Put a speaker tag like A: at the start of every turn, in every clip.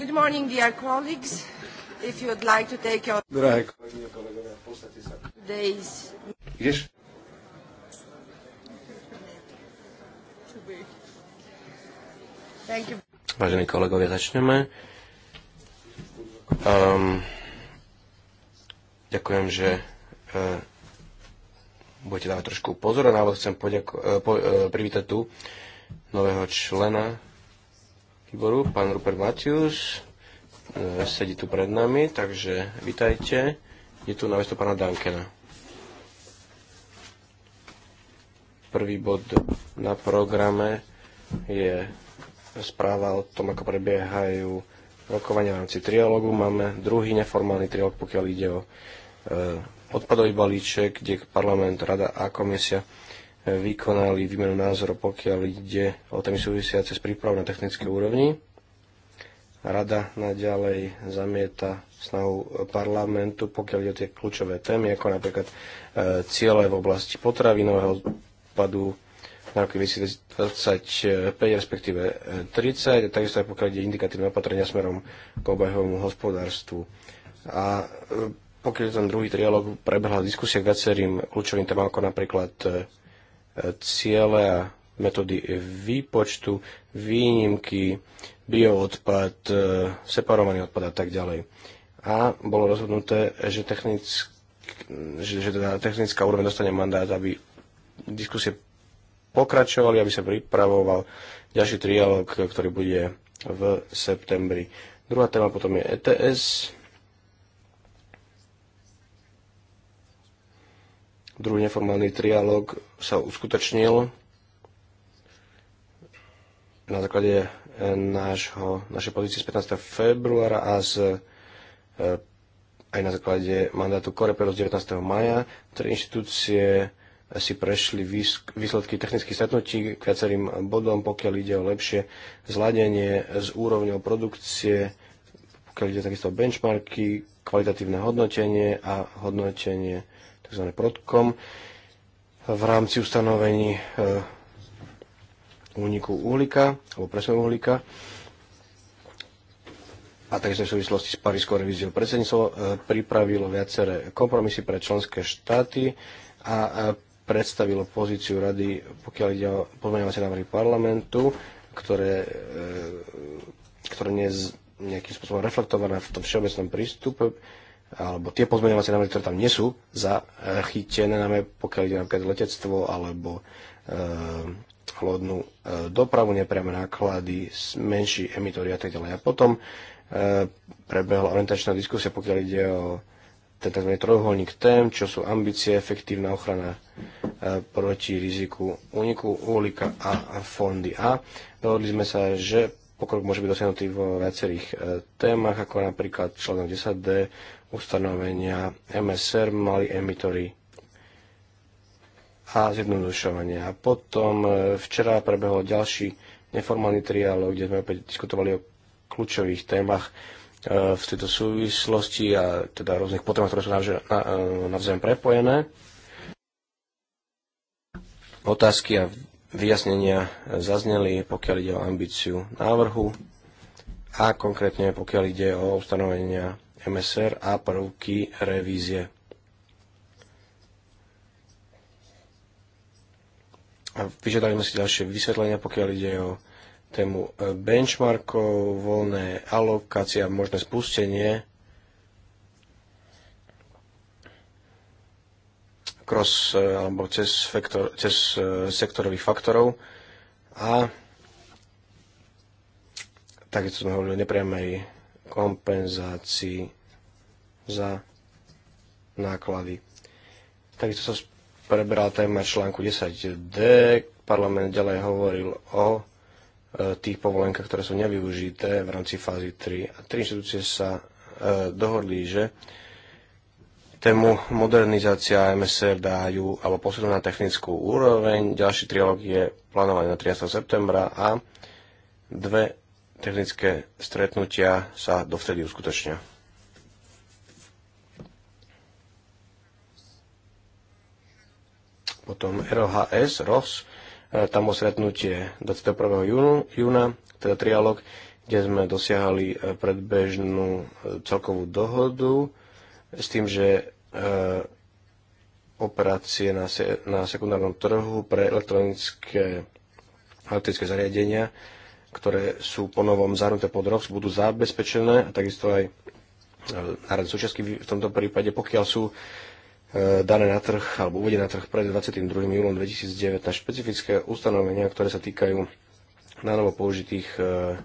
A: Good morning, dear colleagues. If you would like to take your... Drahé
B: kolegyne, kolegovia, postavte sa.
A: Days. Ideš? Thank you.
C: Vážení kolegovia, začneme. Um, ďakujem, že uh, budete dávať trošku pozor, ale chcem poďako- uh, po- uh, privítať tu nového člena výboru, pán Rupert Matius, e, sedí tu pred nami, takže vitajte. Je tu na namiesto pána Dankena. Prvý bod na programe je správa o tom, ako prebiehajú rokovania v rámci trialógu. Máme druhý neformálny trialóg, pokiaľ ide o e, odpadový balíček, kde parlament, rada a komisia vykonali výmenu názorov, pokiaľ ide o témy súvisiace s prípravou na technické úrovni. Rada naďalej zamieta snahu parlamentu, pokiaľ ide o tie kľúčové témy, ako napríklad e, ciele v oblasti potravinového odpadu na roky 2025, respektíve 30, e, a takisto aj pokiaľ ide indikatívne opatrenia smerom k obehovému hospodárstvu. A e, pokiaľ ten druhý trialog prebehla diskusia k viacerým kľúčovým témam, ako napríklad e, ciele a metódy výpočtu, výnimky, bioodpad, e, separovaný odpad a tak ďalej. A bolo rozhodnuté, že, technick, že, že teda technická úroveň dostane mandát, aby diskusie pokračovali, aby sa pripravoval ďalší trialog, ktorý bude v septembri. Druhá téma potom je ETS, Druhý neformálny trialog sa uskutočnil na základe eh, nášho, našej pozície z 15. februára a z, eh, aj na základe mandátu Koreperu z 19. maja. Tri inštitúcie eh, si prešli výsledky technických stretnutí k viacerým bodom, pokiaľ ide o lepšie zladenie z úrovňou produkcie, pokiaľ ide takisto o benchmarky, kvalitatívne hodnotenie a hodnotenie tzv. protkom v rámci ustanovení e, úniku uhlíka alebo presne uhlíka a takisto v súvislosti s Parískou revíziou predsedníctvo e, pripravilo viaceré kompromisy pre členské štáty a e, predstavilo pozíciu rady, pokiaľ ide o pozmeňovacie návrhy parlamentu, ktoré, ktoré nie je nejakým spôsobom reflektované v tom všeobecnom prístupe alebo tie pozmeňovacie návrhy, ktoré tam nie sú zachytené, najmä pokiaľ ide napríklad letectvo alebo e, lodnú e, dopravu, nepriame náklady, menší emitory a tak ďalej. A potom e, prebehla orientačná diskusia, pokiaľ ide o ten tzv. trojuholník tém, čo sú ambície, efektívna ochrana e, proti riziku úniku uhlíka a fondy A. Dohodli sme sa, že pokrok môže byť dosiahnutý vo viacerých e, témach, ako napríklad článok 10D ustanovenia MSR mali emitory a zjednodušovanie. A potom e, včera prebehol ďalší neformálny triálog, kde sme opäť diskutovali o kľúčových témach e, v tejto súvislosti a teda rôznych potrebách, ktoré sú e, navzájom prepojené. Otázky a vyjasnenia zazneli, pokiaľ ide o ambíciu návrhu a konkrétne pokiaľ ide o ustanovenia MSR a prvky revízie. A vyžiadali sme si ďalšie vysvetlenia, pokiaľ ide o tému e, benchmarkov, voľné a možné spustenie, cross e, alebo cez, faktor, cez e, sektorových faktorov a takisto sme hovorili o nepriamej kompenzácií za náklady. Takisto sa prebrala téma článku 10d. Parlament ďalej hovoril o e, tých povolenkách, ktoré sú nevyužité v rámci fázy 3. A tri inštitúcie sa e, dohodli, že tému modernizácia MSR dajú alebo posunú na technickú úroveň. Ďalší trialog je plánovaný na 13. septembra a dve technické stretnutia sa dovtedy uskutočnia. Potom ROHS, ROS, e, tam bolo stretnutie 21. júnu júna, teda trialog, kde sme dosiahali e, predbežnú e, celkovú dohodu s tým, že operácie na, se, na sekundárnom trhu pre elektronické, elektrické zariadenia ktoré sú ponovom zahrnuté pod ROX, budú zabezpečené a takisto aj e, národné súčiastky v tomto prípade, pokiaľ sú e, dané na trh alebo uvedené na trh pred 22. júlom 2009 na špecifické ustanovenia, ktoré sa týkajú na novo použitých e,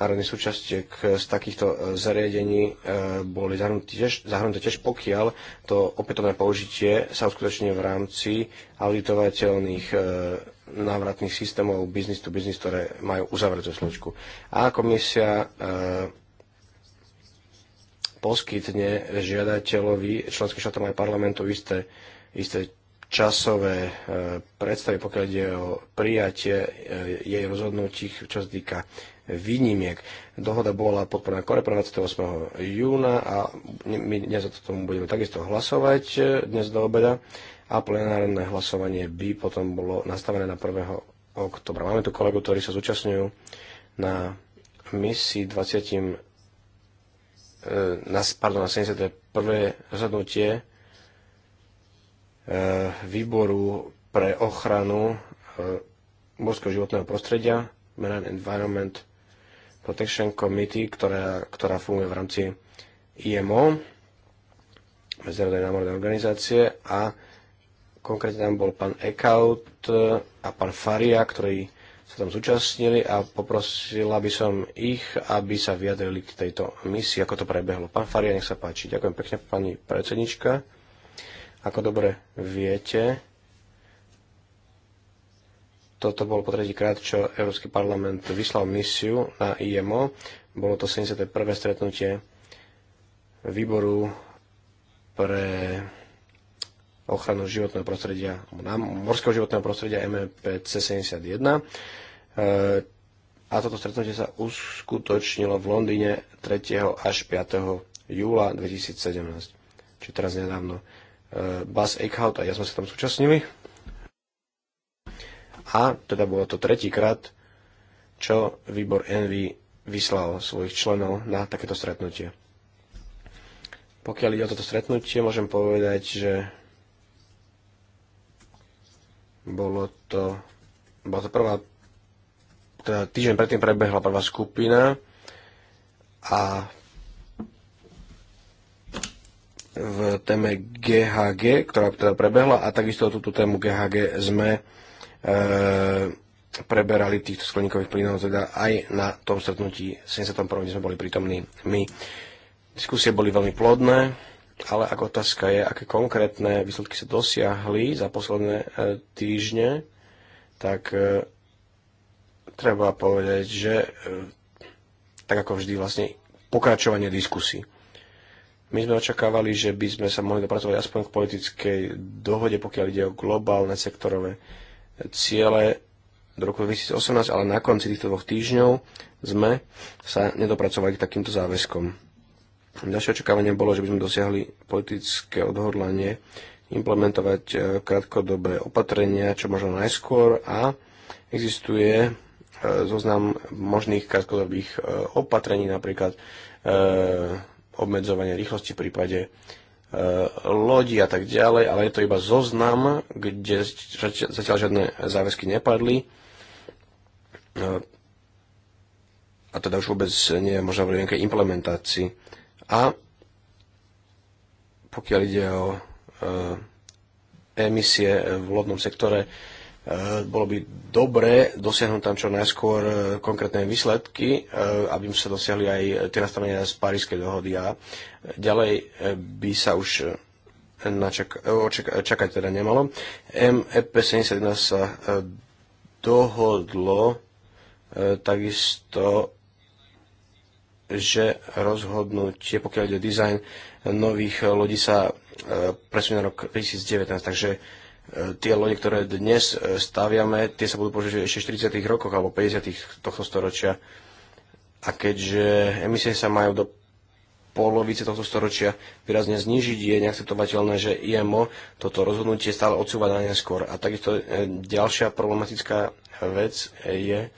C: národných súčastiek z takýchto zariadení boli zahrnuté tiež, zahrnuté tiež pokiaľ to opätovné použitie sa uskutočne v rámci auditovateľných návratných systémov business to business, ktoré majú uzavretú slučku. A komisia e, poskytne žiadateľovi, členským štátom aj parlamentu isté, isté časové e, predstavy, pokiaľ ide o prijatie e, jej rozhodnutí, čo sa týka výnimiek. Dohoda bola podporená kore 28. júna a my dnes o tomu budeme takisto hlasovať dnes do obeda a plenárne hlasovanie by potom bolo nastavené na 1. oktobra. Máme tu kolegu, ktorí sa zúčastňujú na misii 20. E, na, pardon, na 71. rozhodnutie e, výboru pre ochranu e, morského životného prostredia, Marine Environment Protection Committee, ktorá, ktorá funguje v rámci IMO, Medzinárodnej námornej organizácie a Konkrétne tam bol pán Ekaut eh, a pán Faria, ktorí sa tam zúčastnili a poprosila by som ich, aby sa vyjadrili k tejto misii, ako to prebehlo. Pán Faria, nech sa páči. Ďakujem pekne, pani predsednička. Ako dobre viete, toto bol po tretíkrát, čo Európsky parlament vyslal misiu na IMO. Bolo to 71. stretnutie výboru pre ochranu životného prostredia, morského životného prostredia C 71. E, a toto stretnutie sa uskutočnilo v Londýne 3. až 5. júla 2017, či teraz nedávno. E, Buzz Eichhout a ja sme sa tam súčasnili. A teda bolo to tretíkrát, čo výbor Envy vyslal svojich členov na takéto stretnutie. Pokiaľ ide o toto stretnutie, môžem povedať, že bolo to, bola to prvá, teda týždeň predtým prebehla prvá skupina a v téme GHG, ktorá teda prebehla a takisto túto tému GHG sme e, preberali týchto skleníkových plynov teda aj na tom stretnutí 71. kde sme boli prítomní my. Diskusie boli veľmi plodné, ale ak otázka je, aké konkrétne výsledky sa dosiahli za posledné e, týždne, tak e, treba povedať, že e, tak ako vždy vlastne pokračovanie diskusí. My sme očakávali, že by sme sa mohli dopracovať aspoň k politickej dohode, pokiaľ ide o globálne sektorové ciele do roku 2018, ale na konci týchto dvoch týždňov sme sa nedopracovali k takýmto záväzkom. Naše očakávanie bolo, že by sme dosiahli politické odhodlanie implementovať e, krátkodobé opatrenia, čo možno najskôr a existuje e, zoznam možných krátkodobých e, opatrení, napríklad obmedzovanie rýchlosti v prípade lodi a tak ďalej, ale je to iba zoznam, kde zatiaľ žiadne záväzky nepadli. A teda už vôbec nie je možno v nejakej implementácii. A pokiaľ ide o e, emisie v lodnom sektore, e, bolo by dobre dosiahnuť tam čo najskôr e, konkrétne výsledky, aby sa dosiahli aj tie nastavenia z Parískej dohody a ďalej by sa už načak- čakať teda nemalo. MEP71 sa dohodlo takisto že rozhodnutie, pokiaľ ide o dizajn nových lodí, sa e, presunie na rok 2019. Takže e, tie lode, ktoré dnes e, staviame, tie sa budú používať ešte v 40. rokoch alebo 50. tohto storočia. A keďže emisie sa majú do polovice tohto storočia výrazne znižiť, je neakceptovateľné, že IMO toto rozhodnutie stále odsúva na neskôr. A takisto ďalšia problematická vec je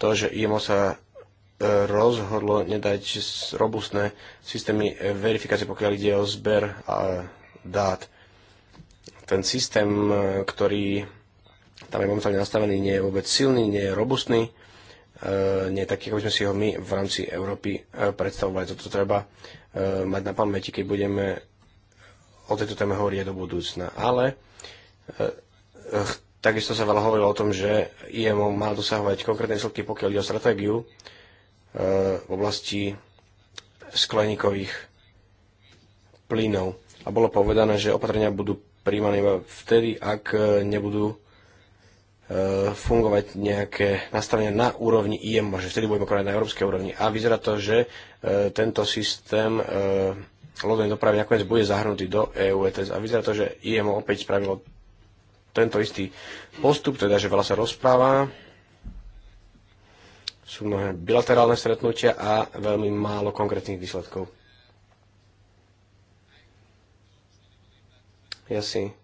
C: to, že IMO sa rozhodlo nedať robustné systémy verifikácie, pokiaľ ide o zber dát. Ten systém, ktorý tam je momentálne nastavený, nie je vôbec silný, nie je robustný, e, nie je taký, ako by sme si ho my v rámci Európy e, predstavovali. Toto treba e, mať na pamäti, keď budeme o tejto téme hovoriť do budúcna. Ale takisto sa veľa hovorilo o tom, že IMO má dosahovať konkrétne výsledky, pokiaľ ide o stratégiu v oblasti skleníkových plynov. A bolo povedané, že opatrenia budú príjmané iba vtedy, ak e, nebudú e, fungovať nejaké nastavenia na úrovni IMO, že vtedy budeme konať na európskej úrovni. A vyzerá to, že e, tento systém lodnej dopravy nakoniec bude zahrnutý do EU ETS. A vyzerá to, že IMO opäť spravilo tento istý postup, teda že veľa sa rozpráva, sú mnohé bilaterálne stretnutia a veľmi málo konkrétnych výsledkov. Ja si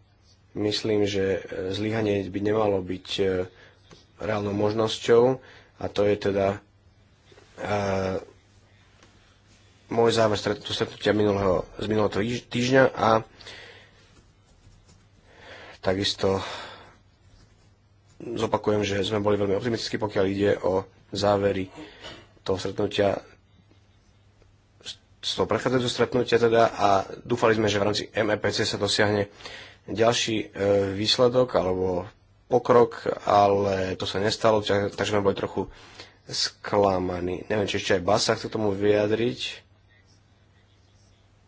C: myslím, že zlyhanie by nemalo byť e, reálnou možnosťou a to je teda uh, môj záver stretnutia, stretnutia minulého, z minulého týždňa a takisto zopakujem, že sme boli veľmi optimistickí, pokiaľ ide o závery toho stretnutia z toho prechádzajúceho stretnutia teda a dúfali sme, že v rámci MEPC sa dosiahne ďalší e, výsledok alebo pokrok, ale to sa nestalo, takže sme boli trochu sklamaní. Neviem, či ešte aj Basa chce tomu vyjadriť,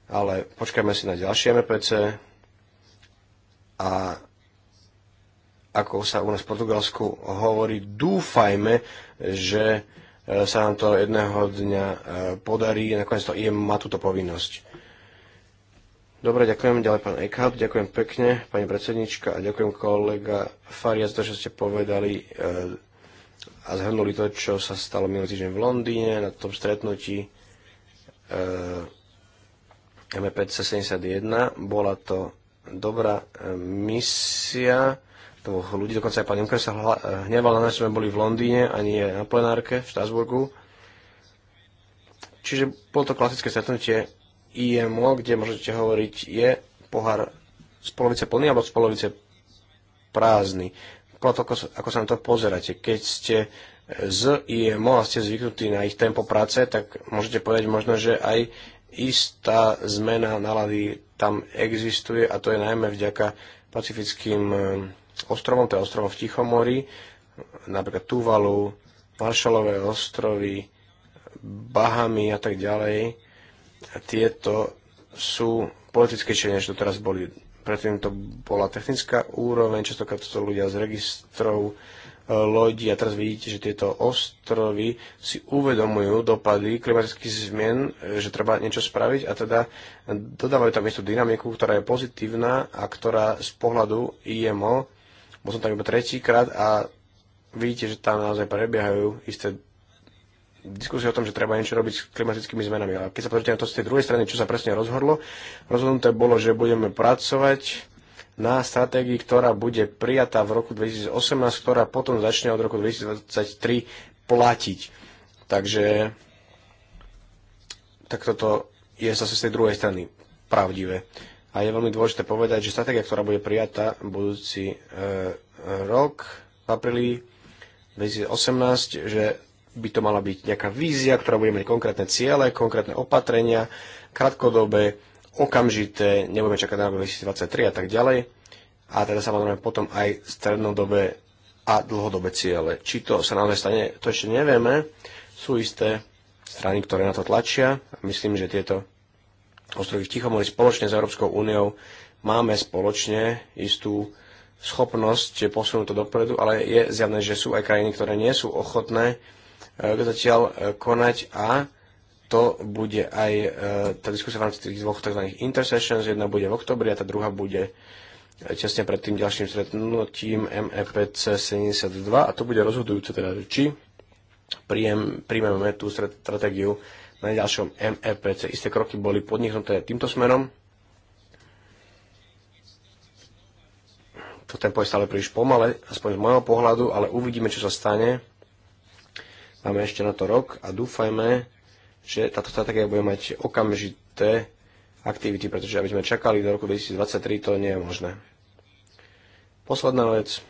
C: ale počkajme si na ďalšie MPC e a ako sa u nás v Portugalsku hovorí, dúfajme, že e, sa nám to jedného dňa e, podarí. Nakoniec to je, má túto povinnosť. Dobre, ďakujem ďalej pán Eckhout, ďakujem pekne pani predsednička a ďakujem kolega Faria za to, čo ste povedali e, a zhrnuli to, čo sa stalo minulý týždeň v Londýne na tom stretnutí MPC 71. Bola to dobrá misia ľudí, dokonca aj pán Junker sa hneval na nás, sme boli v Londýne a nie na plenárke v Štrasburgu. Čiže bolo to klasické stretnutie IMO, kde môžete hovoriť, je pohár z polovice plný alebo z polovice prázdny. Podľa toho, ako sa na to pozeráte. Keď ste z IMO a ste zvyknutí na ich tempo práce, tak môžete povedať možno, že aj istá zmena nálady tam existuje a to je najmä vďaka pacifickým eh, ostrovom, to je ostrovom v Tichomori, napríklad Tuvalu, Maršalové ostrovy, Bahamy a tak ďalej. Tieto sú politickejšie, než teraz boli. Predtým to bola technická úroveň, častokrát to ľudia z registrov e, lodí a teraz vidíte, že tieto ostrovy si uvedomujú dopady klimatických zmien, že treba niečo spraviť a teda dodávajú tam istú dynamiku, ktorá je pozitívna a ktorá z pohľadu IMO bol som tam iba tretíkrát a vidíte, že tam naozaj prebiehajú isté diskusie o tom, že treba niečo robiť s klimatickými zmenami. Ale keď sa pozrite na to z tej druhej strany, čo sa presne rozhodlo, rozhodnuté bolo, že budeme pracovať na stratégii, ktorá bude prijatá v roku 2018, ktorá potom začne od roku 2023 platiť. Takže tak toto je zase z tej druhej strany pravdivé. A je veľmi dôležité povedať, že stratégia, ktorá bude prijatá budúci e, rok v apríli 2018, že by to mala byť nejaká vízia, ktorá bude mať konkrétne ciele, konkrétne opatrenia, krátkodobé, okamžité, nebudeme čakať na 2023 a tak ďalej. A teda samozrejme potom aj strednodobé a dlhodobé ciele. Či to sa naozaj stane, to ešte nevieme. Sú isté strany, ktoré na to tlačia. Myslím, že tieto ostrovy v Tichomori spoločne s Európskou úniou máme spoločne istú schopnosť posunúť to dopredu, ale je zjavné, že sú aj krajiny, ktoré nie sú ochotné e, zatiaľ e, konať a to bude aj e, tá diskusia v rámci tých dvoch tzv. intersessions, jedna bude v oktobri a tá druhá bude tesne pred tým ďalším stretnutím MEPC 72 a to bude rozhodujúce teda, či príjem, príjmeme tú stratégiu na ďalšom MEPC. Isté kroky boli podniknuté týmto smerom. To tempo je stále príliš pomale, aspoň z môjho pohľadu, ale uvidíme, čo sa stane. Máme ešte na to rok a dúfajme, že táto stratégia bude mať okamžité aktivity, pretože aby sme čakali do roku 2023, to nie je možné. Posledná vec.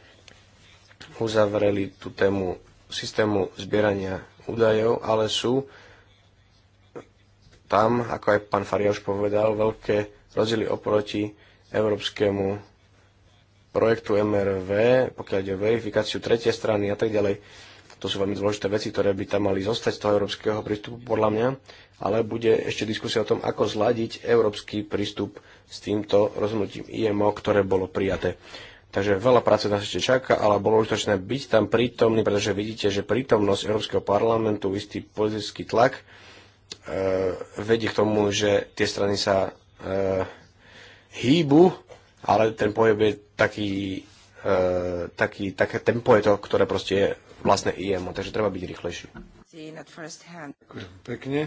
C: Uzavreli tú tému systému zbierania údajov, ale sú tam, ako aj pán Fariáš povedal, veľké rozdiely oproti európskemu projektu MRV, pokiaľ ide o verifikáciu tretie strany a tak ďalej. To sú veľmi dôležité veci, ktoré by tam mali zostať z toho európskeho prístupu, podľa mňa, ale bude ešte diskusia o tom, ako zladiť európsky prístup s týmto rozhodnutím IMO, ktoré bolo prijaté. Takže veľa práce nás ešte čaká, ale bolo užitočné byť tam prítomný, pretože vidíte, že prítomnosť Európskeho parlamentu, istý politický tlak, E, vedie k tomu, že tie strany sa e, hýbu, ale ten pohyb je taký, e, taký, také tempo je to, ktoré proste je vlastné IEM, takže treba byť rýchlejší.
A: Ďakujem
B: pekne.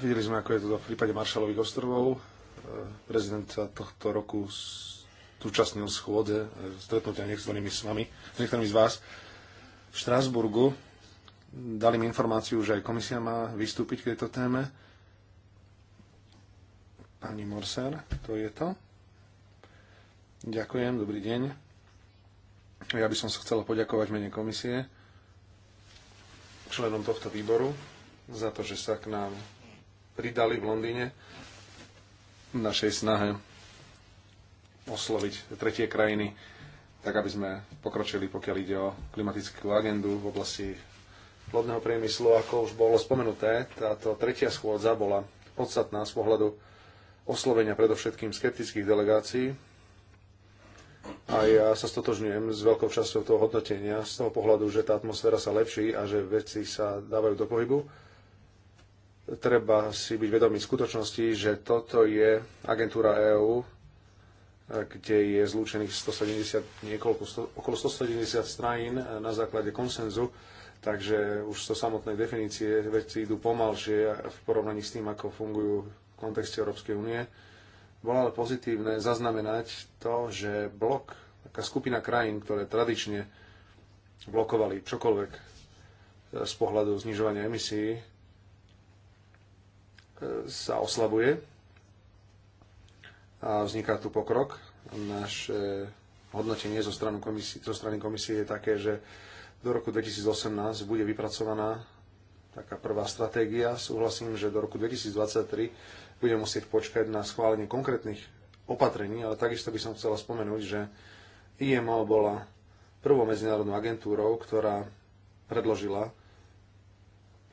B: Videli sme, ako je to v prípade Maršalových ostrovov. Prezident sa tohto roku zúčastnil schôdze, stretnutia niektorými s vami, s niektorými z vás v Štrásburgu Dali mi informáciu, že aj komisia má vystúpiť k tejto téme. Pani Morser, to je to. Ďakujem, dobrý deň. Ja by som sa chcela poďakovať mene komisie členom tohto výboru za to, že sa k nám pridali v Londýne v našej snahe osloviť tretie krajiny, tak aby sme pokročili, pokiaľ ide o klimatickú agendu v oblasti lodného priemyslu, ako už bolo spomenuté, táto tretia schôdza bola podstatná z pohľadu oslovenia predovšetkým skeptických delegácií. A ja sa stotožňujem s veľkou časťou toho hodnotenia z toho pohľadu, že tá atmosféra sa lepší a že veci sa dávajú do pohybu. Treba si byť vedomý skutočnosti, že toto je agentúra EÚ, kde je zlúčených 170, niekoľko, okolo 170 strajín na základe konsenzu Takže už to samotnej definície veci idú pomalšie v porovnaní s tým, ako fungujú v kontexte Európskej únie. Bolo ale pozitívne zaznamenať to, že blok, taká skupina krajín, ktoré tradične blokovali čokoľvek z pohľadu znižovania emisí, e, sa oslabuje a vzniká tu pokrok. Naše hodnotenie zo komisie, zo strany komisie je také, že do roku 2018 bude vypracovaná taká prvá stratégia. Súhlasím, že do roku 2023 budem musieť počkať na schválenie konkrétnych opatrení, ale takisto by som chcela spomenúť, že IMO bola prvou medzinárodnou agentúrou, ktorá predložila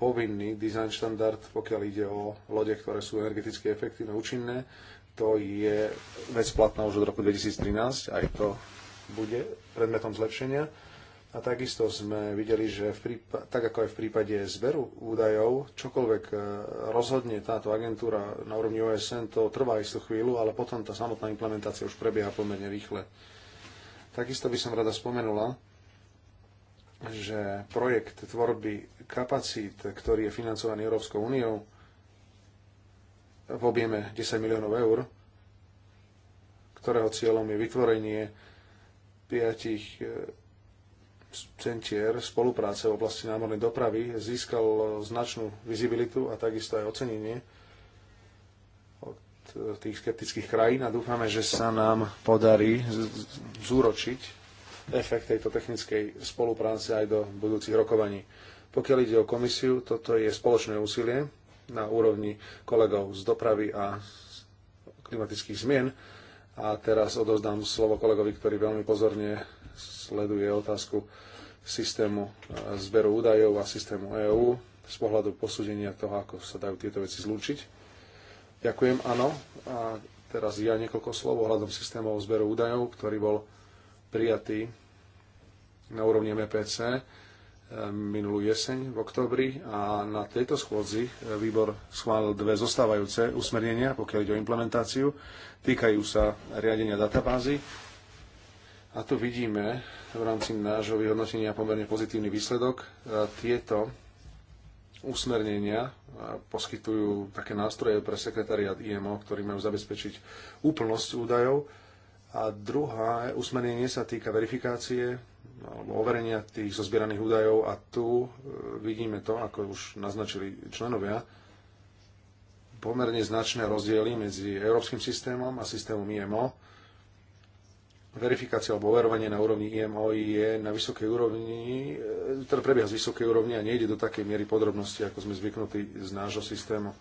B: povinný design štandard, pokiaľ ide o lode, ktoré sú energeticky efektívne, účinné. To je vec platná už od roku 2013, aj to bude predmetom zlepšenia a takisto sme videli, že v tak ako aj v prípade zberu údajov, čokoľvek e, rozhodne táto agentúra na úrovni OSN, to trvá istú chvíľu, ale potom tá samotná implementácia už prebieha pomerne rýchle. Takisto by som rada spomenula, že projekt tvorby kapacít, ktorý je financovaný Európskou úniou v objeme 10 miliónov eur, ktorého cieľom je vytvorenie 5 centier spolupráce v oblasti námornej dopravy získal značnú vizibilitu a takisto aj ocenenie od eh, tých skeptických krajín a dúfame, že sa nám podarí zúročiť efekt tejto technickej spolupráce aj do budúcich rokovaní. Pokiaľ ide o komisiu, toto je spoločné úsilie na úrovni kolegov z dopravy a klimatických zmien. A teraz odozdám slovo kolegovi, ktorý veľmi pozorne sleduje otázku systému e, zberu údajov a systému EÚ z pohľadu posúdenia toho, ako sa dajú tieto veci zlúčiť. Ďakujem, áno. A teraz ja niekoľko slov ohľadom systémov zberu údajov, ktorý bol prijatý na úrovni MPC e, minulú jeseň v oktobri a na tejto schôdzi e, výbor schválil dve zostávajúce usmernenia, pokiaľ ide o implementáciu. Týkajú sa riadenia databázy a tu vidíme v rámci nášho vyhodnotenia pomerne pozitívny výsledok. Tieto usmernenia poskytujú také nástroje pre sekretariat IMO, ktorí majú zabezpečiť úplnosť údajov. A druhá usmernenie sa týka verifikácie alebo overenia tých zozbieraných údajov a tu e, vidíme to, ako už naznačili členovia, pomerne značné rozdiely medzi európskym systémom a systémom IMO verifikácia alebo overovanie na úrovni IMO je na vysokej úrovni, e, teda prebieha z vysokej úrovni a nejde do takej miery podrobnosti, ako sme zvyknutí z nášho systému.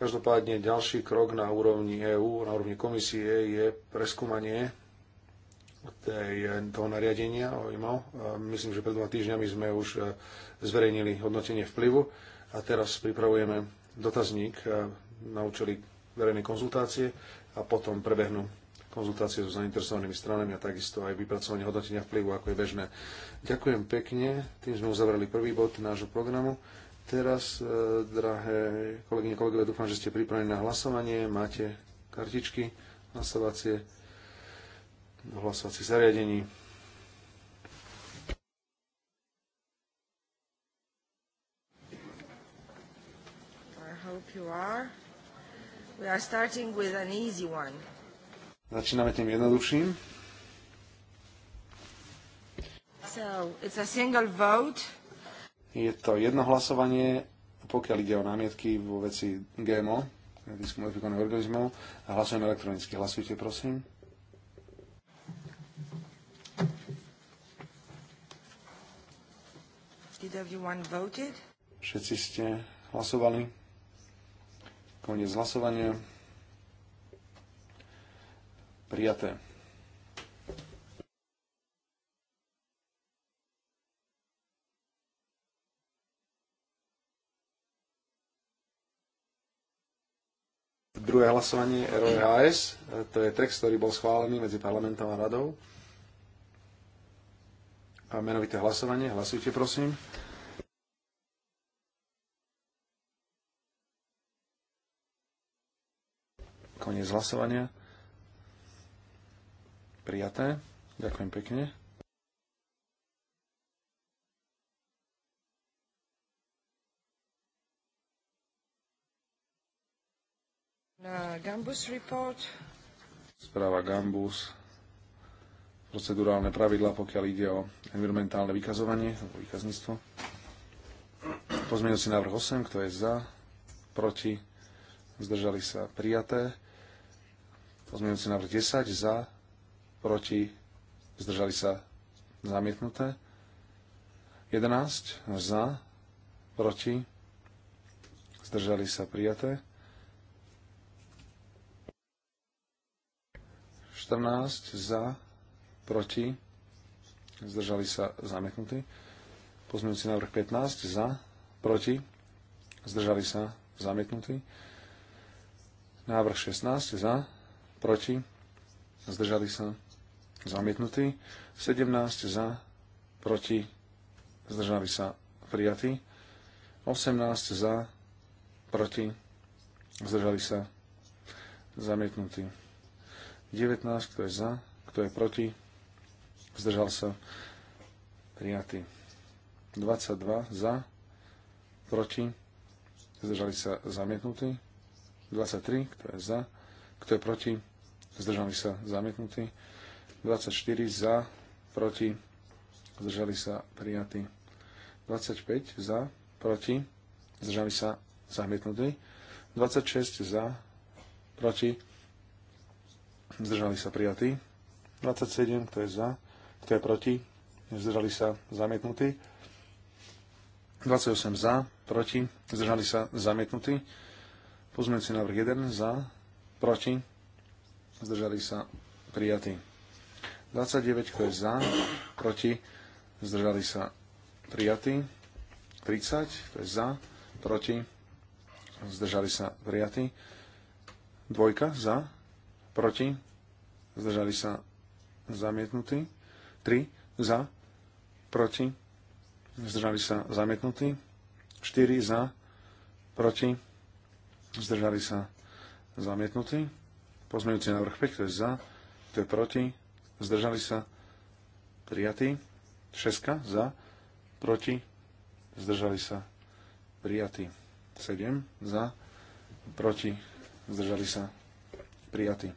B: Každopádne ďalší krok na úrovni EÚ, na úrovni komisie je preskúmanie tej, toho nariadenia o IMO. E, myslím, že pred dvoma týždňami sme už e, zverejnili hodnotenie vplyvu a teraz pripravujeme dotazník na účely verejnej konzultácie a potom prebehnú konzultácie so zainteresovanými stranami a takisto aj vypracovanie hodnotenia vplyvu, ako je bežné. Ďakujem pekne, tým sme uzavreli prvý bod nášho programu. Teraz, e, drahé kolegyne, kolegové, dúfam, že ste pripravení na hlasovanie. Máte kartičky hlasovacie do hlasovacích zariadení.
A: I hope you are. We are starting with an easy one.
B: Začíname tým jednoduchším.
A: So, it's a single vote.
B: Je to jedno hlasovanie, pokiaľ ide o námietky vo veci GMO, geneticky modifikovaných organizmov. Hlasujeme elektronicky. Hlasujte, prosím.
A: Did everyone voted?
B: Všetci ste hlasovali. Koniec hlasovania. Prijaté. Druhé hlasovanie ROHS, e to je text, ktorý bol schválený medzi parlamentom a radou. A menovité hlasovanie, hlasujte prosím. Koniec hlasovania. Prijaté. Ďakujem pekne.
A: Gambus report.
B: Správa Gambus. Procedurálne pravidla, pokiaľ ide o environmentálne vykazovanie alebo vykazníctvo. si návrh 8, kto je za, proti, zdržali sa prijaté. si návrh 10, za, proti, zdržali sa zamietnuté. 11 za, proti, zdržali sa prijaté. 14 za, proti, zdržali sa zamietnutí. Pozmeňujúci návrh 15 za, proti, zdržali sa zamietnutí. Návrh 16 za, proti, zdržali sa zamietnutý, 17 za, proti, zdržali sa prijatí, 18 za, proti, zdržali sa zamietnutí. 19, kto je za, kto je proti, zdržal sa prijatý. 22 za, proti, zdržali sa zamietnutí. 23, kto je za, kto je proti, zdržali sa zamietnutí. 24 za, proti, zdržali sa prijatí. 25 za, proti, zdržali sa zamietnutí. 26 za, proti, zdržali sa prijatí. 27, kto je za, kto je proti, zdržali sa zamietnutí. 28 za, proti, zdržali sa zamietnutí. Pozmeňujúci návrh 1 za, proti, zdržali sa prijatí. 29, kto je za, proti, zdržali sa prijatí. 30, kto je za, proti, zdržali sa prijatí. Dvojka, za, proti, zdržali sa zamietnutí. 3, za, proti, zdržali sa zamietnutí. 4 za, proti, zdržali sa zamietnutí. Pozmeňujúci návrh 5, kto je za, kto je proti, zdržali sa, prijatí, Šeska za, proti, zdržali sa, prijatí. 7 za, proti, zdržali sa, prijatí.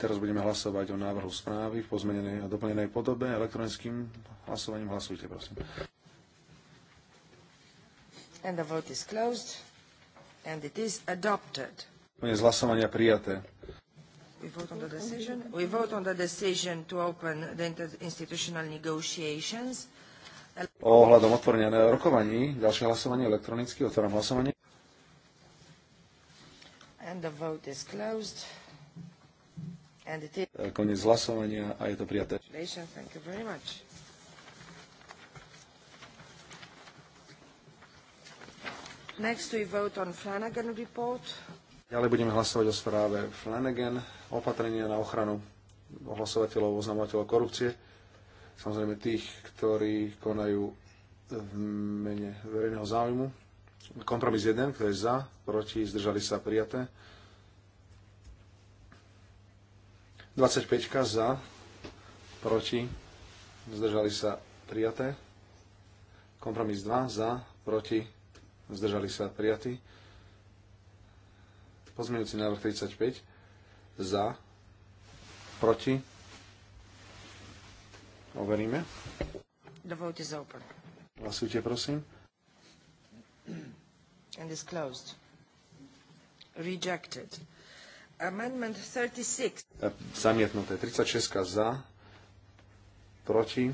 B: Teraz budeme hlasovať o návrhu správy v pozmenenej a doplnenej podobe. Elektronickým hlasovaním hlasujte, prosím.
A: And the vote is closed. And it is adopted.
B: Konec hlasovania prijaté.
A: We vote on the decision. We vote on the decision to open the institutional negotiations.
B: Ohľadom otvorenia rokovaní, ďalšie hlasovanie elektronicky, otváram hlasovanie.
A: And the vote is closed. And it is...
B: E, Konec hlasovania a je to prijaté.
A: Thank you very much. Next we vote on Flanagan report.
B: Ďalej budeme hlasovať o správe Flanagan, opatrenia na ochranu ohlasovateľov, oznamovateľov korupcie. Samozrejme tých, ktorí konajú v mene verejného záujmu. Kompromis 1, kto je za, proti, zdržali sa prijaté. 25 za, proti, zdržali sa prijaté. Kompromis 2 za, proti, zdržali sa prijatí. Pozmeňujúci návrh 35 za, proti. Overíme.
A: Dovolte za úplne.
B: Hlasujte, prosím.
A: And is closed. Rejected. Amendment 36.
B: E, zamietnuté. 36 za, proti,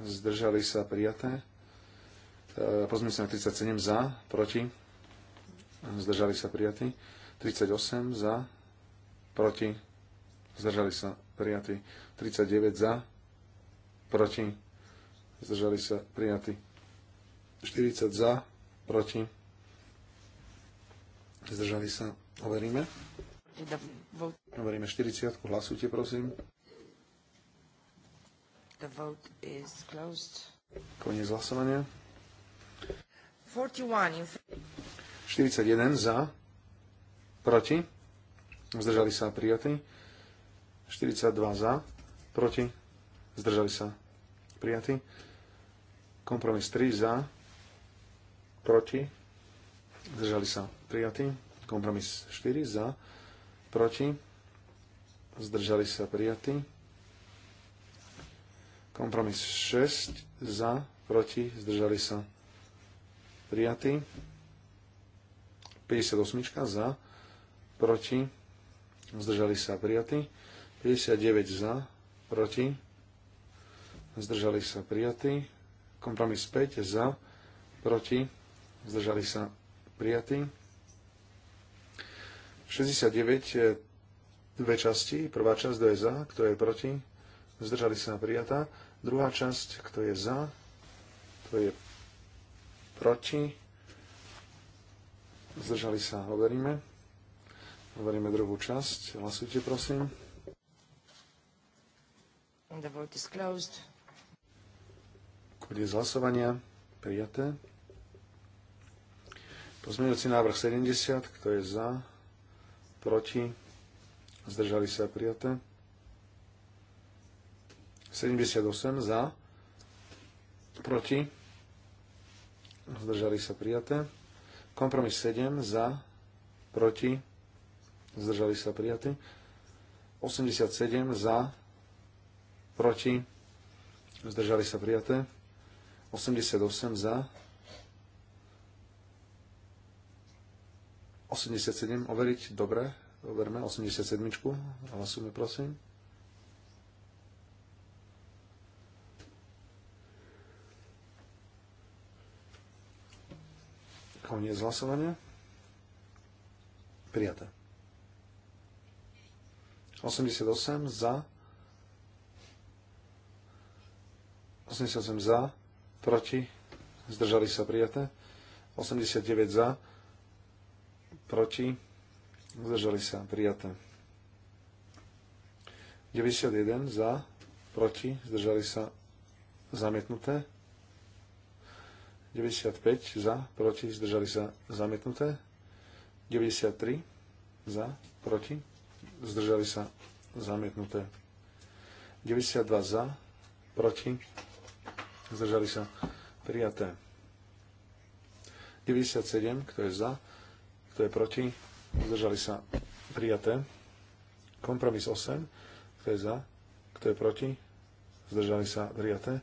B: zdržali sa prijaté. E, pozmeňujúci návrh 37 za, proti zdržali sa prijatí. 38 za, proti, zdržali sa prijatí. 39 za, proti, zdržali sa prijatí. 40 za, proti, zdržali sa, overíme. Overíme 40, hlasujte prosím.
A: The vote is closed.
B: Koniec hlasovania.
A: 41
B: 41 za, proti, zdržali sa prijatí. 42 za, proti, zdržali sa prijatí. Kompromis 3 za, proti, zdržali sa prijatí. Kompromis 4 za, proti, zdržali sa prijatí. Kompromis 6 za, proti, zdržali sa prijatí. 58 za, proti, zdržali sa prijatí. 59 za, proti, zdržali sa prijatí. Kompromis 5 za, proti, zdržali sa prijatí. 69 eh, dve časti. Prvá časť, kto je za, kto je proti, zdržali sa prijatá. Druhá časť, kto je za, kto je proti, Zdržali sa, overíme. Overíme druhú časť. Hlasujte, prosím. The vote is closed. hlasovania. Prijaté. Pozmeňujúci návrh 70. Kto je za? Proti? Zdržali sa prijaté. 78 za. Proti? Zdržali sa prijaté. Kompromis 7 za, proti, zdržali sa prijatí. 87 za, proti, zdržali sa prijaté. 88 za, 87 overiť, dobre, overme 87. Hlasujme prosím. Koniec hlasovania. Prijaté. 88 za. 88 za. Proti. Zdržali sa prijaté. 89 za. Proti. Zdržali sa prijaté. 91 za. Proti. Zdržali sa zamietnuté. 95 za, proti, zdržali sa zamietnuté. 93 za, proti, zdržali sa zamietnuté. 92 za, proti, zdržali sa prijaté. 97, kto je za, kto je proti, zdržali sa prijaté. Kompromis 8, kto je za, kto je proti, zdržali sa prijaté.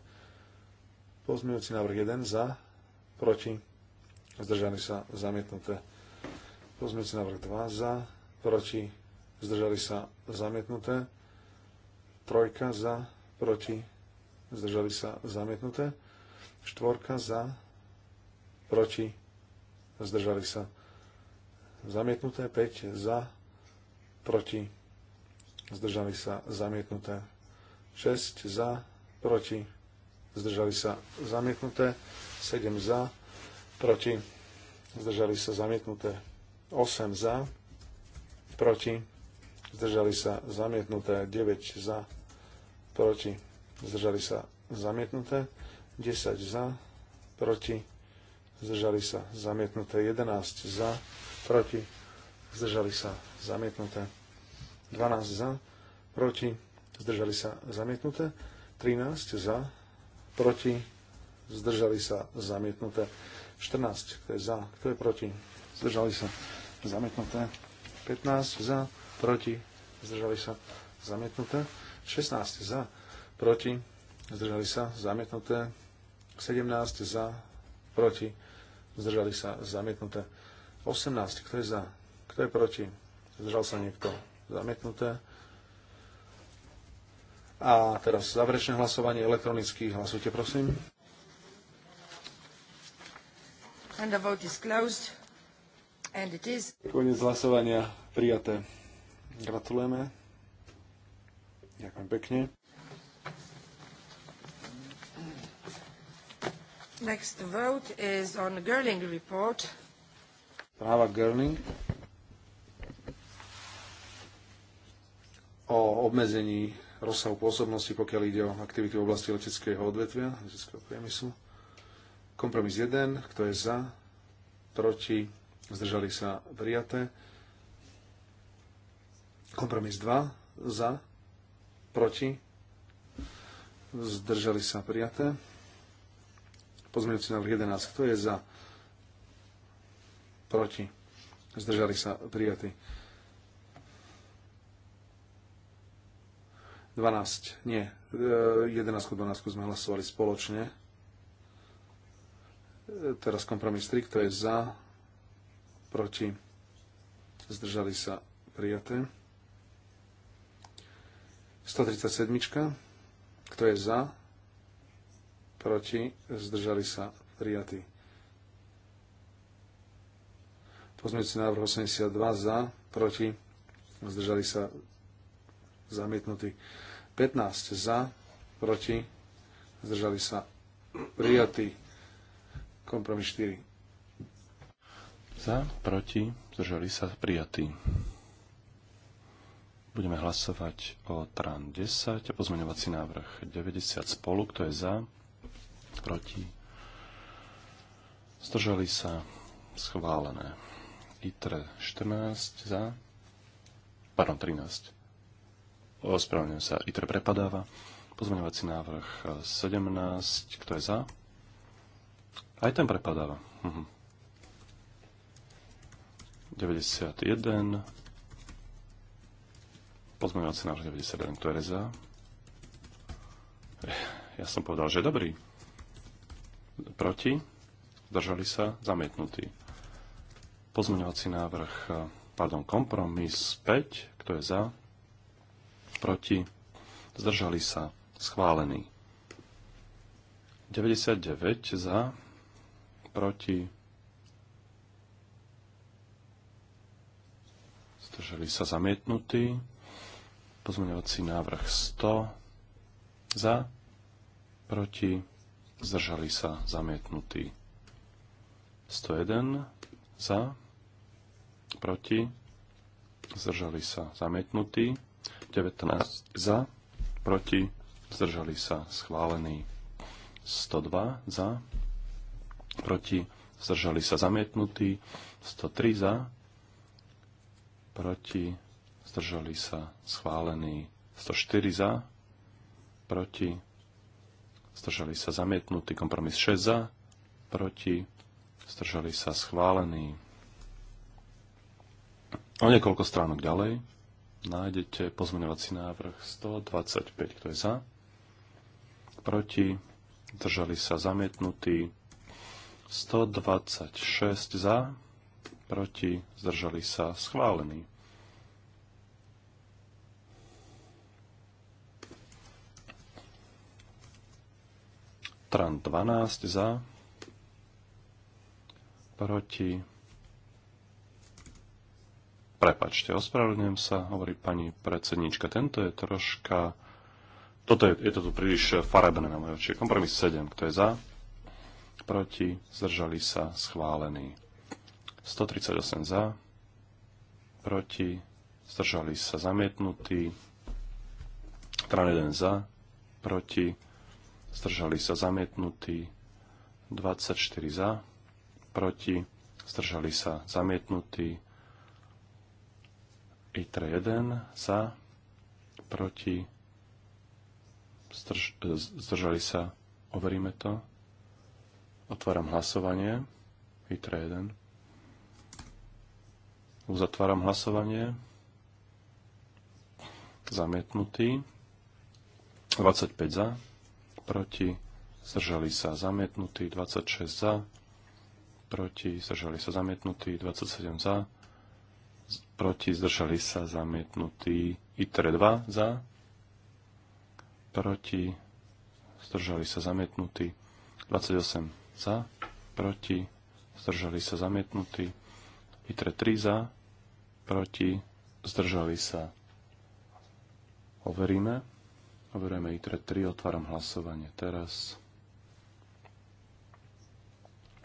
B: Pozmeňujúci návrh 1 za, proti, zdržali sa zamietnuté. Pozmeňujúci návrh 2 za, proti, zdržali sa zamietnuté. Trojka za, proti, zdržali sa zamietnuté. Štvorka za, proti, zdržali sa zamietnuté. 5 za, proti, zdržali sa zamietnuté. 6 za, proti, zdržali sa zamietnuté. 7 za, proti, zdržali sa zamietnuté 8 za, proti, zdržali sa zamietnuté 9 za, proti, zdržali sa zamietnuté 10 za, proti, zdržali sa zamietnuté 11 za, proti, zdržali sa zamietnuté 12 za, proti, zdržali sa zamietnuté 13 za, proti, zdržali sa, zamietnuté. 14, kto je za, kto je proti, zdržali sa, zamietnuté. 15, za, proti, zdržali sa, zamietnuté. 16, za, proti, zdržali sa, zamietnuté. 17, za, proti, zdržali sa, zamietnuté. 18, kto je za, kto je proti, zdržal sa niekto, zamietnuté. A teraz záverečné hlasovanie elektronicky. Hlasujte, prosím.
A: And the vote is closed. And it is...
B: Konec hlasovania prijaté. Gratulujeme. Ďakujem pekne.
A: Next vote is on Girling report.
B: Práva Gerling o obmedzení rozsahu pôsobnosti, pokiaľ ide o aktivity v oblasti leteckého odvetvia, leteckého priemyslu. Kompromis 1, kto je za, proti, zdržali sa prijaté. Kompromis 2, za, proti, zdržali sa prijaté. Pozmeňujúci návrh 11, kto je za, proti, zdržali sa prijatí. 12, nie, 11 e, 12 sme hlasovali spoločne. Teraz kompromis 3, kto je za, proti, zdržali sa prijaté. 137, kto je za, proti, zdržali sa prijatí. Pozmeňujúci návrh 82 za, proti, zdržali sa zamietnutí. 15 za, proti, zdržali sa prijatí. Kompromis 4.
D: Za, proti, zdržali sa prijatí. Budeme hlasovať o TRAN 10 a pozmeňovací návrh 90 spolu. Kto je za? Proti? Zdržali sa? Schválené. ITRE 14 za? Pardon, 13. Ospravedlňujem sa, ITRE prepadáva. Pozmeňovací návrh 17. Kto je za? Aj ten prepadáva. Mhm. 91. Pozmeňovací návrh 91. to je za? Ja som povedal, že dobrý. Proti? Zdržali sa? Zamietnutý. Pozmeňovací návrh, e, pardon, kompromis 5. Kto je za? Proti? Zdržali sa? Schválený. 99 za, proti, zdržali sa zamietnutí, pozmeňovací návrh 100, za, proti, zdržali sa zamietnutí, 101, za, proti, zdržali sa zamietnutí, 19 za, proti, zdržali sa schválení, 102 za, proti, zdržali sa zamietnutí, 103 za, proti, zdržali sa schválení, 104 za, proti, zdržali sa zamietnutí, kompromis 6 za, proti, zdržali sa schválení. O niekoľko stránok ďalej nájdete pozmeňovací návrh 125, kto je za, proti, zdržali sa zamietnutí. 126 za, proti, zdržali sa, schválený. Tran 12 za, proti, prepačte, ospravedlňujem sa, hovorí pani predsednička, tento je troška, toto je, je to tu príliš farebné na moje oči. Kompromis 7, kto je za, proti, zdržali sa, schválený. 138 za, proti, zdržali sa, zamietnutý. 31 za, proti, zdržali sa, zamietnutý. 24 za, proti, zdržali sa, zamietnutý. ITRE 1 za, proti, zdrž, e, zdržali sa, overíme to. Otváram hlasovanie. ITRE 1. Uzatváram hlasovanie. Zamietnutý. 25 za. Proti. Zdržali sa zamietnutí. 26 za. Proti. Zdržali sa zamietnutí. 27 za. Proti. Zdržali sa zamietnutí. ITRE 2 za. Proti. Zdržali sa zamietnutí. 28 za, proti, zdržali sa zamietnutí. ITRE 3 za, proti, zdržali sa. Overíme. Overujeme ITRE 3, otváram hlasovanie teraz.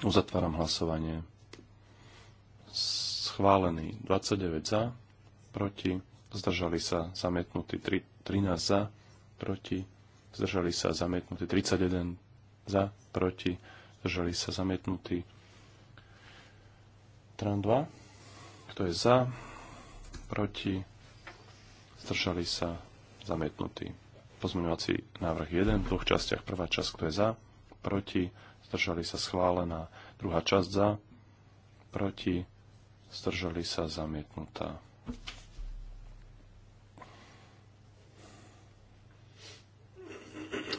D: Uzatváram hlasovanie. Schválený 29 za, proti, zdržali sa zamietnutí 13 za, proti, zdržali sa zamietnutí 31 za, proti, zdržali sa zamietnutí. Tran 2, kto je za, proti, zdržali sa zamietnutí. Pozmeňovací návrh 1 v dvoch častiach. Prvá časť, kto je za, proti, zdržali sa schválená. Druhá časť za, proti, zdržali sa zamietnutá.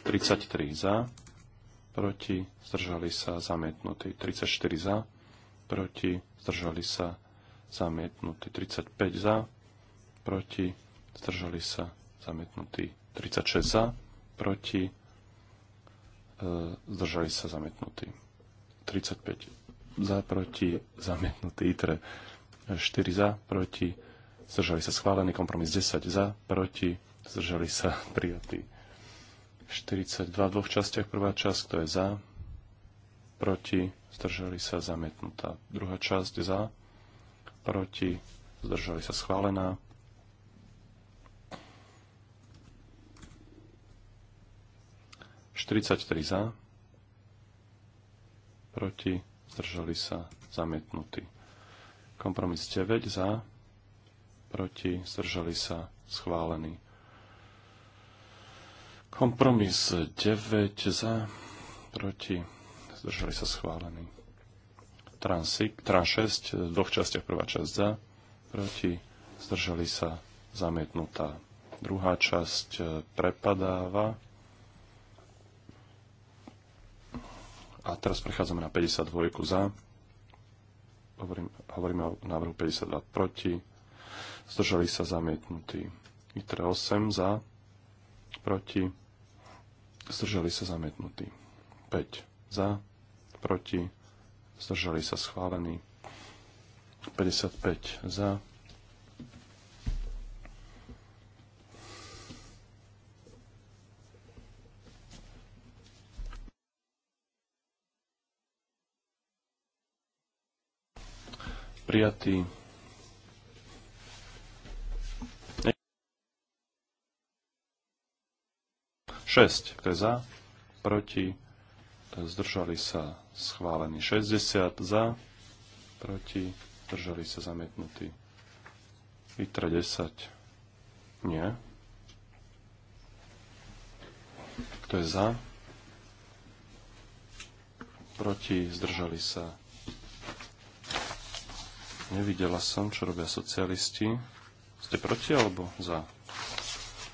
D: Tridsaťtri za, proti, zdržali sa zamietnutí 34 za, proti, zdržali sa zamietnutí 35 za, proti, zdržali sa zamietnutí 36 za, proti, e, zdržali sa zamietnutí 35 za, proti, zamietnutí ITRE 4 za, proti, zdržali sa schválený kompromis 10 za, proti, zdržali sa prijatí 42 v dvoch častiach. Prvá časť, kto je za, proti, zdržali sa zamietnutá. Druhá časť za, proti, zdržali sa schválená. Štyridsaťtri za, proti, zdržali sa zamietnutí. Kompromis 9 za, proti, zdržali sa schválený. Kompromis 9 za, proti, zdržali sa schválení. Trans 6 v dvoch častiach, prvá časť za, proti, zdržali sa zamietnutá. Druhá časť e, prepadáva. A teraz prechádzame na 52 za. Hovorím, hovoríme o návrhu 52 proti. Zdržali sa zamietnutí. ITRE 8 za, proti zdržali sa zamietnutí. 5 za, proti, zdržali sa schválení. 55 za, prijatý 6. Kto je za? Proti? Zdržali sa schválení 60 za, proti, zdržali sa zamietnutí. Vytra 10. Nie. Kto je za? Proti, zdržali sa. Nevidela som, čo robia socialisti. Ste proti alebo za?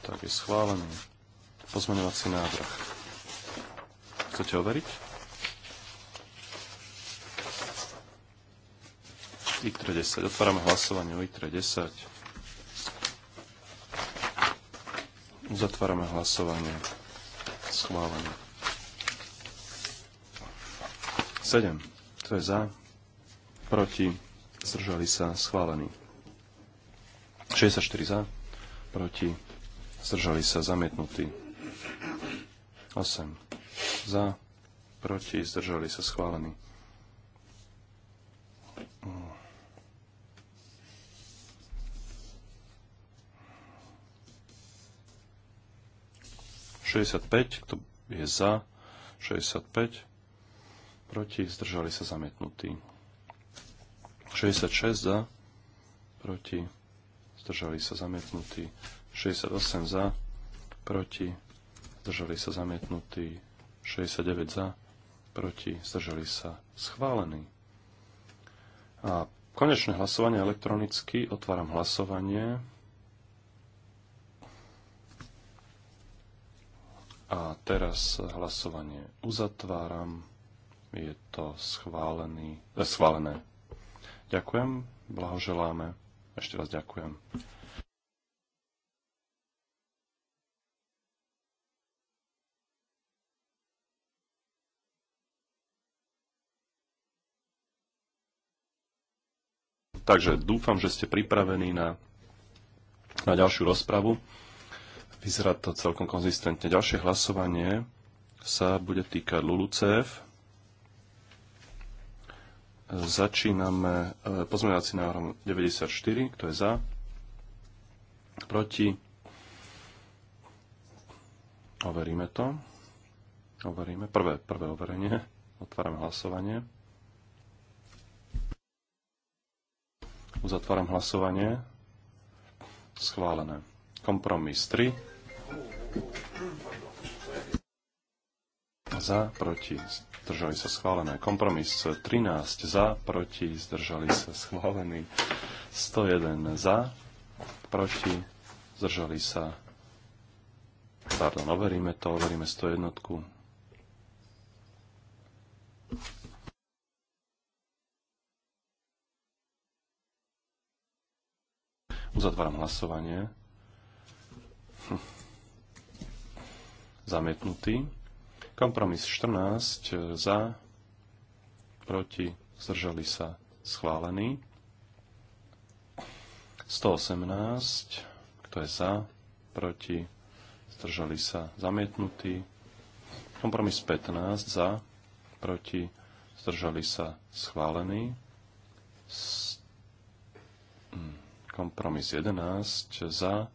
D: Tak je schválený pozmeňovací návrh. Chcete overiť? ITRE 10. Otvárame hlasovanie o ITRE 10. Uzatvárame hlasovanie. Schválenie. 7. To je za? Proti? Zdržali sa? Schválený. 64 za? Proti? Zdržali sa? Zamietnutý. 8 za, proti, zdržali sa schválení. kto je za, 65, proti, zdržali sa zamietnutí. 66 za, proti, zdržali sa zamietnutí. 68 za, proti, zdržali sa zamietnutí, 69 za, proti, zdržali sa schválení. A konečné hlasovanie elektronicky, otváram hlasovanie. A teraz hlasovanie uzatváram. Je to schválený, eh, schválené. Ďakujem, blahoželáme. Ešte raz ďakujem. Takže dúfam, že ste pripravení na, na ďalšiu rozpravu. Vyzerá to celkom konzistentne. Ďalšie hlasovanie sa bude týkať LULUCF. Začíname e, pozmeňovací návrhom 94, kto je za, proti. Overíme to. Overíme. Prvé, prvé overenie. Otvárame hlasovanie. Uzatváram hlasovanie. Schválené. Kompromis 3. Za, proti, zdržali sa schválené. Kompromis 13 za, proti, zdržali sa schválený. 101 za, proti, zdržali sa. Pardon, overíme to, overíme 101. Uzatváram hlasovanie. Hm. Zamietnutý. Kompromis 14 e, za, proti, zdržali sa, schválený. 118, kto je za, proti, zdržali sa, zamietnutý. Kompromis 15 za, proti, zdržali sa, schválený. Kompromis 11 za,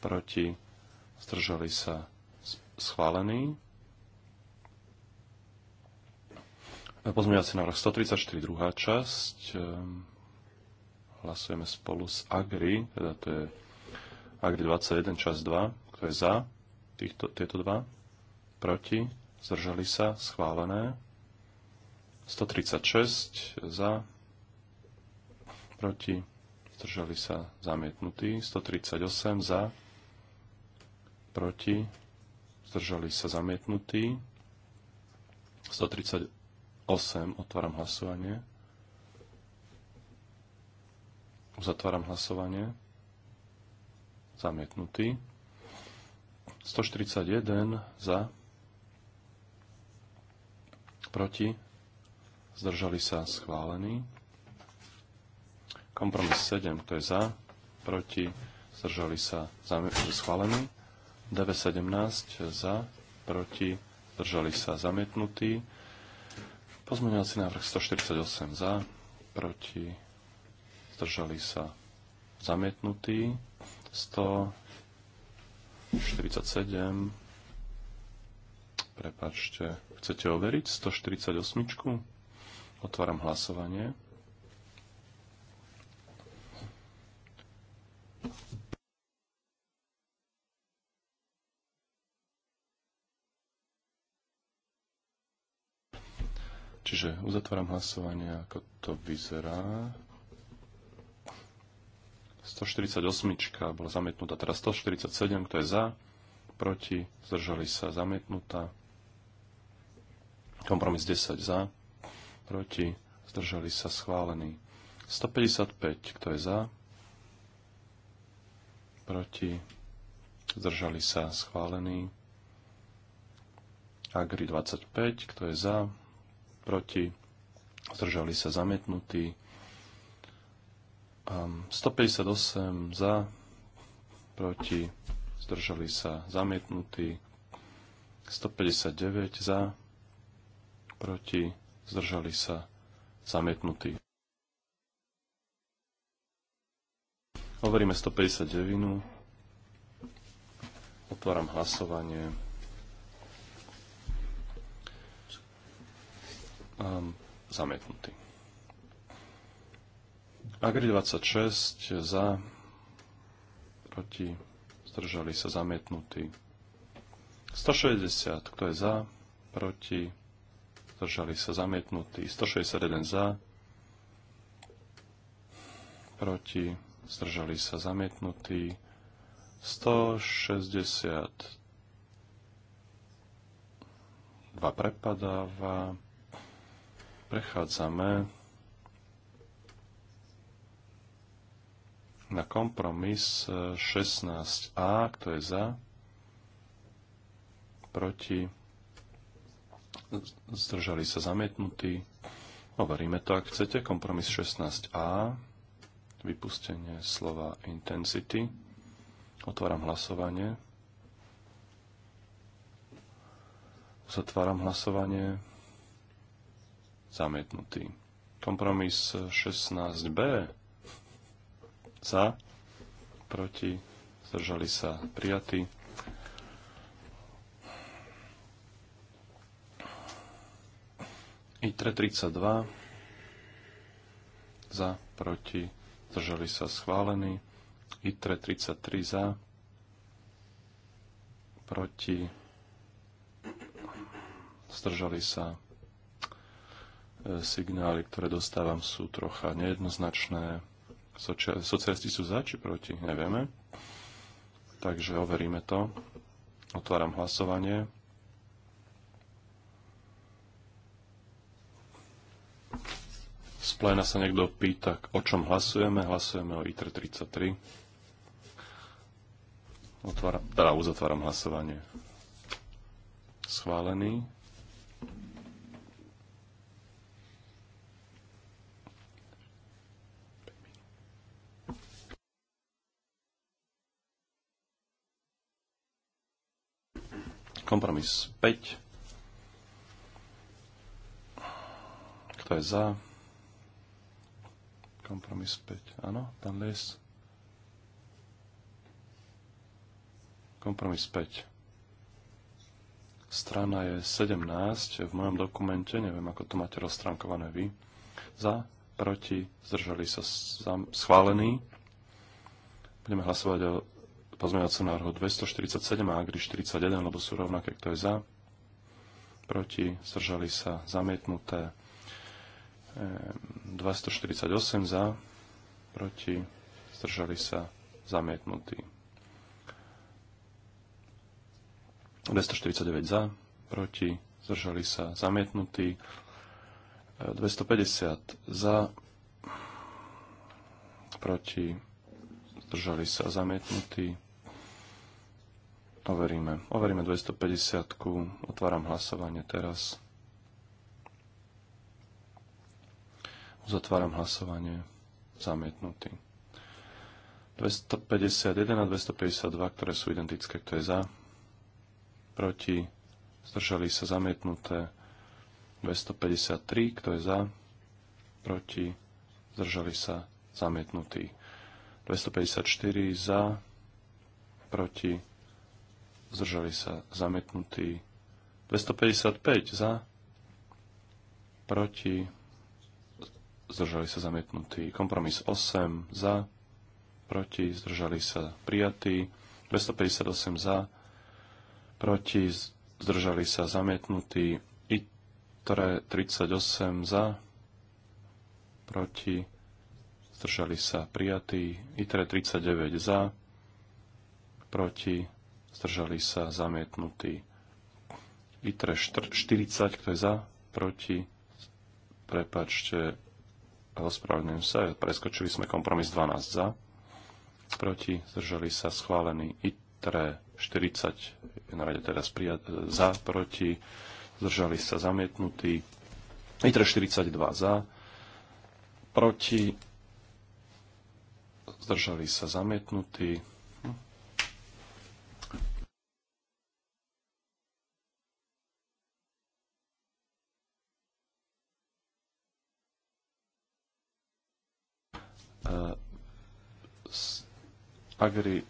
D: proti, zdržali sa schválený. Pozmeňovací návrh 134, druhá časť. Ehm, hlasujeme spolu s Agri, teda to je Agri 21, časť 2. Kto je za týchto, tieto dva? Proti? Zdržali sa? Schválené. 136 za, proti, zdržali sa zamietnutí, 138 za, proti, zdržali sa zamietnutí, 138, otváram hlasovanie, uzatváram hlasovanie, zamietnutý, 141 za, proti, zdržali sa schválení, Kompromis 7, kto je za, proti, zdržali sa schválený. DB 17 za, proti, zdržali sa zamietnutí. Pozmeňovací návrh 148 za, proti, zdržali sa zamietnutí. 147, prepačte, chcete overiť 148? Otváram hlasovanie. Čiže uzatváram hlasovanie, ako to vyzerá. 148 bola zamietnutá, teraz teda 147, kto je za, proti, zdržali sa zamietnutá. Kompromis 10 za, proti, zdržali sa schválený. 155, kto je za, proti, zdržali sa schválený. Agri 25, kto je za, proti, zdržali sa zamietnutí. 158 ehm, za, proti, zdržali sa zamietnutí. 159 za, proti, zdržali sa zamietnutí. Hovoríme 159. Otváram hlasovanie. um, zamietnutý. Agri 26 za, proti, zdržali sa zamietnutí. 160, kto je za, proti, zdržali sa zamietnutí. 161 za, proti, zdržali sa zamietnutí. 162 prepadáva prechádzame na kompromis 16a, e, kto je za, proti, zdržali sa zamietnutí. Overíme to, ak chcete. Kompromis 16a, vypustenie slova intensity. Otváram hlasovanie. Zatváram hlasovanie zamietnutý. Kompromis 16b za, proti, zdržali sa prijatí. I 32 za, proti, zdržali sa schválení. I 33 za, proti, zdržali sa signály, ktoré dostávam, sú trocha nejednoznačné. Socialisti sú za či proti, nevieme. Takže overíme to. Otváram hlasovanie. Z pléna sa niekto pýta, o čom hlasujeme. Hlasujeme o ITR 33. Teda otváram, teda uzatváram hlasovanie. Schválený. Kompromis 5. Kto je za? Kompromis 5. Áno, pán Lies. Kompromis 5. Strana je 17 v mojom dokumente, neviem, ako to máte rozstránkované vy. Za, proti, zdržali sa schválení. Budeme hlasovať o pozmeňovacom návrhu 247 a Agri 41, lebo sú rovnaké, kto je za, proti, zdržali sa, zamietnuté 248 ehm, za, proti, zdržali sa, zamietnutí 249 za, proti, zdržali sa, zamietnutí 250 ehm, za, proti, zdržali sa, zamietnutí Overíme. Overíme 250. -ku. Otváram hlasovanie teraz. Uzatváram hlasovanie. Zamietnutý. 251 a 252, ktoré sú identické, kto je za. Proti. Zdržali sa zamietnuté. 253, kto je za. Proti. Zdržali sa zamietnutí. 254 za. Proti zdržali sa zamietnutí. 255 za, proti, zdržali sa zamietnutí. Kompromis 8 za, proti, zdržali sa prijatí. 258 za, proti, zdržali sa zamietnutí. ITRE 38 za, proti, zdržali sa prijatí. ITRE 39 za, proti, zdržali sa zamietnutí. ITRE 40, kto je za, proti, prepačte, ospravedlňujem sa, preskočili sme kompromis 12 za, proti, zdržali sa schválený ITRE 40, je na rade teraz prija- za, proti, zdržali sa zamietnutí, ITRE 42 za, proti, zdržali sa zamietnutí, Agri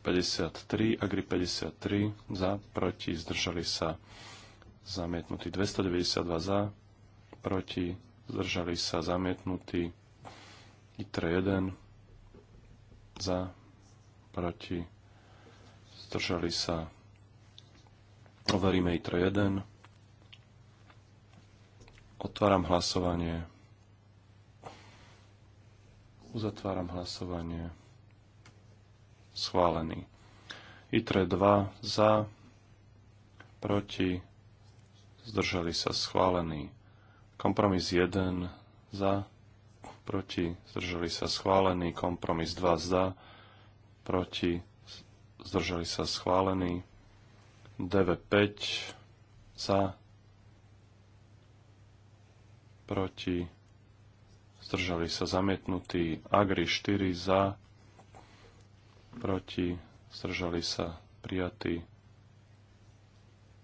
D: 53, Agri 53 za, proti, zdržali sa zamietnutí 292 za, proti, zdržali sa zamietnutí ITRE 1 za, proti, zdržali sa overíme ITRE 1 otváram hlasovanie uzatváram hlasovanie schválený. ITRE 2 za, proti, zdržali sa schválený. Kompromis 1 za, proti, zdržali sa schválený. Kompromis 2 za, proti, zdržali sa schválený. DV5 za, proti, zdržali sa zamietnutý. Agri 4 za, proti, zdržali sa, prijatý.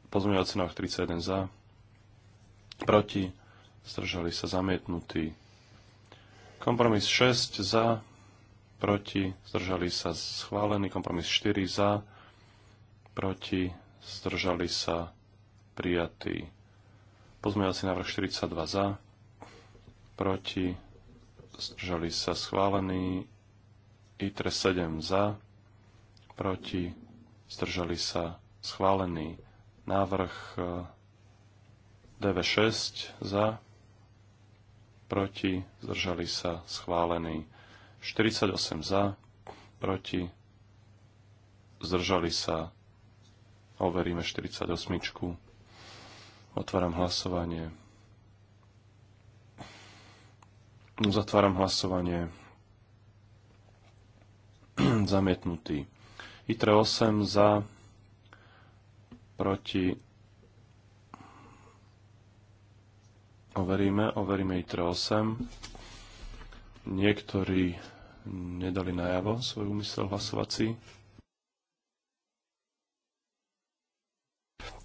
D: Pozmeňovací návrh 31 za, proti, zdržali sa, zamietnutý. Kompromis 6 za, proti, zdržali sa, schválený. Kompromis 4 za, proti, zdržali sa, prijatý. Pozmeňovací návrh 42 za, proti, zdržali sa, schválený. ITRE 7 za, proti, zdržali sa schválený návrh eh, DV6 za, proti, zdržali sa schválený 48 za, proti, zdržali sa, overíme 48. Otváram hlasovanie. Zatváram hlasovanie zamietnutý. ITRE 8 za, proti, overíme, overíme ITRE 8. Niektorí nedali najavo svoj úmysel hlasovací.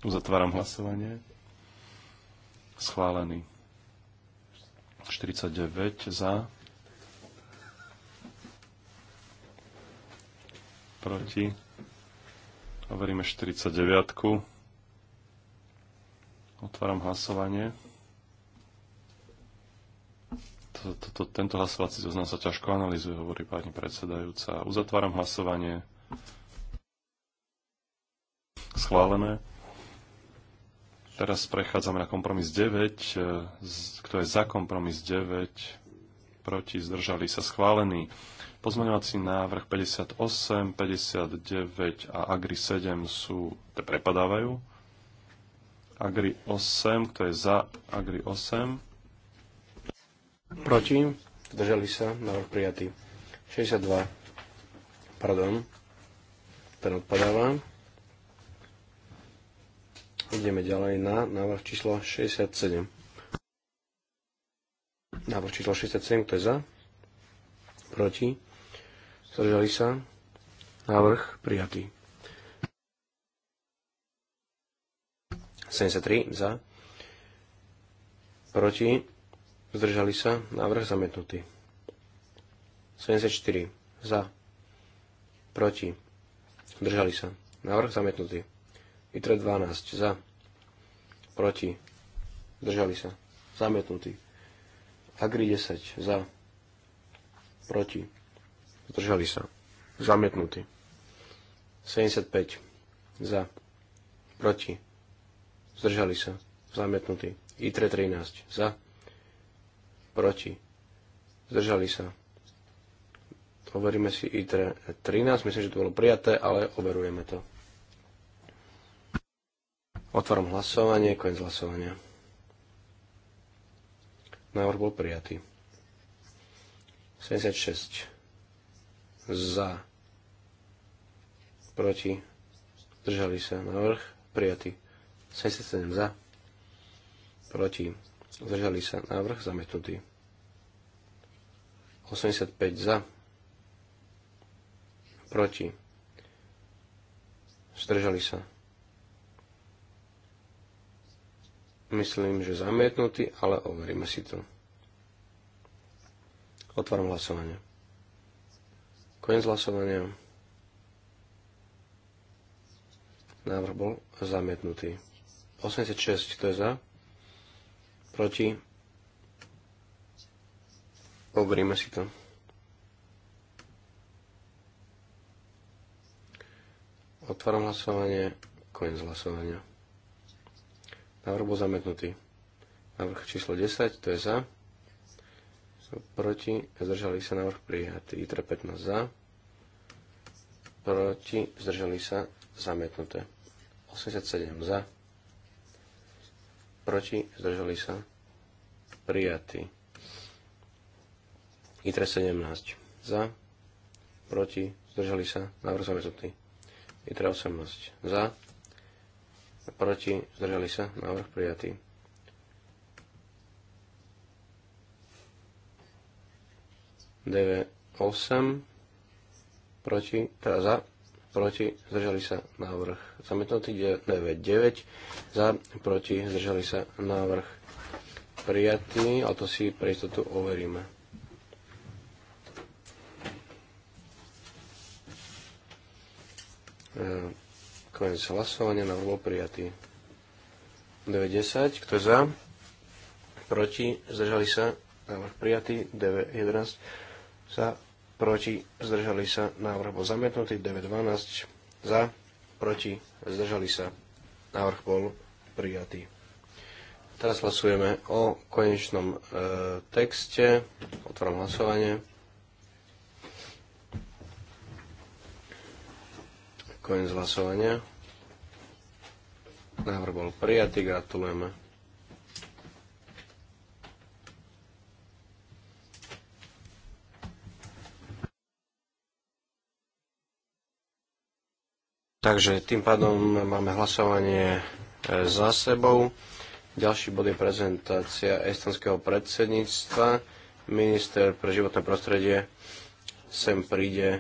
D: Uzatváram hlasovanie. Schválený. 49 za, proti. Overíme 49. Otváram hlasovanie. tento hlasovací zoznam sa ťažko analýzuje, hovorí pani predsedajúca. Uzatváram hlasovanie. Schválené. Teraz prechádzame na kompromis 9. E, kto je za kompromis 9? proti, zdržali sa schválený. Pozmeňovací návrh 58, 59 a Agri 7 sú, te prepadávajú. Agri 8, kto je za Agri 8?
C: Proti, zdržali sa, návrh prijatý. 62, pardon, ten odpadáva. Ideme ďalej na návrh číslo 67. Návrh číslo 67, kto je za? Proti? Zdržali sa? Návrh prijatý. 73 za. Proti? Zdržali sa? Návrh zamietnutý. 74 za. Proti? Zdržali sa. Návrh zamietnutý. ITRE 12 za. Proti? Zdržali sa. Zamietnutý. Agri 10 za, proti, zdržali sa, zamietnutí. 75 za, proti, zdržali sa, I ITRE 13 za, proti, zdržali sa. Overíme si ITRE 13, myslím, že to bolo prijaté, ale overujeme to. Otváram hlasovanie, koniec hlasovania. Návrh bol prijatý. 76 za, proti, zdržali sa. Návrh prijatý. 77 za, proti, zdržali sa. Návrh zametnutý. 85 za, proti, zdržali sa. Myslím, že zamietnutý, ale overíme si to. Otváram hlasovanie. Koniec hlasovania. Návrh bol zamietnutý. 86, to je za? Proti? Overíme si to. Otváram hlasovanie. Koniec hlasovania. Návrh bol zamietnutý. Návrh číslo 10, to je za. Proti, zdržali sa návrh prijatý. ITRE 15 za. Proti, zdržali sa zamietnuté. 87 za. Proti, zdržali sa prijatý. ITRE 17 za. Proti, zdržali sa návrh zamietnutý. ITRE 18 za proti, zdržali sa, návrh prijatý. DV 8, proti, teda za, proti, zdržali sa, návrh zamietnutý, DV 9, za, proti, zdržali sa, návrh prijatý, ale to si pre istotu overíme. Ďakujem. Konec hlasovania, návrh bol prijatý. 9.10, kto je za? Proti, zdržali sa, návrh prijatý. 9.11, za, proti, zdržali sa, návrh bol zamietnutý. 9.12, za, proti, zdržali sa, návrh bol prijatý. Teraz hlasujeme o konečnom e, texte. Otváram hlasovanie. Koniec hlasovania. Návrh bol prijatý, gratulujeme. Takže tým pádom máme hlasovanie e, za sebou. Ďalší bod je prezentácia estonského predsedníctva. Minister pre životné prostredie sem príde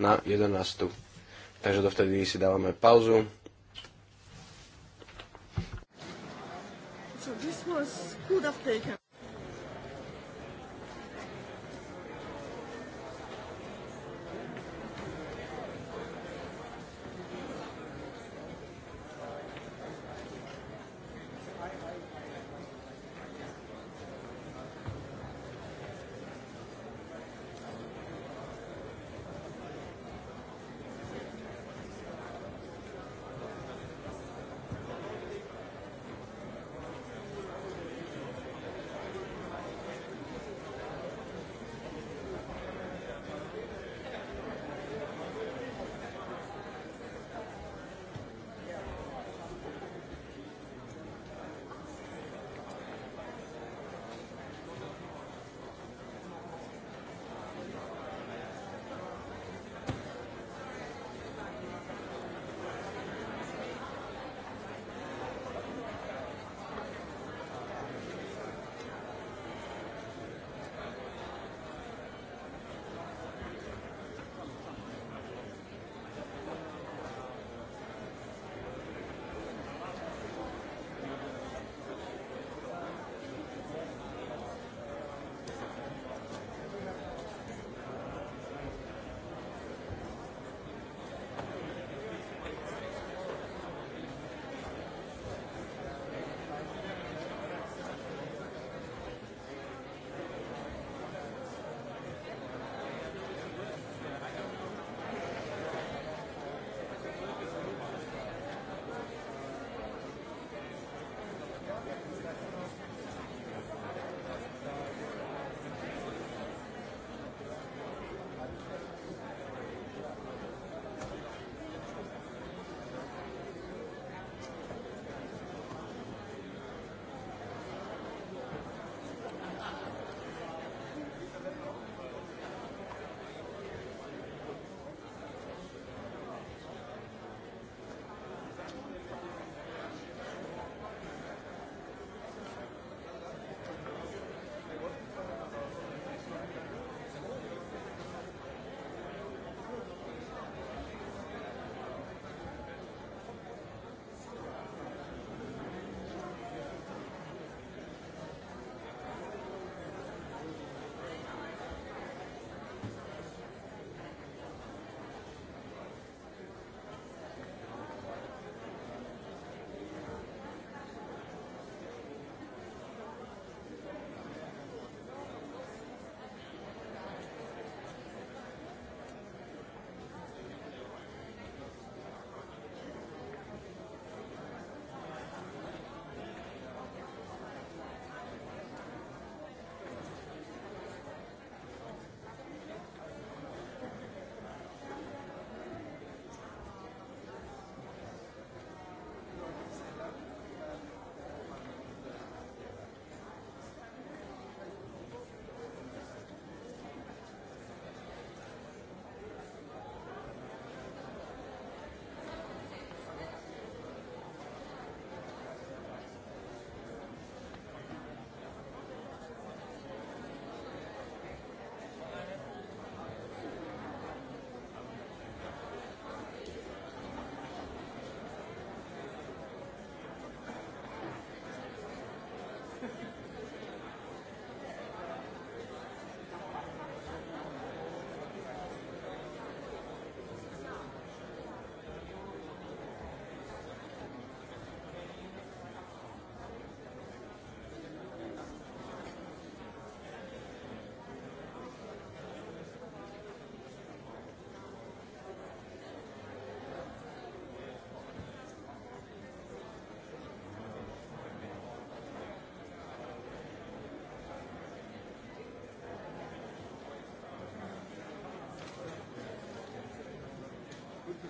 C: na 11. Takže dovtedy si dávame pauzu.
E: So this was good uptake.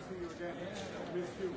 F: see you again. Miss you.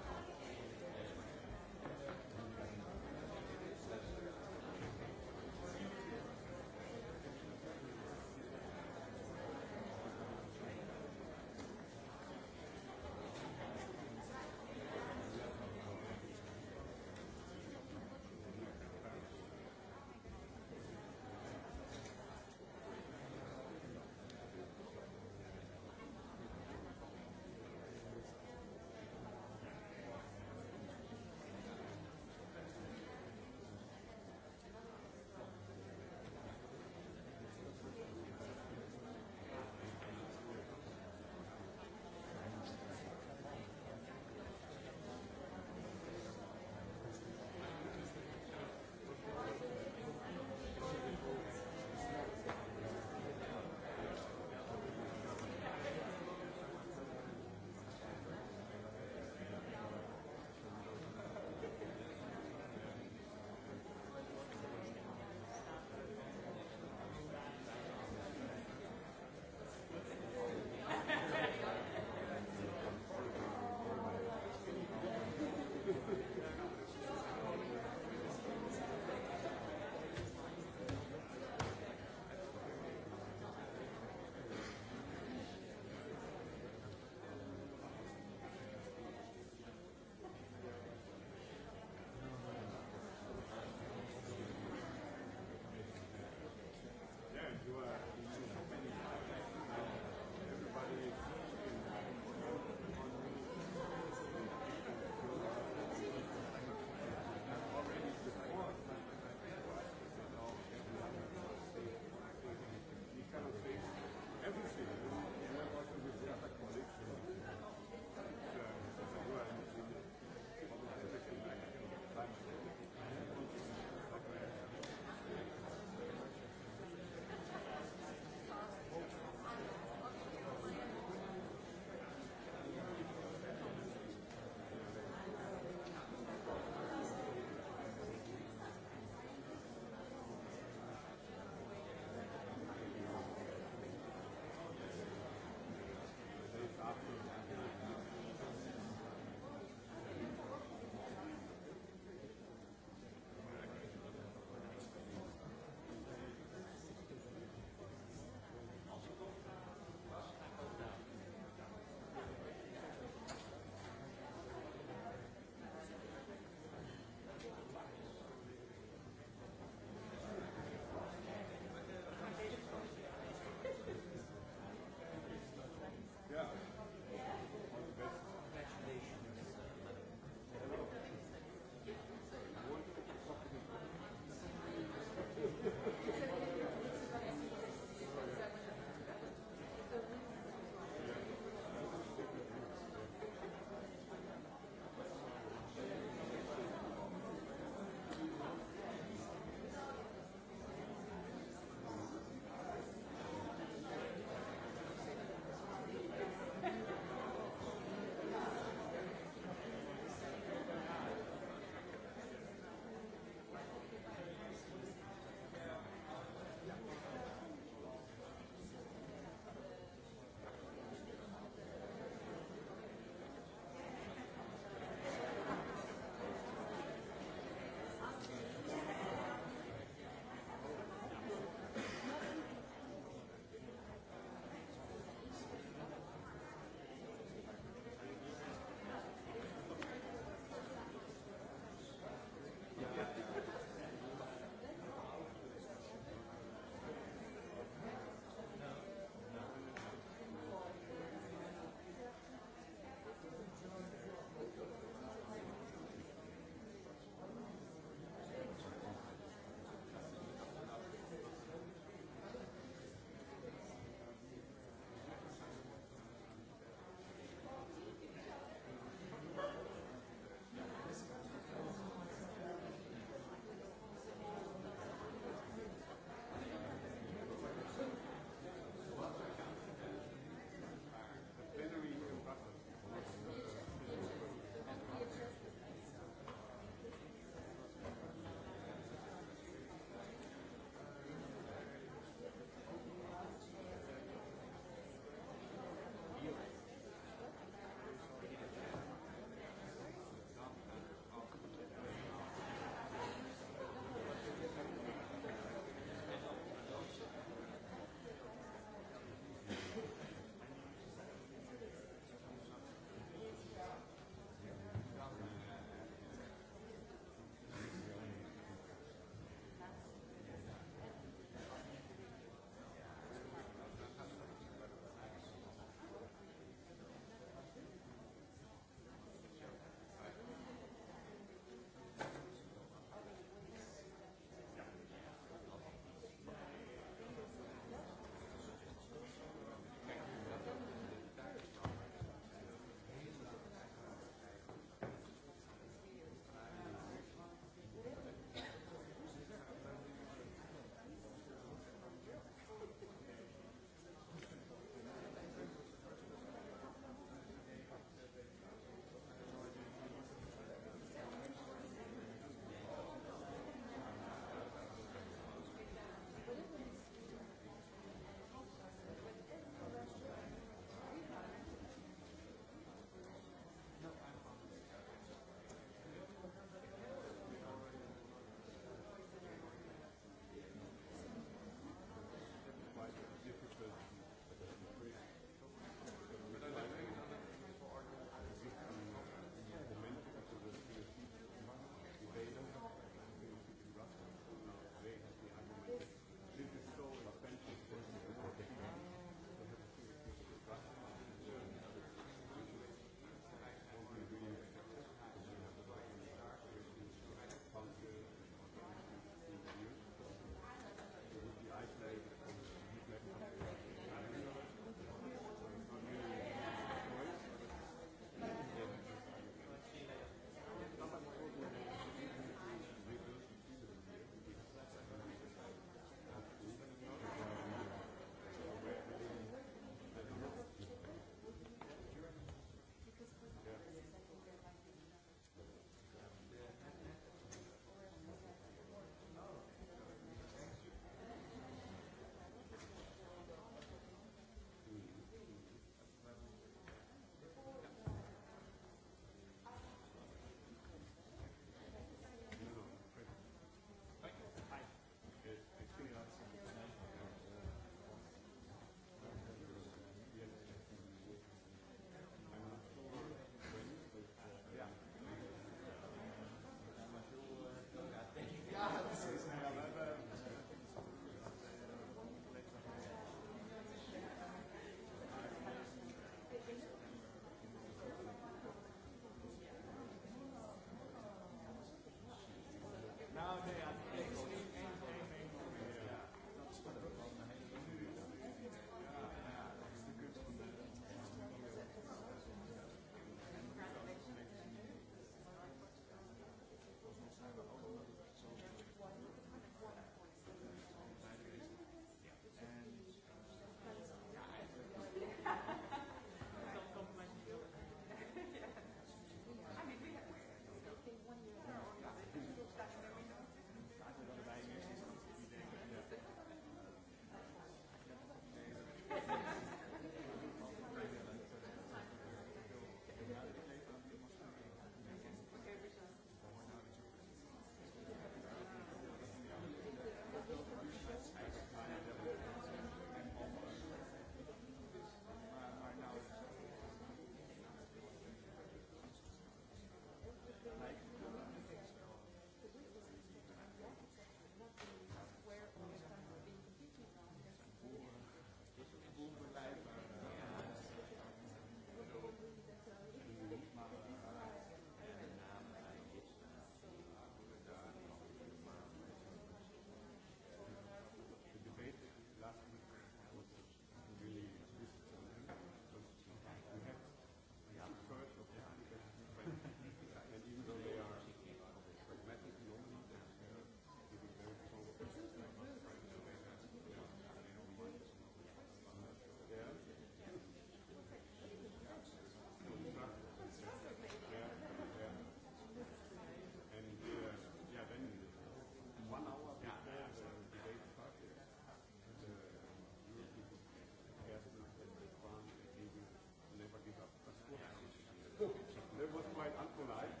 F: quite unpolite.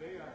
F: They are.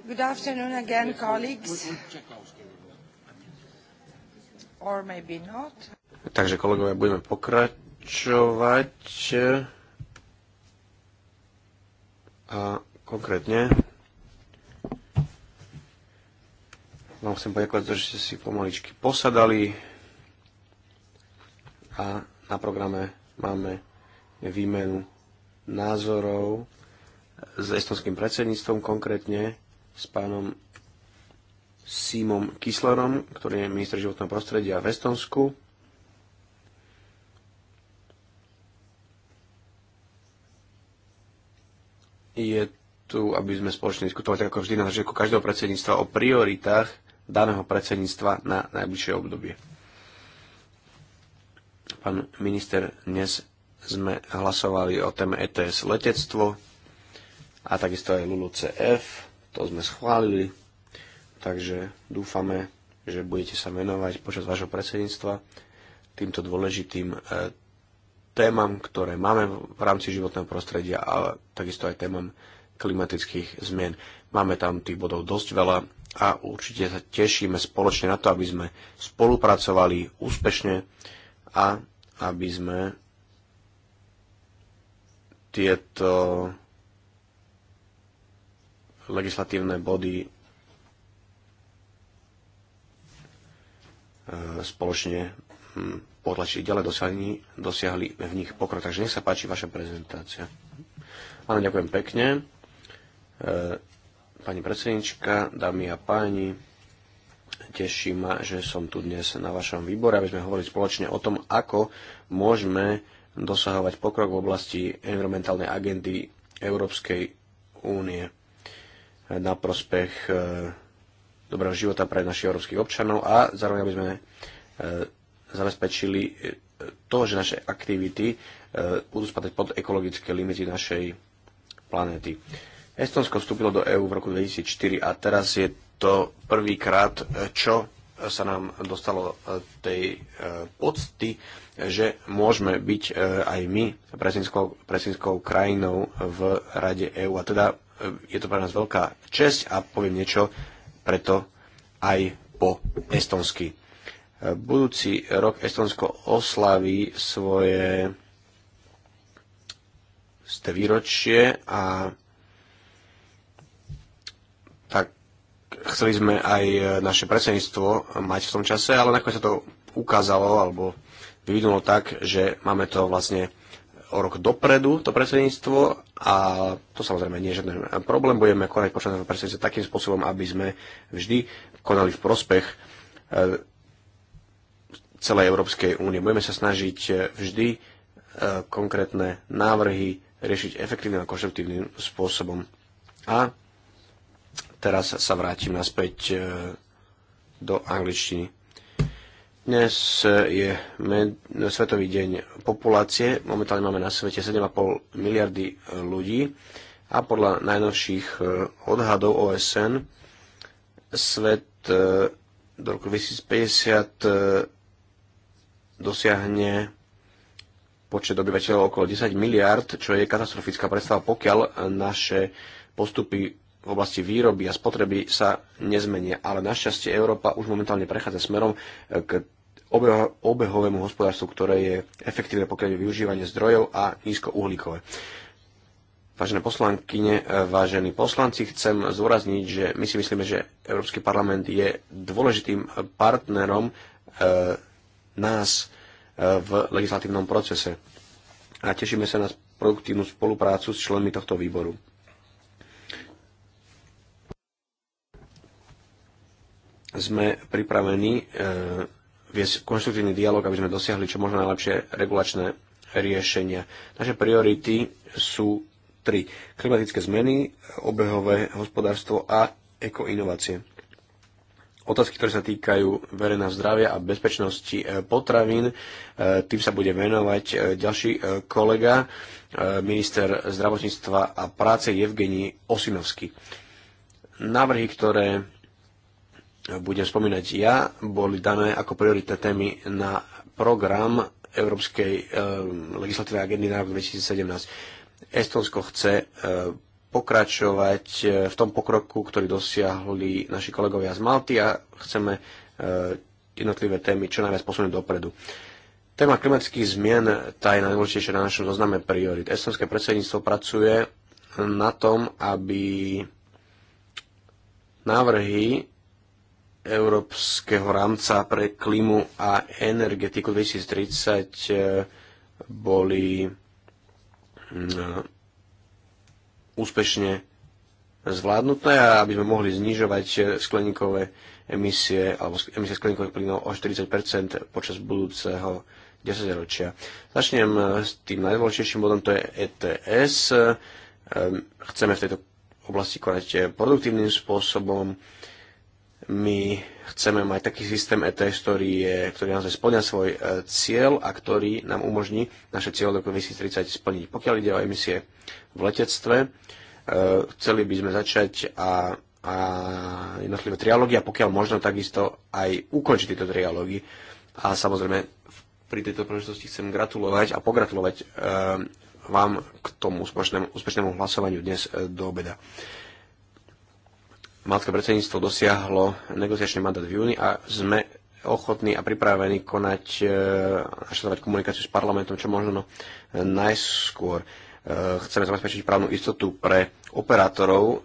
E: Good afternoon
A: again, colleagues. Or maybe not.
C: Takže kolegovia, budeme pokračovať. A konkrétne vám chcem poďakovať že ste si pomaličky posadali a na programe máme výmenu názorov s estonským predsedníctvom konkrétne s pánom Simom Kislerom, ktorý je minister životného prostredia v Estonsku. Je tu, aby sme spoločne diskutovali, ako vždy na začiatku každého predsedníctva, o prioritách daného predsedníctva na najbližšie obdobie. Pán minister, dnes sme hlasovali o téme ETS letectvo a takisto aj LULU CF to sme schválili, takže dúfame, že budete sa venovať počas vášho predsedníctva týmto dôležitým e, témam, ktoré máme v rámci životného prostredia a takisto aj témam klimatických zmien. Máme tam tých bodov dosť veľa a určite sa tešíme spoločne na to, aby sme spolupracovali úspešne a aby sme tieto legislatívne body e, spoločne hm, potlačili Ďalej dosiahli, dosiahli v nich pokrok. Takže nech sa páči vaša prezentácia. Áno, ďakujem pekne. E, pani predsednička, dámy a páni, teší ma, že som tu dnes na vašom výbore, aby sme hovorili spoločne o tom, ako môžeme dosahovať pokrok v oblasti environmentálnej agendy Európskej únie na prospech e, dobrého života pre našich európskych občanov a zároveň aby sme e, zabezpečili e, to, že naše aktivity budú spadať pod ekologické limity našej planéty. Estonsko vstúpilo do EÚ v roku 2004 a teraz je to prvýkrát, čo sa nám dostalo tej pocty, že môžeme byť aj my presinskou krajinou v Rade EÚ. A teda je to pre nás veľká česť a poviem niečo preto aj po estonsky. Budúci rok Estonsko oslaví svoje ste výročie a tak chceli sme aj naše predsedníctvo mať v tom čase, ale nakoniec sa to ukázalo alebo vyvinulo tak, že máme to vlastne o rok dopredu to predsedníctvo a to samozrejme nie je žiadny problém. Budeme konať počas nášho predsedníctva takým spôsobom, aby sme vždy konali v prospech eh, celej Európskej únie. Budeme sa snažiť eh, vždy eh, konkrétne návrhy riešiť efektívnym a konštruktívnym spôsobom. A teraz sa vrátim naspäť do angličtiny. Dnes eh, je med, Svetový deň populácie. Momentálne máme na svete 7,5 miliardy eh, ľudí a podľa najnovších eh, odhadov OSN svet do roku 2050 dosiahne počet obyvateľov okolo 10 miliard, čo je katastrofická predstava, pokiaľ naše postupy v oblasti výroby a spotreby sa nezmenia, ale našťastie Európa už momentálne prechádza smerom k obehovému hospodárstvu, ktoré je efektívne pokiaľ je využívanie zdrojov a nízkouhlíkové. Vážené poslankyne, vážení poslanci, chcem zúrazniť, že my si myslíme, že Európsky parlament je dôležitým partnerom e, nás e, v legislatívnom procese a tešíme sa na produktívnu spoluprácu s členmi tohto výboru. Sme pripravení e, viesť konštruktívny dialog, aby sme dosiahli čo možno najlepšie regulačné riešenia. Naše priority sú tri. Klimatické zmeny, obehové hospodárstvo a ekoinovácie. Otázky, ktoré sa týkajú verejného zdravia a bezpečnosti e, potravín, e, tým sa bude venovať e, ďalší kolega, minister zdravotníctva a práce Evgení Osinovský. Návrhy, ktoré budem spomínať ja, boli dané ako prioritné témy na program Európskej e, legislatívnej agendy na rok 2017. Estonsko chce e, pokračovať e, v tom pokroku, ktorý dosiahli naši kolegovia z Malty a chceme e, jednotlivé témy čo najviac posunúť dopredu. Téma klimatických zmien tá je najdôležitejšia na našom zozname priorit. Estonské predsedníctvo pracuje na tom, aby návrhy Európskeho rámca pre klímu a energetiku 2030 eh, boli mm, úspešne zvládnuté a aby sme mohli znižovať eh, skleníkové emisie alebo emisie skleníkových plynov o 40 počas budúceho 10 ročia. Začnem eh, s tým najdôležitejším bodom, to je ETS. Chceme v tejto oblasti konať produktívnym spôsobom, my chceme mať taký systém ETS, ktorý, je, ktorý naozaj splňa svoj e, cieľ a ktorý nám umožní naše cieľ do 2030 splniť. Pokiaľ ide o emisie v letectve, e, chceli by sme začať a, a jednotlivé trialógy a pokiaľ možno takisto aj ukončiť tieto trialógy. A samozrejme pri tejto príležitosti chcem gratulovať a pogratulovať e, vám k tomu úspešnému, úspešnému hlasovaniu dnes do obeda. Malské predsedníctvo dosiahlo negociačný mandát v júni a sme ochotní a pripravení konať, eh, naštartovať komunikáciu s parlamentom čo možno najskôr. Eh, chceme zabezpečiť právnu istotu pre operátorov eh,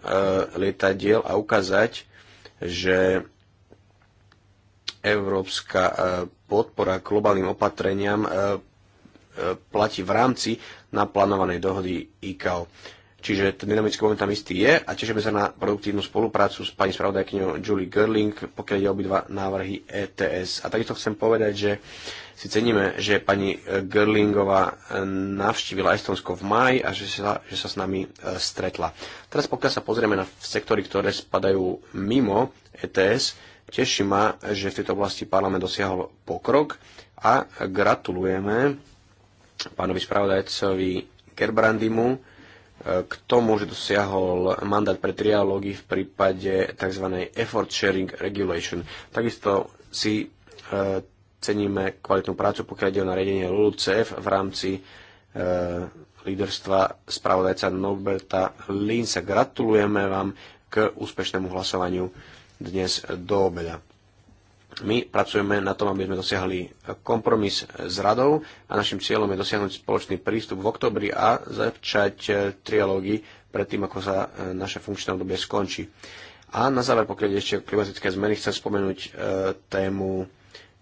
C: lietadiel a ukázať, že európska podpora k globálnym opatreniam platí v rámci naplánovanej dohody ICAO. Čiže ten dynamický moment tam istý je a tešíme sa na produktívnu spoluprácu s pani spravodajkňou Julie Gerling, pokiaľ ide obidva návrhy ETS. A takisto chcem povedať, že si ceníme, že pani Gerlingová eh, navštívila Estonsko v máji a že sa, že sa s nami eh, stretla. Teraz pokiaľ sa pozrieme na sektory, ktoré spadajú mimo ETS, teší ma, že v tejto oblasti parlament dosiahol pokrok a gratulujeme pánovi spravodajcovi Gerbrandimu k tomu, že dosiahol mandát pre trialógy v prípade tzv. effort sharing regulation. Takisto si uh, ceníme kvalitnú prácu, pokiaľ ide o nariadenie LULCF v rámci uh, líderstva spravodajca Norberta Linsa. Gratulujeme vám k úspešnému hlasovaniu dnes do obeda. My pracujeme na tom, aby sme dosiahli kompromis s radou a našim cieľom je dosiahnuť spoločný prístup v oktobri a začať eh, trialógy predtým, ako sa eh, naše funkčné obdobie skončí. A na záver, pokiaľ ešte klimatické zmeny, chcem spomenúť eh, tému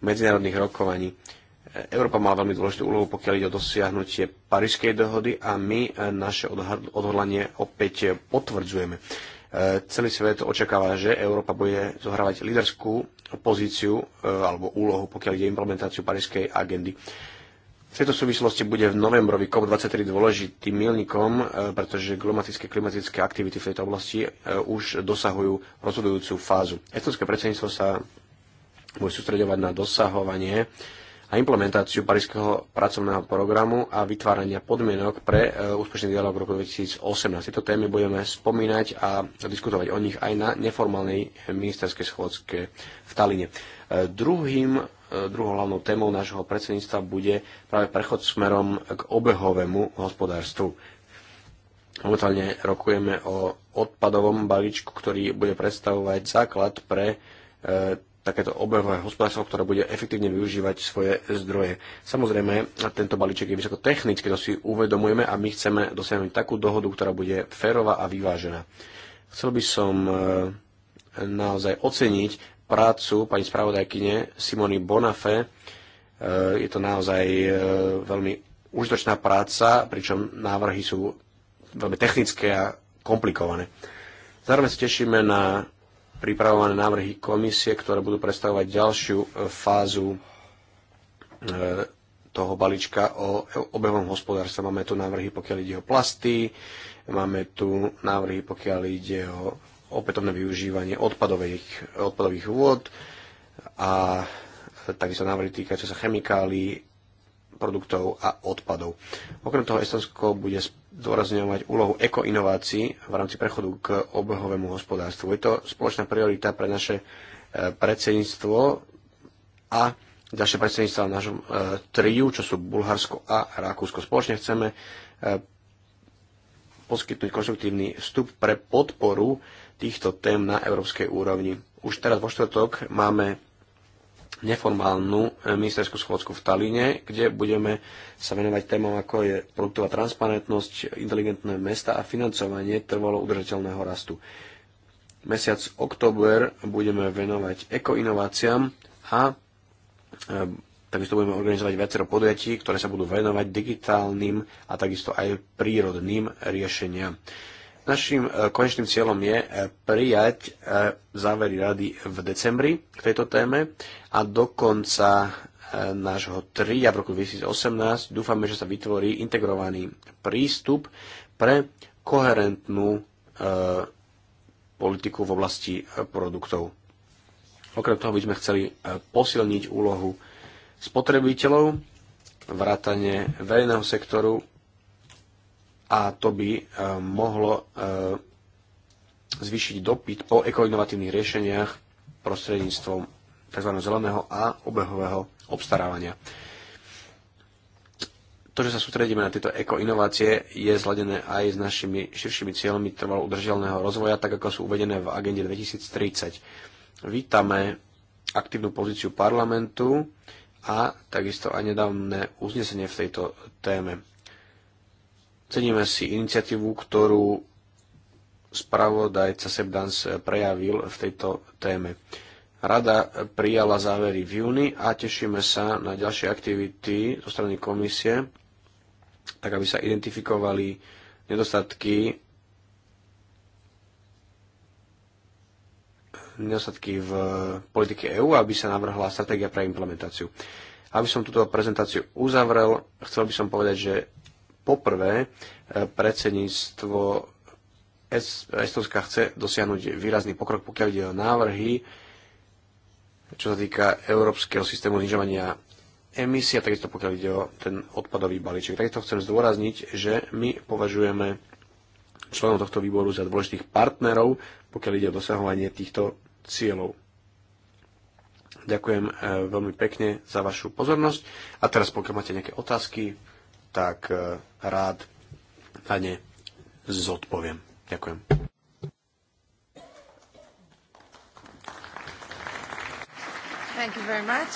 C: medzinárodných rokovaní. Európa má veľmi dôležitú úlohu, pokiaľ ide o dosiahnutie Parískej dohody a my naše odhodlanie opäť potvrdzujeme. Celý svet očakáva, že Európa bude zohrávať líderskú pozíciu e, alebo úlohu, pokiaľ ide implementáciu Parískej agendy. V tejto súvislosti bude v novembrovi COP23 dôležitým milníkom, e, pretože klimatické klimatické aktivity v tejto oblasti e, už dosahujú rozhodujúcu fázu. Estonské predsedníctvo sa bude sústredovať na dosahovanie a implementáciu Parížského pracovného programu a vytvárania podmienok pre e, úspešný dialog roku 2018. Tieto témy budeme spomínať a diskutovať o nich aj na neformálnej ministerskej schôdzke v Taline. E, druhým, e, druhou hlavnou témou nášho predsedníctva bude práve prechod smerom k obehovému hospodárstvu. Momentálne rokujeme o odpadovom balíčku, ktorý bude predstavovať základ pre takéto obehové hospodárstvo, ktoré bude efektívne využívať svoje zdroje. Samozrejme, tento balíček je vysoko technický, to si uvedomujeme a my chceme dosiahnuť takú dohodu, ktorá bude férová a vyvážená. Chcel by som e, naozaj oceniť prácu pani spravodajkyne Simony Bonafé. E, je to naozaj e, veľmi užitočná práca, pričom návrhy sú veľmi technické a komplikované. Zároveň sa tešíme na pripravované návrhy komisie, ktoré budú predstavovať ďalšiu e, fázu e, toho balíčka o e, obehovom hospodárstve. Máme tu návrhy, pokiaľ ide o plasty, máme tu návrhy, pokiaľ ide o opätovné využívanie odpadových, odpadových vôd a takisto návrhy týkajúce sa chemikálií, produktov a odpadov. Okrem toho Estonsko bude zdôrazňovať úlohu ekoinovácií v rámci prechodu k obehovému hospodárstvu. Je to spoločná priorita pre naše e, predsedníctvo a ďalšie predsedníctva v našom e, triu, čo sú Bulharsko a Rakúsko. Spoločne chceme e, poskytnúť konštruktívny vstup pre podporu týchto tém na európskej úrovni. Už teraz vo štvrtok máme neformálnu e, ministerskú schôdzku v Talíne, kde budeme sa venovať témam ako je produktová transparentnosť, inteligentné mesta a financovanie trvalo udržateľného rastu. Mesiac október budeme venovať ekoinováciám a e, takisto budeme organizovať viacero podujatí, ktoré sa budú venovať digitálnym a takisto aj prírodným riešeniam. Našim e, konečným cieľom je e, prijať e, závery rady v decembri k tejto téme a do konca nášho 3 v roku 2018 dúfame, že sa vytvorí integrovaný prístup pre koherentnú politiku v oblasti produktov. Okrem toho by sme chceli posilniť úlohu spotrebiteľov, vrátanie verejného sektoru a to by e, mohlo e, zvýšiť dopyt po ekoinovatívnych riešeniach prostredníctvom tzv. zeleného a obehového obstarávania. To, že sa sústredíme na tieto ekoinovácie, je zladené aj s našimi širšími cieľmi trvalo udržateľného rozvoja, tak ako sú uvedené v agende 2030. Vítame aktívnu pozíciu parlamentu a takisto aj nedávne uznesenie v tejto téme. Ceníme si iniciatívu, ktorú spravodajca Sebdans prejavil v tejto téme. Rada prijala závery v júni a tešíme sa na ďalšie aktivity zo strany komisie, tak aby sa identifikovali nedostatky nedostatky v politike EÚ, aby sa navrhla stratégia pre implementáciu. Aby som túto prezentáciu uzavrel, chcel by som povedať, že Poprvé, e, predsedníctvo Estonska chce dosiahnuť výrazný pokrok, pokiaľ ide o návrhy, čo sa týka európskeho systému znižovania emisia, takisto pokiaľ ide o ten odpadový balíček. Takisto chcem zdôrazniť, že my považujeme členov tohto výboru za dôležitých partnerov, pokiaľ ide o dosahovanie týchto cieľov. Ďakujem e, veľmi pekne za vašu pozornosť a teraz pokiaľ máte nejaké otázky, tak e, rád na ne zodpoviem. Ďakujem.
A: Thank you very much.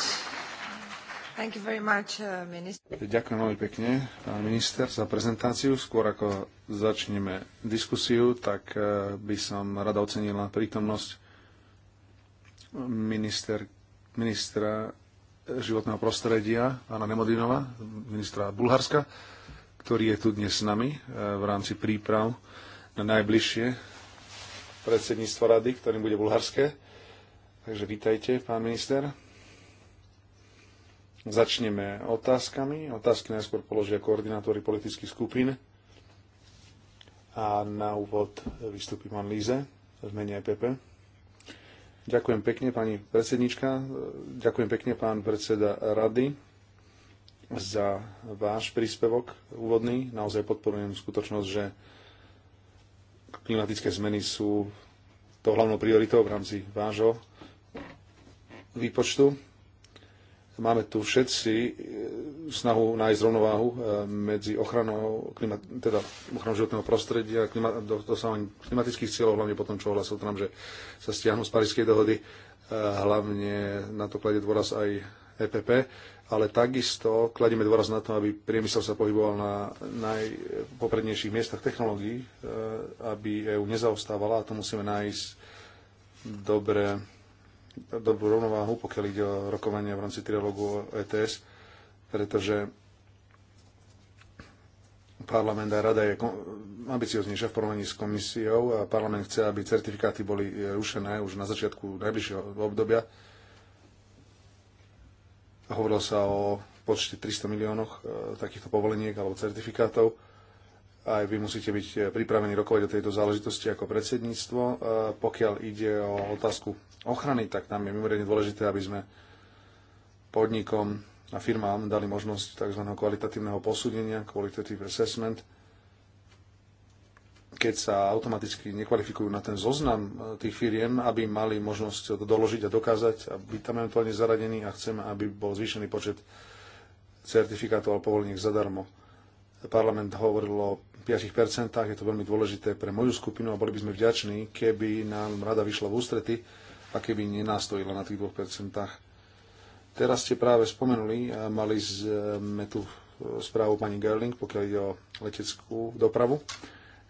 A: Thank you very much, uh, minister.
B: Ďakujem veľmi pekne, pán minister, za prezentáciu. Skôr ako začneme diskusiu, tak e, by som rada ocenila prítomnosť minister, ministra životného prostredia, pána Nemodinova, ministra Bulharska, ktorý je tu dnes s nami e, v rámci príprav na najbližšie predsedníctvo rady, ktorým bude bulharské. Takže vítajte, pán minister. Začneme otázkami. Otázky najskôr položia koordinátory politických skupín. A na úvod vystúpi pán Líze v mene EPP. Ďakujem pekne, pani predsednička. Ďakujem pekne, pán predseda rady, za váš príspevok úvodný. Naozaj podporujem skutočnosť, že klimatické zmeny sú to hlavnou prioritou v rámci vášho výpočtu máme tu všetci e, snahu nájsť rovnováhu e, medzi ochranou, klimat, teda ochranou životného prostredia, a klimatických cieľov, hlavne potom, čo hlasil Trump, že sa stiahnu z Parískej dohody, e, hlavne na to kladie dôraz aj EPP, ale takisto kladieme dôraz na to, aby priemysel sa pohyboval na najpoprednejších miestach technológií, aby EU nezaostávala a to musíme nájsť dobré dobrú rovnováhu, pokiaľ ide o rokovania v rámci trialógu o ETS, pretože parlament a rada je ambicioznejšia v porovnaní s komisiou a parlament chce, aby certifikáty boli e, rušené už na začiatku najbližšieho obdobia. Hovorilo sa o počte 300 miliónoch e, takýchto povoleniek alebo certifikátov. Aj vy musíte byť eh, pripravení rokovať o tejto záležitosti ako predsedníctvo. Eh, pokiaľ ide o otázku ochrany, tak tam je mimoriadne dôležité, aby sme podnikom a firmám dali možnosť tzv. kvalitatívneho posúdenia, qualitative assessment, keď sa automaticky nekvalifikujú na ten zoznam eh, tých firiem, aby mali možnosť to doložiť a dokázať a byť tam eventuálne zaradení a chceme, aby bol zvýšený počet certifikátov a povoleniek zadarmo. Parlament hovoril o 5%. Je to veľmi dôležité pre moju skupinu a boli by sme vďační, keby nám rada vyšla v ústrety a keby nenastojila na tých 2%. Teraz ste práve spomenuli, mali sme tu správu pani Gerling, pokiaľ ide o leteckú dopravu.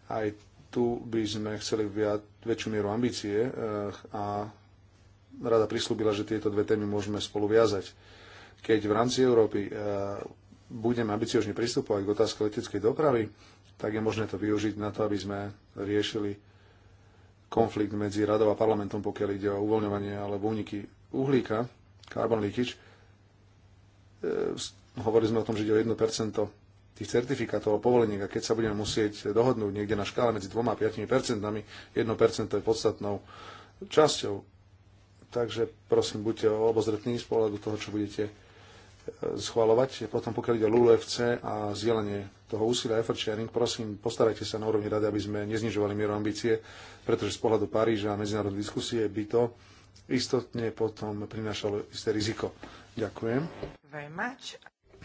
B: Aj tu by sme chceli viac, väčšiu mieru ambície eh, a rada prislúbila, že tieto dve témy môžeme spolu viazať. Keď v rámci Európy eh, budeme ambiciožne pristupovať k otázke leteckej dopravy, tak je možné to využiť na to, aby sme riešili konflikt medzi radou a parlamentom, pokiaľ ide o uvoľňovanie alebo úniky uhlíka, carbon leakage. E, hovorili sme o tom, že ide o 1% tých certifikátov a povoleniek a keď sa budeme musieť dohodnúť niekde na škále medzi 2 a 5 1% je podstatnou časťou. Takže prosím, buďte obozretní z pohľadu toho, čo budete schvalovať. Potom pokiaľ ide o LULFC a zdieľanie toho úsilia effort sharing, prosím, postarajte sa na úrovni rady, aby sme neznižovali mieru ambície, pretože z pohľadu Paríža a medzinárodnej diskusie by to istotne potom prinášalo isté riziko. Ďakujem.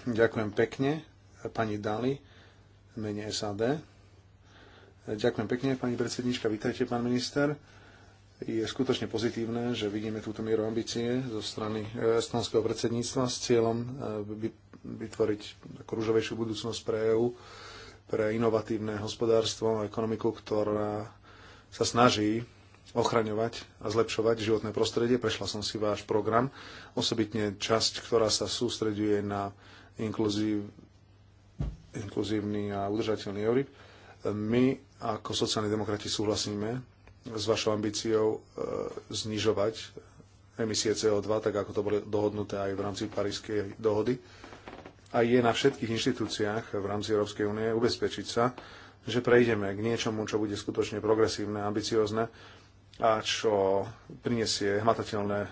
B: Ďakujem pekne pani Dali, mene SAD. Ďakujem pekne, pani predsednička, vítajte, pán minister je skutočne pozitívne, že vidíme túto mieru ambície zo strany e, estonského predsedníctva s cieľom e, vytvoriť rúžovejšiu budúcnosť pre EÚ, pre inovatívne hospodárstvo a ekonomiku, ktorá sa snaží ochraňovať a zlepšovať životné prostredie. Prešla som si váš program, osobitne časť, ktorá sa sústreduje na inkluzív, inkluzívny a udržateľný EURIP. E, my ako sociálni demokrati súhlasíme s vašou ambíciou e, znižovať emisie CO2, tak ako to bolo dohodnuté aj v rámci Parískej dohody. A je na všetkých inštitúciách v rámci Európskej únie ubezpečiť sa, že prejdeme k niečomu, čo bude skutočne progresívne, ambiciozne a čo prinesie hmatateľné e,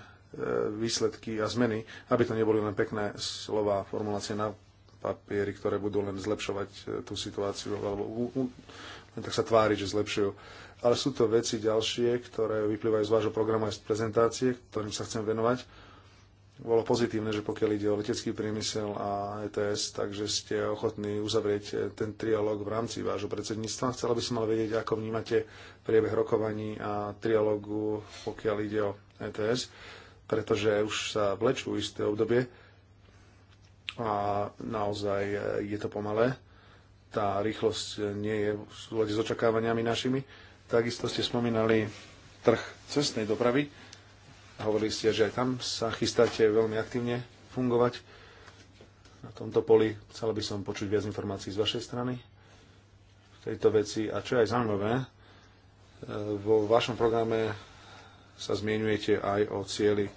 B: výsledky a zmeny, aby to neboli len pekné slova, formulácie na papieri, ktoré budú len zlepšovať e, tú situáciu, alebo u, u, len tak sa tváriť, že zlepšujú ale sú to veci ďalšie, ktoré vyplývajú z vášho programu aj z prezentácie, ktorým sa chcem venovať. Bolo pozitívne, že pokiaľ ide o letecký priemysel a ETS, takže ste ochotní uzavrieť eh, ten trialog v rámci vášho predsedníctva. Chcela by som ale vedieť, ako vnímate priebeh rokovaní a trialogu, pokiaľ ide o ETS, pretože už sa vlečú isté obdobie a naozaj eh, je to pomalé. Tá rýchlosť eh, nie je v súlade s očakávaniami našimi Takisto ste spomínali trh cestnej dopravy. Hovorili ste, že aj tam sa chystáte veľmi aktívne fungovať. Na tomto poli chcel by som počuť viac informácií z vašej strany v tejto veci. A čo je aj zaujímavé, e, vo vašom programe sa zmienujete aj o cieli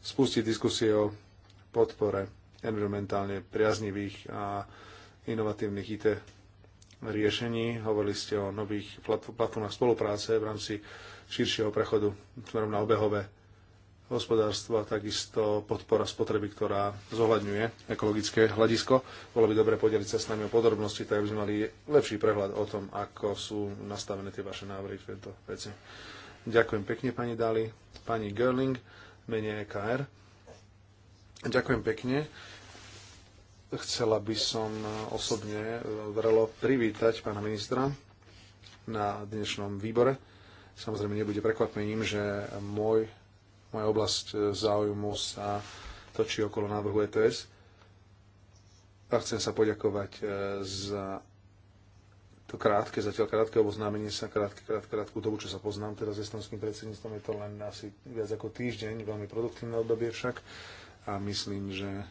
B: spustiť diskusie o podpore environmentálne priaznivých a inovatívnych IT riešení. Hovorili ste o nových platformách spolupráce v rámci širšieho prechodu smerom na obehové hospodárstvo a takisto podpora spotreby, ktorá zohľadňuje ekologické hľadisko. Bolo by dobre podeliť sa s nami o podrobnosti, tak aby sme mali lepší prehľad o tom, ako sú nastavené tie vaše návrhy v tejto veci. Ďakujem pekne, pani Dali, pani Görling, mene EKR. Ďakujem pekne. Chcela by som osobne e, vrelo privítať pána ministra na dnešnom výbore. Samozrejme, nebude prekvapením, že môj, moja oblasť e, záujmu sa točí okolo návrhu ETS. A chcem sa poďakovať e, za to krátke, zatiaľ krátke oboznámenie sa, krátke, krátke, krátku dobu, čo sa poznám teraz s estonským predsedníctvom, je to len asi viac ako týždeň, veľmi produktívne obdobie však a myslím, že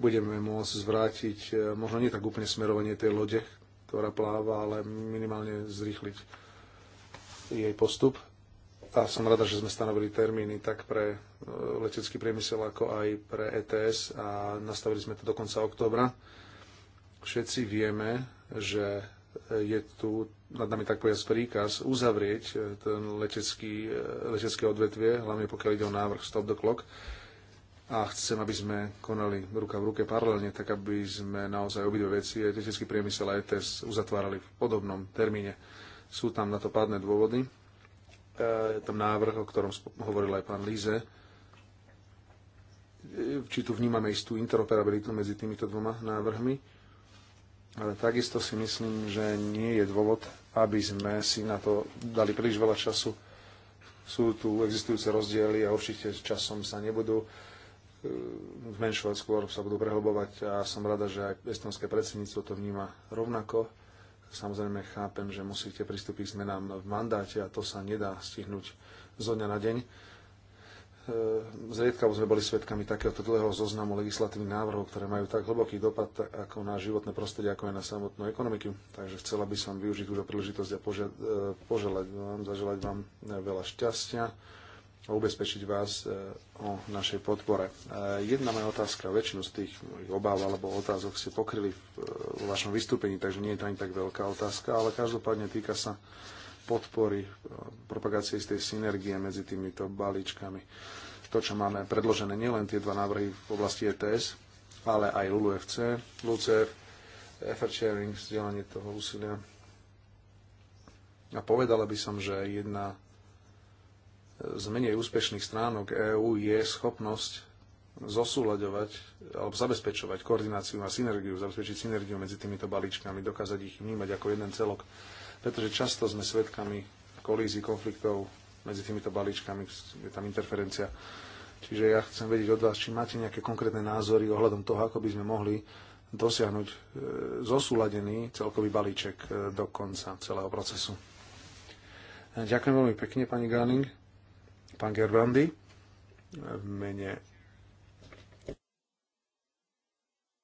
B: budeme môcť zvrátiť, e, možno nie tak úplne smerovanie tej lode, ktorá pláva, ale minimálne zrýchliť jej postup. A som rada, že sme stanovili termíny tak pre e, letecký priemysel, ako aj pre ETS a nastavili sme to do konca októbra. Všetci vieme, že je tu nad nami tak povedať príkaz uzavrieť e, ten letecký, letecké odvetvie, hlavne pokiaľ ide o návrh Stop the Clock a chcem, aby sme konali ruka v ruke paralelne, tak aby sme naozaj obidve veci, aj technický priemysel a ETS, uzatvárali v podobnom termíne. Sú tam na to pádne dôvody. E, je tam návrh, o ktorom hovoril aj pán Líze. E, či tu vnímame istú interoperabilitu medzi týmito dvoma návrhmi. Ale takisto si myslím, že nie je dôvod, aby sme si na to dali príliš veľa času. Sú tu existujúce rozdiely a určite časom sa nebudú E, zmenšovať, skôr sa budú prehlbovať a som rada, že aj estonské predsedníctvo to vníma rovnako. Samozrejme chápem, že musíte pristúpiť k zmenám v mandáte a to sa nedá stihnúť zo dňa na deň. E, zriedka sme boli svedkami takéhoto dlhého zoznamu legislatívnych návrhov, ktoré majú tak hlboký dopad ako na životné prostredie, ako aj na samotnú ekonomiku. Takže chcela by som využiť túto príležitosť a e, poželať vám, zaželať vám veľa šťastia a ubezpečiť vás e, o našej podpore. E, jedna moja otázka, väčšinu z tých mojich obáv alebo otázok ste pokryli v e, vašom vystúpení, takže nie je to ani tak veľká otázka, ale každopádne týka sa podpory, propagácie istej synergie medzi týmito balíčkami. To, čo máme predložené, nielen tie dva návrhy v oblasti ETS, ale aj LULUFC, LUCF, effort sharing, vzdelanie toho úsilia. A povedala by som, že jedna z menej úspešných stránok EÚ je schopnosť zosúľaďovať alebo zabezpečovať koordináciu a synergiu, zabezpečiť synergiu medzi týmito balíčkami, dokázať ich vnímať ako jeden celok. Pretože často sme svedkami kolízií, konfliktov medzi týmito balíčkami, je tam interferencia. Čiže ja chcem vedieť od vás, či máte nejaké konkrétne názory ohľadom toho, ako by sme mohli dosiahnuť e, zosúladený celkový balíček e, do konca celého procesu. Ďakujem veľmi pekne, pani Gáning pán Gerbrandy v mene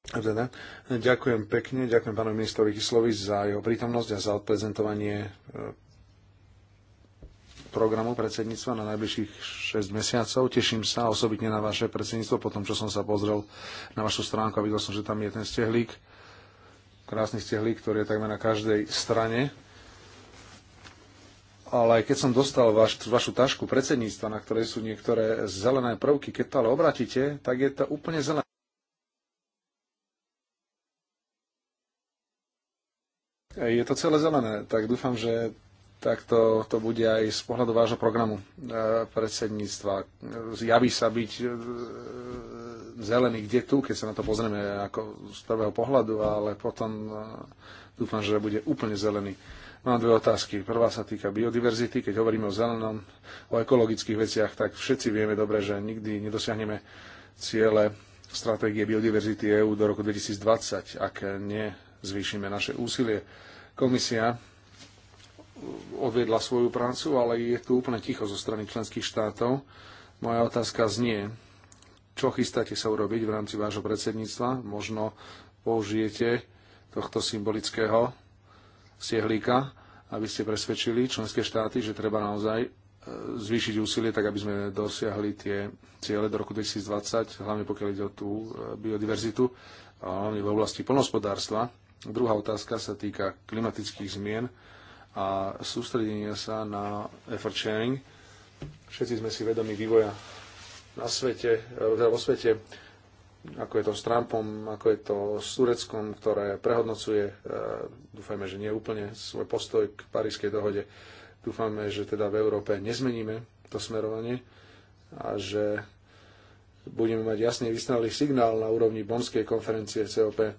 B: Teda, ďakujem pekne, ďakujem pánu ministrovi Kislovi za jeho prítomnosť a za odprezentovanie e, programu predsedníctva na najbližších 6 mesiacov. Teším sa osobitne na vaše predsedníctvo, po tom, čo som sa pozrel na vašu stránku a videl som, že tam je ten stehlík, krásny stehlík, ktorý je takmer na každej strane ale keď som dostal vaš, vašu tašku predsedníctva, na ktorej sú niektoré zelené prvky, keď to ale obratíte, tak je to úplne zelené. Je to celé zelené, tak dúfam, že takto to bude aj z pohľadu vášho programu e, predsedníctva. Javí sa byť e, zelený kde tu, keď sa na to pozrieme ako z prvého pohľadu, ale potom e, dúfam, že bude úplne zelený. Mám dve otázky. Prvá sa týka biodiverzity. Keď hovoríme o zelenom, o ekologických veciach, tak všetci vieme dobre, že nikdy nedosiahneme ciele stratégie biodiverzity EÚ do roku 2020, ak nezvýšime naše úsilie. Komisia odvedla svoju prácu, ale je tu úplne ticho zo strany členských štátov. Moja otázka znie, čo chystáte sa urobiť v rámci vášho predsedníctva? Možno použijete tohto symbolického Siehlíka, aby ste presvedčili členské štáty, že treba naozaj e, zvýšiť úsilie, tak aby sme dosiahli tie ciele do roku 2020, hlavne pokiaľ ide o tú e, biodiverzitu, hlavne v oblasti polnospodárstva. Druhá otázka sa týka klimatických zmien a sústredenia sa na effort sharing. Všetci sme si vedomi vývoja na svete, e, teda vo svete ako je to s Trumpom, ako je to s Tureckom, ktoré prehodnocuje, e, dúfajme, že nie úplne svoj postoj k Parískej dohode. Dúfame, že teda v Európe nezmeníme to smerovanie a že budeme mať jasne vysnalý signál na úrovni Bonskej konferencie COP.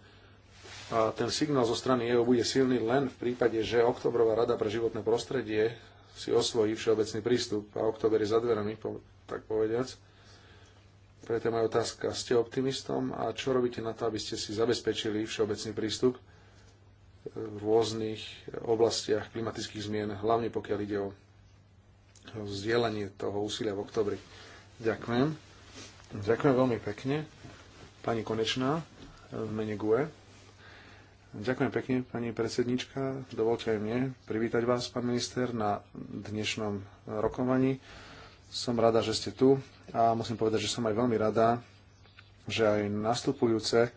B: A ten signál zo strany EU bude silný len v prípade, že Oktobrová rada pre životné prostredie si osvojí všeobecný prístup a oktober je za dverami, tak povediac preto je moja otázka, ste optimistom a čo robíte na to, aby ste si zabezpečili všeobecný prístup v rôznych oblastiach klimatických zmien, hlavne pokiaľ ide o vzdielanie toho úsilia v oktobri. Ďakujem. Ďakujem veľmi pekne. Pani Konečná v mene GUE. Ďakujem pekne, pani predsednička. Dovolte aj mne privítať vás, pán minister, na dnešnom rokovaní. Som rada, že ste tu a musím povedať, že som aj veľmi rada, že aj nastupujúce,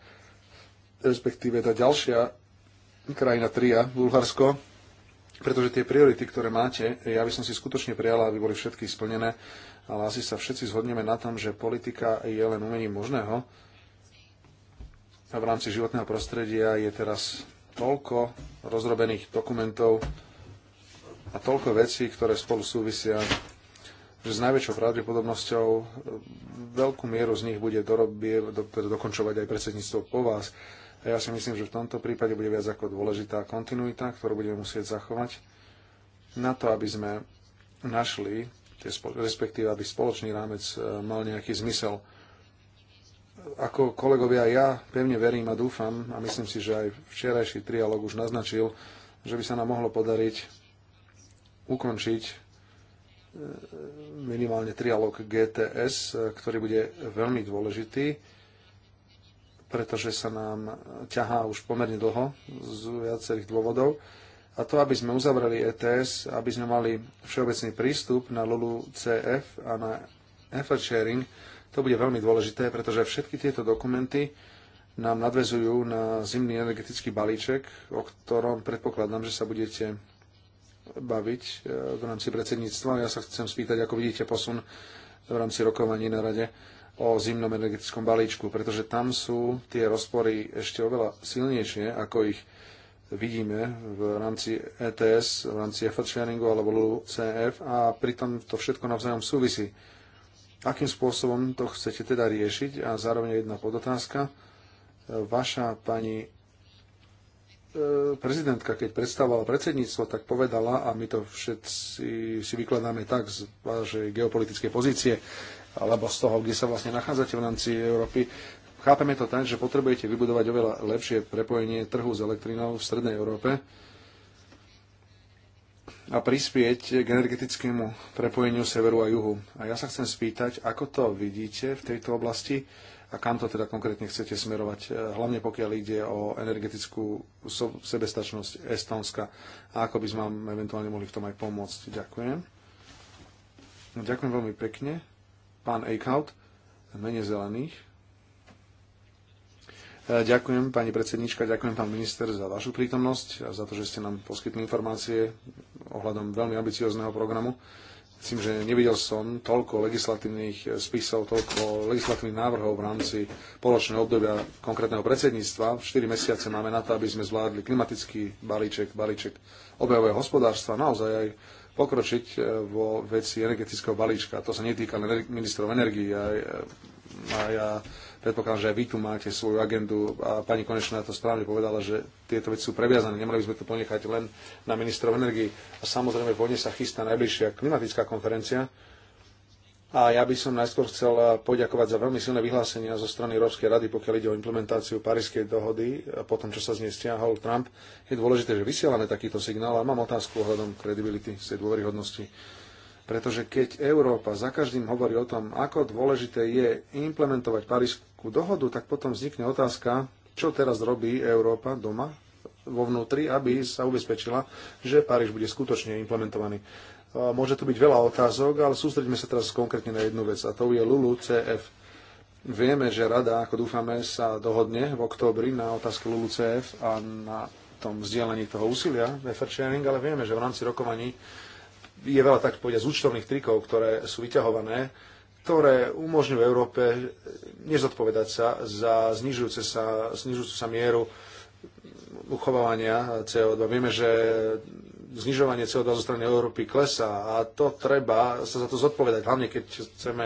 B: respektíve tá ďalšia krajina tria, Bulharsko, pretože tie priority, ktoré máte, ja by som si skutočne prijala, aby boli všetky splnené, ale asi sa všetci zhodneme na tom, že politika je len umením možného a v rámci životného prostredia je teraz toľko rozrobených dokumentov a toľko vecí, ktoré spolu súvisia, že s najväčšou pravdepodobnosťou e, veľkú mieru z nich bude dorobie, do, teda dokončovať aj predsedníctvo po vás. A ja si myslím, že v tomto prípade bude viac ako dôležitá kontinuita, ktorú budeme musieť zachovať na to, aby sme našli, respektíve aby spoločný rámec e, mal nejaký zmysel. Ako kolegovia, ja pevne verím a dúfam, a myslím si, že aj včerajší trialog už naznačil, že by sa nám mohlo podariť ukončiť minimálne trialog GTS, ktorý bude veľmi dôležitý, pretože sa nám ťahá už pomerne dlho z viacerých dôvodov. A to, aby sme uzavreli ETS, aby sme mali všeobecný prístup na LULU CF a na effort sharing, to bude veľmi dôležité, pretože všetky tieto dokumenty nám nadvezujú na zimný energetický balíček, o ktorom predpokladám, že sa budete baviť e, v rámci predsedníctva. Ja sa chcem spýtať, ako vidíte posun v rámci rokovaní na rade o zimnom energetickom balíčku, pretože tam sú tie rozpory ešte oveľa silnejšie, ako ich vidíme v rámci ETS, v rámci effort sharingu alebo LUCF a pritom to všetko navzájom súvisí. Akým spôsobom to chcete teda riešiť? A zároveň jedna podotázka. Vaša pani E, prezidentka, keď predstavovala predsedníctvo, tak povedala, a my to všetci si vykladáme tak z vašej geopolitickej pozície, alebo z toho, kde sa vlastne nachádzate v rámci Európy, chápeme to tak, že potrebujete vybudovať oveľa lepšie prepojenie trhu s elektrinou v Strednej Európe a prispieť k energetickému prepojeniu severu a juhu. A ja sa chcem spýtať, ako to vidíte v tejto oblasti, a kam to teda konkrétne chcete smerovať, e, hlavne pokiaľ ide o energetickú sebestačnosť Estónska a ako by sme vám eventuálne mohli v tom aj pomôcť. Ďakujem. No, ďakujem veľmi pekne. Pán Eichhout, mene zelených. E, ďakujem, pani predsednička, ďakujem, pán minister, za vašu prítomnosť a za to, že ste nám poskytli informácie ohľadom veľmi ambiciozného programu. Myslím, že nevidel som toľko legislatívnych spisov, toľko legislatívnych návrhov v rámci poločného obdobia konkrétneho predsedníctva. 4 mesiace máme na to, aby sme zvládli klimatický balíček, balíček obehového hospodárstva, naozaj aj pokročiť e, vo veci energetického balíčka. To sa netýka len ministrov energii, aj, aj, e, aj Predpokladám, že aj vy tu máte svoju agendu a pani Konečná to správne povedala, že tieto veci sú previazané. Nemali by sme to ponechať len na ministrov energii. A samozrejme, po sa chystá najbližšia klimatická konferencia. A ja by som najskôr chcel poďakovať za veľmi silné vyhlásenia zo strany Európskej rady, pokiaľ ide o implementáciu Parískej dohody a po tom, čo sa z nej stiahol Trump. Je dôležité, že vysielame takýto signál a mám otázku ohľadom kredibility, tej dôveryhodnosti pretože keď Európa za každým hovorí o tom, ako dôležité je implementovať Parížskú dohodu, tak potom vznikne otázka, čo teraz robí Európa doma, vo vnútri, aby sa ubezpečila, že Paríž bude skutočne implementovaný. Môže tu byť veľa otázok, ale sústredíme sa teraz konkrétne na jednu vec a to je Lulu CF. Vieme, že rada, ako dúfame, sa dohodne v októbri na otázke Lulu CF a na tom vzdielaní toho úsilia, fair sharing, ale vieme, že v rámci rokovaní je veľa tak povedať účtovných trikov, ktoré sú vyťahované, ktoré umožňujú Európe nezodpovedať sa za znižujúce sa, znižujúcu sa mieru uchovávania CO2. Vieme, že znižovanie CO2 zo strany Európy klesá a to treba sa za to zodpovedať, hlavne keď chceme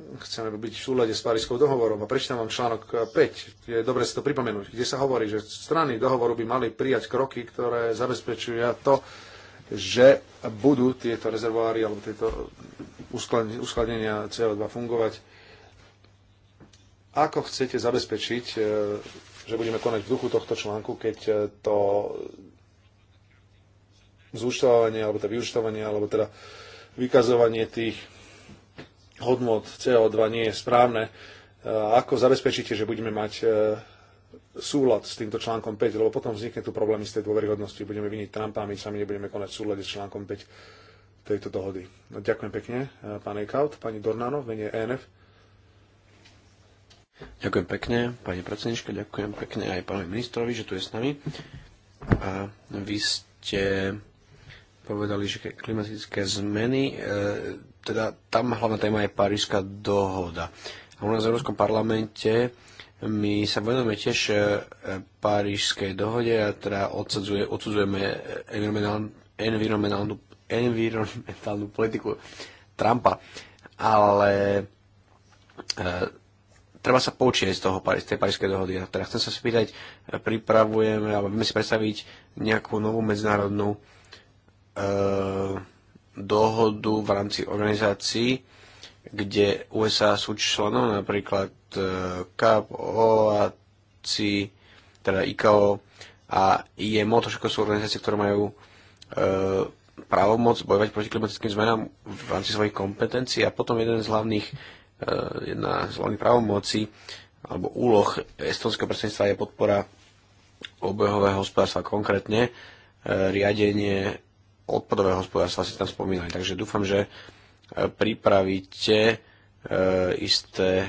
B: chceme byť v súlade s Parískou dohovorom. A prečítam vám článok 5, je dobre si to pripomenúť, kde sa hovorí, že strany dohovoru by mali prijať kroky, ktoré zabezpečujú to, že budú tieto rezervoáry alebo tieto uskladnenia CO2 fungovať. Ako chcete zabezpečiť, e, že budeme konať v duchu tohto článku, keď e, to zúčtovanie, alebo to vyúčtovanie, alebo teda vykazovanie tých hodnot CO2 nie je správne. E, ako zabezpečíte, že budeme mať súlad s týmto článkom 5, lebo potom vznikne tu problémy z tej dôveryhodnosti. Budeme viniť Trumpa, my sami nebudeme konať v súlade s článkom 5 tejto dohody. No, ďakujem pekne, eh, pán Eichhout, pani Dornano, v mene ENF.
C: Ďakujem pekne, pani predsednička, ďakujem pekne aj pánovi ministrovi, že tu je s nami. A vy ste povedali, že klimatické zmeny, e, teda tam hlavná téma je Parížska dohoda. A u nás v Európskom parlamente my sa venujeme tiež e, Parížskej dohode a teda odsudzuje, odsudzujeme e, environmentálnu, environmentálnu, politiku Trumpa. Ale e, treba sa poučiť aj z toho, z tej Parískej dohody. A teda chcem sa spýtať, e, pripravujeme, alebo vieme si predstaviť nejakú novú medzinárodnú e, dohodu v rámci organizácií, kde USA sú členom napríklad CAP, e, teda IKO, a IMO, to všetko sú organizácie, ktoré majú e, právomoc bojovať proti klimatickým zmenám v rámci svojich kompetencií a potom jeden z hlavných, e, jedna z hlavných právomocí alebo úloh estonského predsedníctva je podpora obehového hospodárstva, konkrétne e, riadenie odpadového hospodárstva si tam spomínali. Takže dúfam, že e, pripravíte E, isté e,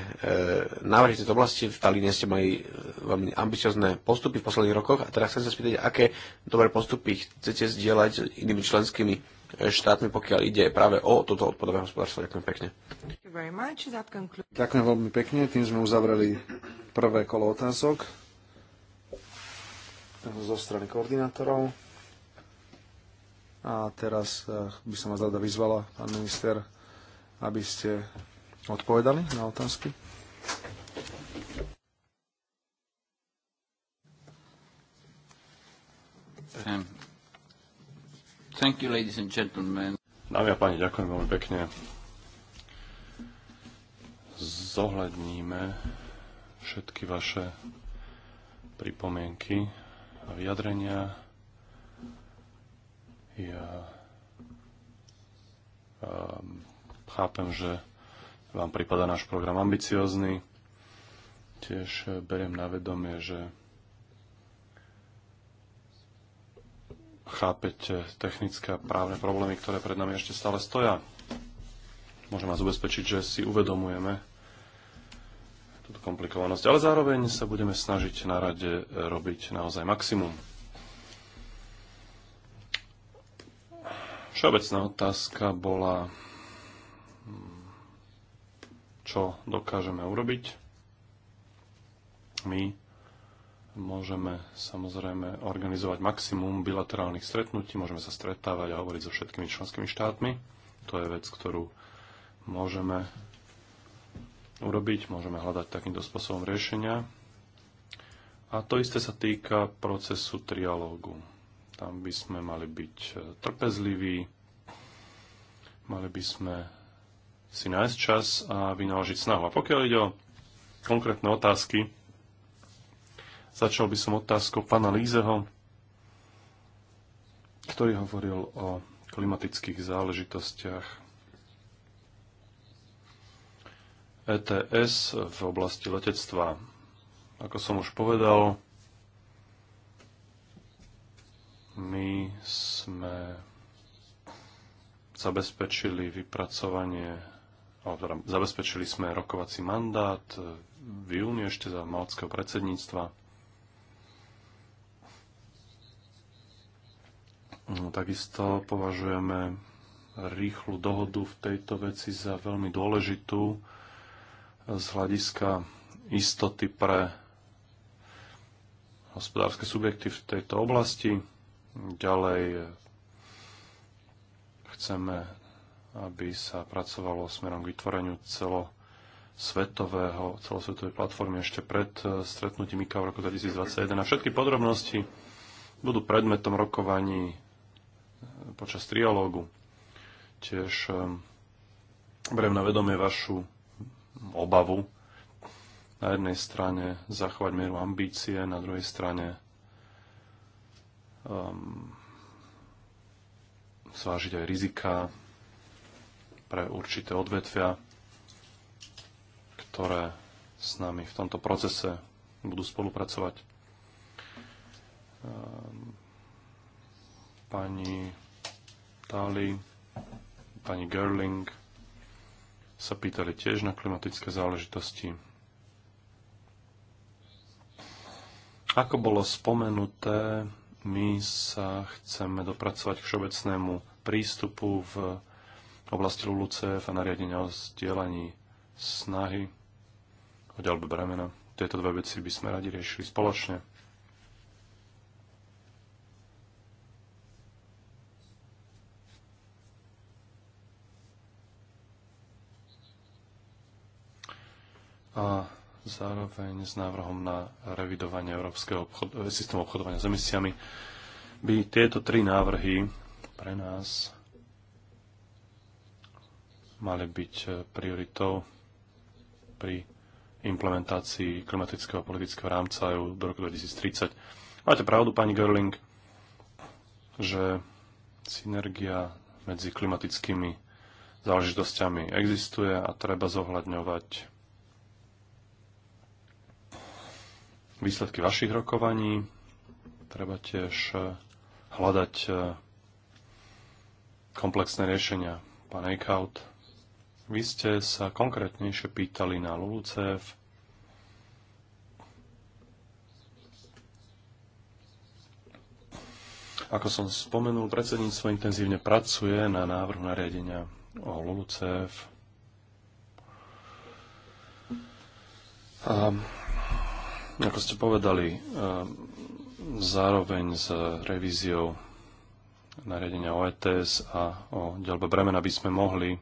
C: návrhy v tejto oblasti. V Talíne ste mali e, veľmi ambiciozne postupy v posledných rokoch a teraz chcem sa spýtať, aké dobré postupy chcete zdieľať s inými členskými štátmi, pokiaľ ide práve o toto odpadové hospodárstvo. Ďakujem pekne.
B: Ďakujem veľmi pekne. Tým sme uzavreli prvé kolo otázok zo strany koordinátorov. A teraz by som vás rada vyzvala, pán minister, aby ste odpovedali na otázky.
C: Um, thank you, ladies and gentlemen.
D: Dámy a páni, ďakujem veľmi pekne. Zohľadníme všetky vaše pripomienky a vyjadrenia. Ja um, chápem, že vám prípada náš program ambiciózny. Tiež eh, beriem na vedomie, že chápete technické a právne problémy, ktoré pred nami ešte stále stoja. Môžem vás ubezpečiť, že si uvedomujeme túto komplikovanosť, ale zároveň sa budeme snažiť na rade eh, robiť naozaj maximum. Všeobecná otázka bola čo dokážeme urobiť. My môžeme samozrejme organizovať maximum bilaterálnych stretnutí, môžeme sa stretávať a hovoriť so všetkými členskými štátmi. To je vec, ktorú môžeme urobiť, môžeme hľadať takýmto spôsobom riešenia. A to isté sa týka procesu trialógu. Tam by sme mali byť trpezliví, mali by sme si nájsť čas a vynaložiť snahu. A pokiaľ ide o konkrétne otázky, začal by som otázkou pana Lízeho, ktorý hovoril o klimatických záležitostiach ETS v oblasti letectva. Ako som už povedal, my sme zabezpečili vypracovanie teda zabezpečili sme rokovací mandát e, v júni ešte za malckého predsedníctva. No, takisto považujeme rýchlu dohodu v tejto veci za veľmi dôležitú e, z hľadiska istoty pre hospodárske subjekty v tejto oblasti. Ďalej e, chceme aby sa pracovalo smerom k vytvoreniu celo svetového, celosvetovej platformy ešte pred e, stretnutím IKA v roku 2021. A všetky podrobnosti budú predmetom rokovaní e, počas trialógu. Tiež e, berem na vedomie vašu obavu. Na jednej strane zachovať mieru ambície, na druhej strane um, zvážiť aj rizika pre určité odvetvia, ktoré s nami v tomto procese budú spolupracovať. Ehm, pani Tali, pani Gerling sa pýtali tiež na klimatické záležitosti. Ako bolo spomenuté, my sa chceme dopracovať k všeobecnému prístupu v oblasti LULUCF a nariadenia o zdieľaní snahy o ďalbe bremena. Tieto dve veci by sme radi riešili spoločne. A zároveň s návrhom na revidovanie Európskeho obchod- e, systému obchodovania s emisiami by tieto tri návrhy pre nás mali byť e, prioritou pri implementácii klimatického a politického rámca EU do roku 2030. Máte pravdu, pani Görling, že synergia medzi klimatickými záležitosťami existuje a treba zohľadňovať výsledky vašich rokovaní. Treba tiež e, hľadať e, komplexné riešenia. Pán Eichhout vy ste sa konkrétnejšie pýtali na LULUCEF. Ako som spomenul, predsedníctvo intenzívne pracuje na návrhu nariadenia o LULUCEF. A ako ste povedali, ehm, zároveň s revíziou nariadenia o ETS a o ďalbe bremena by sme mohli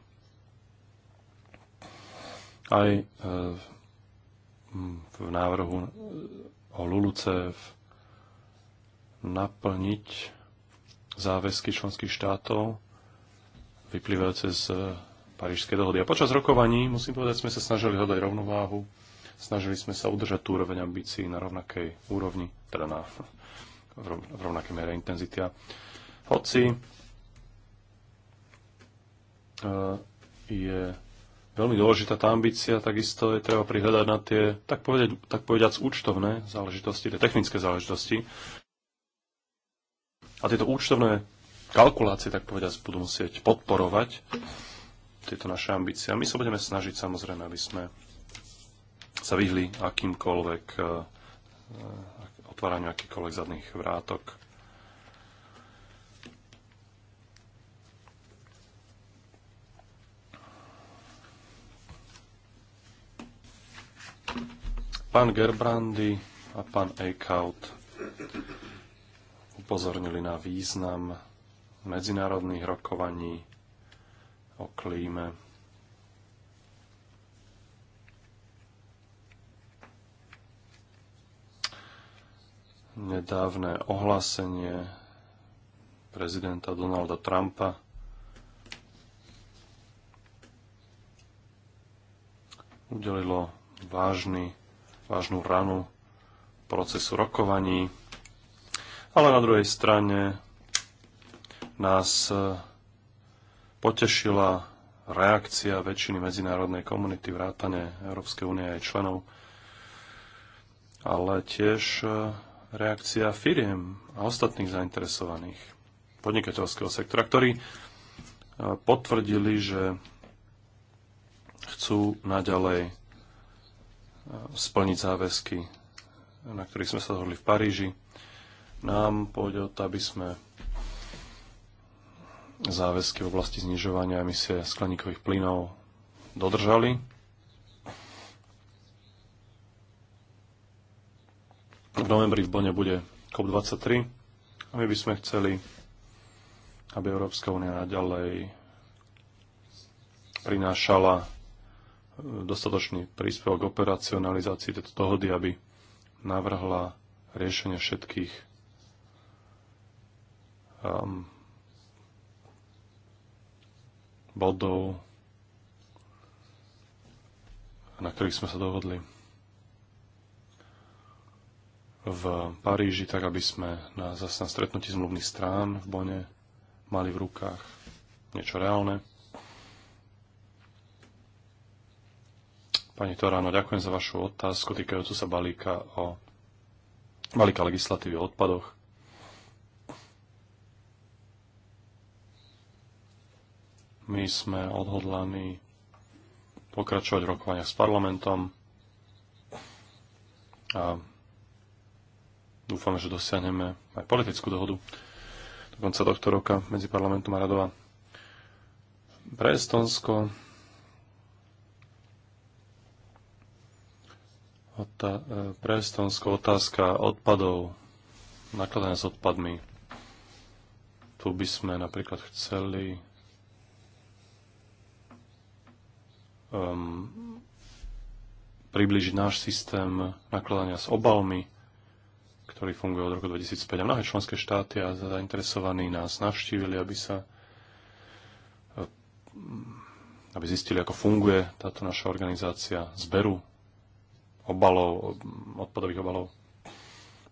D: aj e, v návrhu e, o Luluce naplniť záväzky členských štátov vyplývajúce z e, Parížskej dohody. A počas rokovaní, musím povedať, sme sa snažili hľadať rovnováhu, snažili sme sa udržať tú úroveň ambícií na rovnakej úrovni, teda na, v rovnakej mere intenzity. Hoci je veľmi dôležitá tá ambícia, takisto je treba prihľadať na tie, tak, povedať, tak povedať, účtovné záležitosti, tie technické záležitosti. A tieto účtovné kalkulácie, tak povedať, budú musieť podporovať tieto naše ambície. A my sa budeme snažiť samozrejme, aby sme sa vyhli akýmkoľvek eh, eh, otváraniu akýkoľvek zadných vrátok. Pán Gerbrandy a pán Eichaut upozornili na význam medzinárodných rokovaní o klíme. Nedávne ohlásenie prezidenta Donalda Trumpa udelilo vážny vážnu ranu procesu rokovaní. Ale na druhej strane nás e, potešila reakcia väčšiny medzinárodnej komunity vrátane Európskej únie aj členov, ale tiež e, reakcia firiem a ostatných zainteresovaných podnikateľského sektora, ktorí e, potvrdili, že chcú naďalej splniť záväzky, na ktorých sme sa dohodli v Paríži. Nám pôjde o to, aby sme záväzky v oblasti znižovania emisie skleníkových plynov dodržali. V novembri v Bone bude COP23 a my by sme chceli, aby Európska únia naďalej prinášala dostatočný príspevok k operacionalizácii tejto dohody, aby navrhla riešenie všetkých um, bodov, na ktorých sme sa dohodli v Paríži, tak aby sme na, zase na stretnutí zmluvných strán v Bone mali v rukách niečo reálne. Pani Toráno, ďakujem za vašu otázku týkajúcu sa balíka o balíka legislatívy o odpadoch. My sme odhodlaní pokračovať v rokovaniach s parlamentom a dúfame, že dosiahneme aj politickú dohodu do konca tohto roka medzi parlamentom a radova. Pre Estonsko Otá- e, pre Estonsko otázka odpadov, nakladania s odpadmi. Tu by sme napríklad chceli um, približiť náš systém nakladania s obalmi, ktorý funguje od roku 2005. A mnohé členské štáty a zainteresovaní nás navštívili, aby sa e, aby zistili, ako funguje táto naša organizácia zberu obalov, odpadových obalov.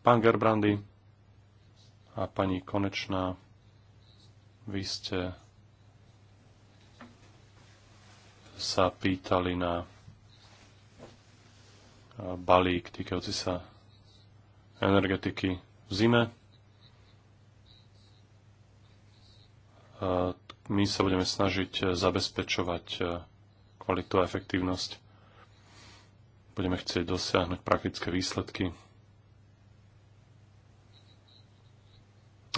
D: Pán Gerbrandy a pani Konečná, vy ste sa pýtali na balík týkajúci sa energetiky v zime. My sa budeme snažiť zabezpečovať kvalitu a efektívnosť budeme chcieť dosiahnuť praktické výsledky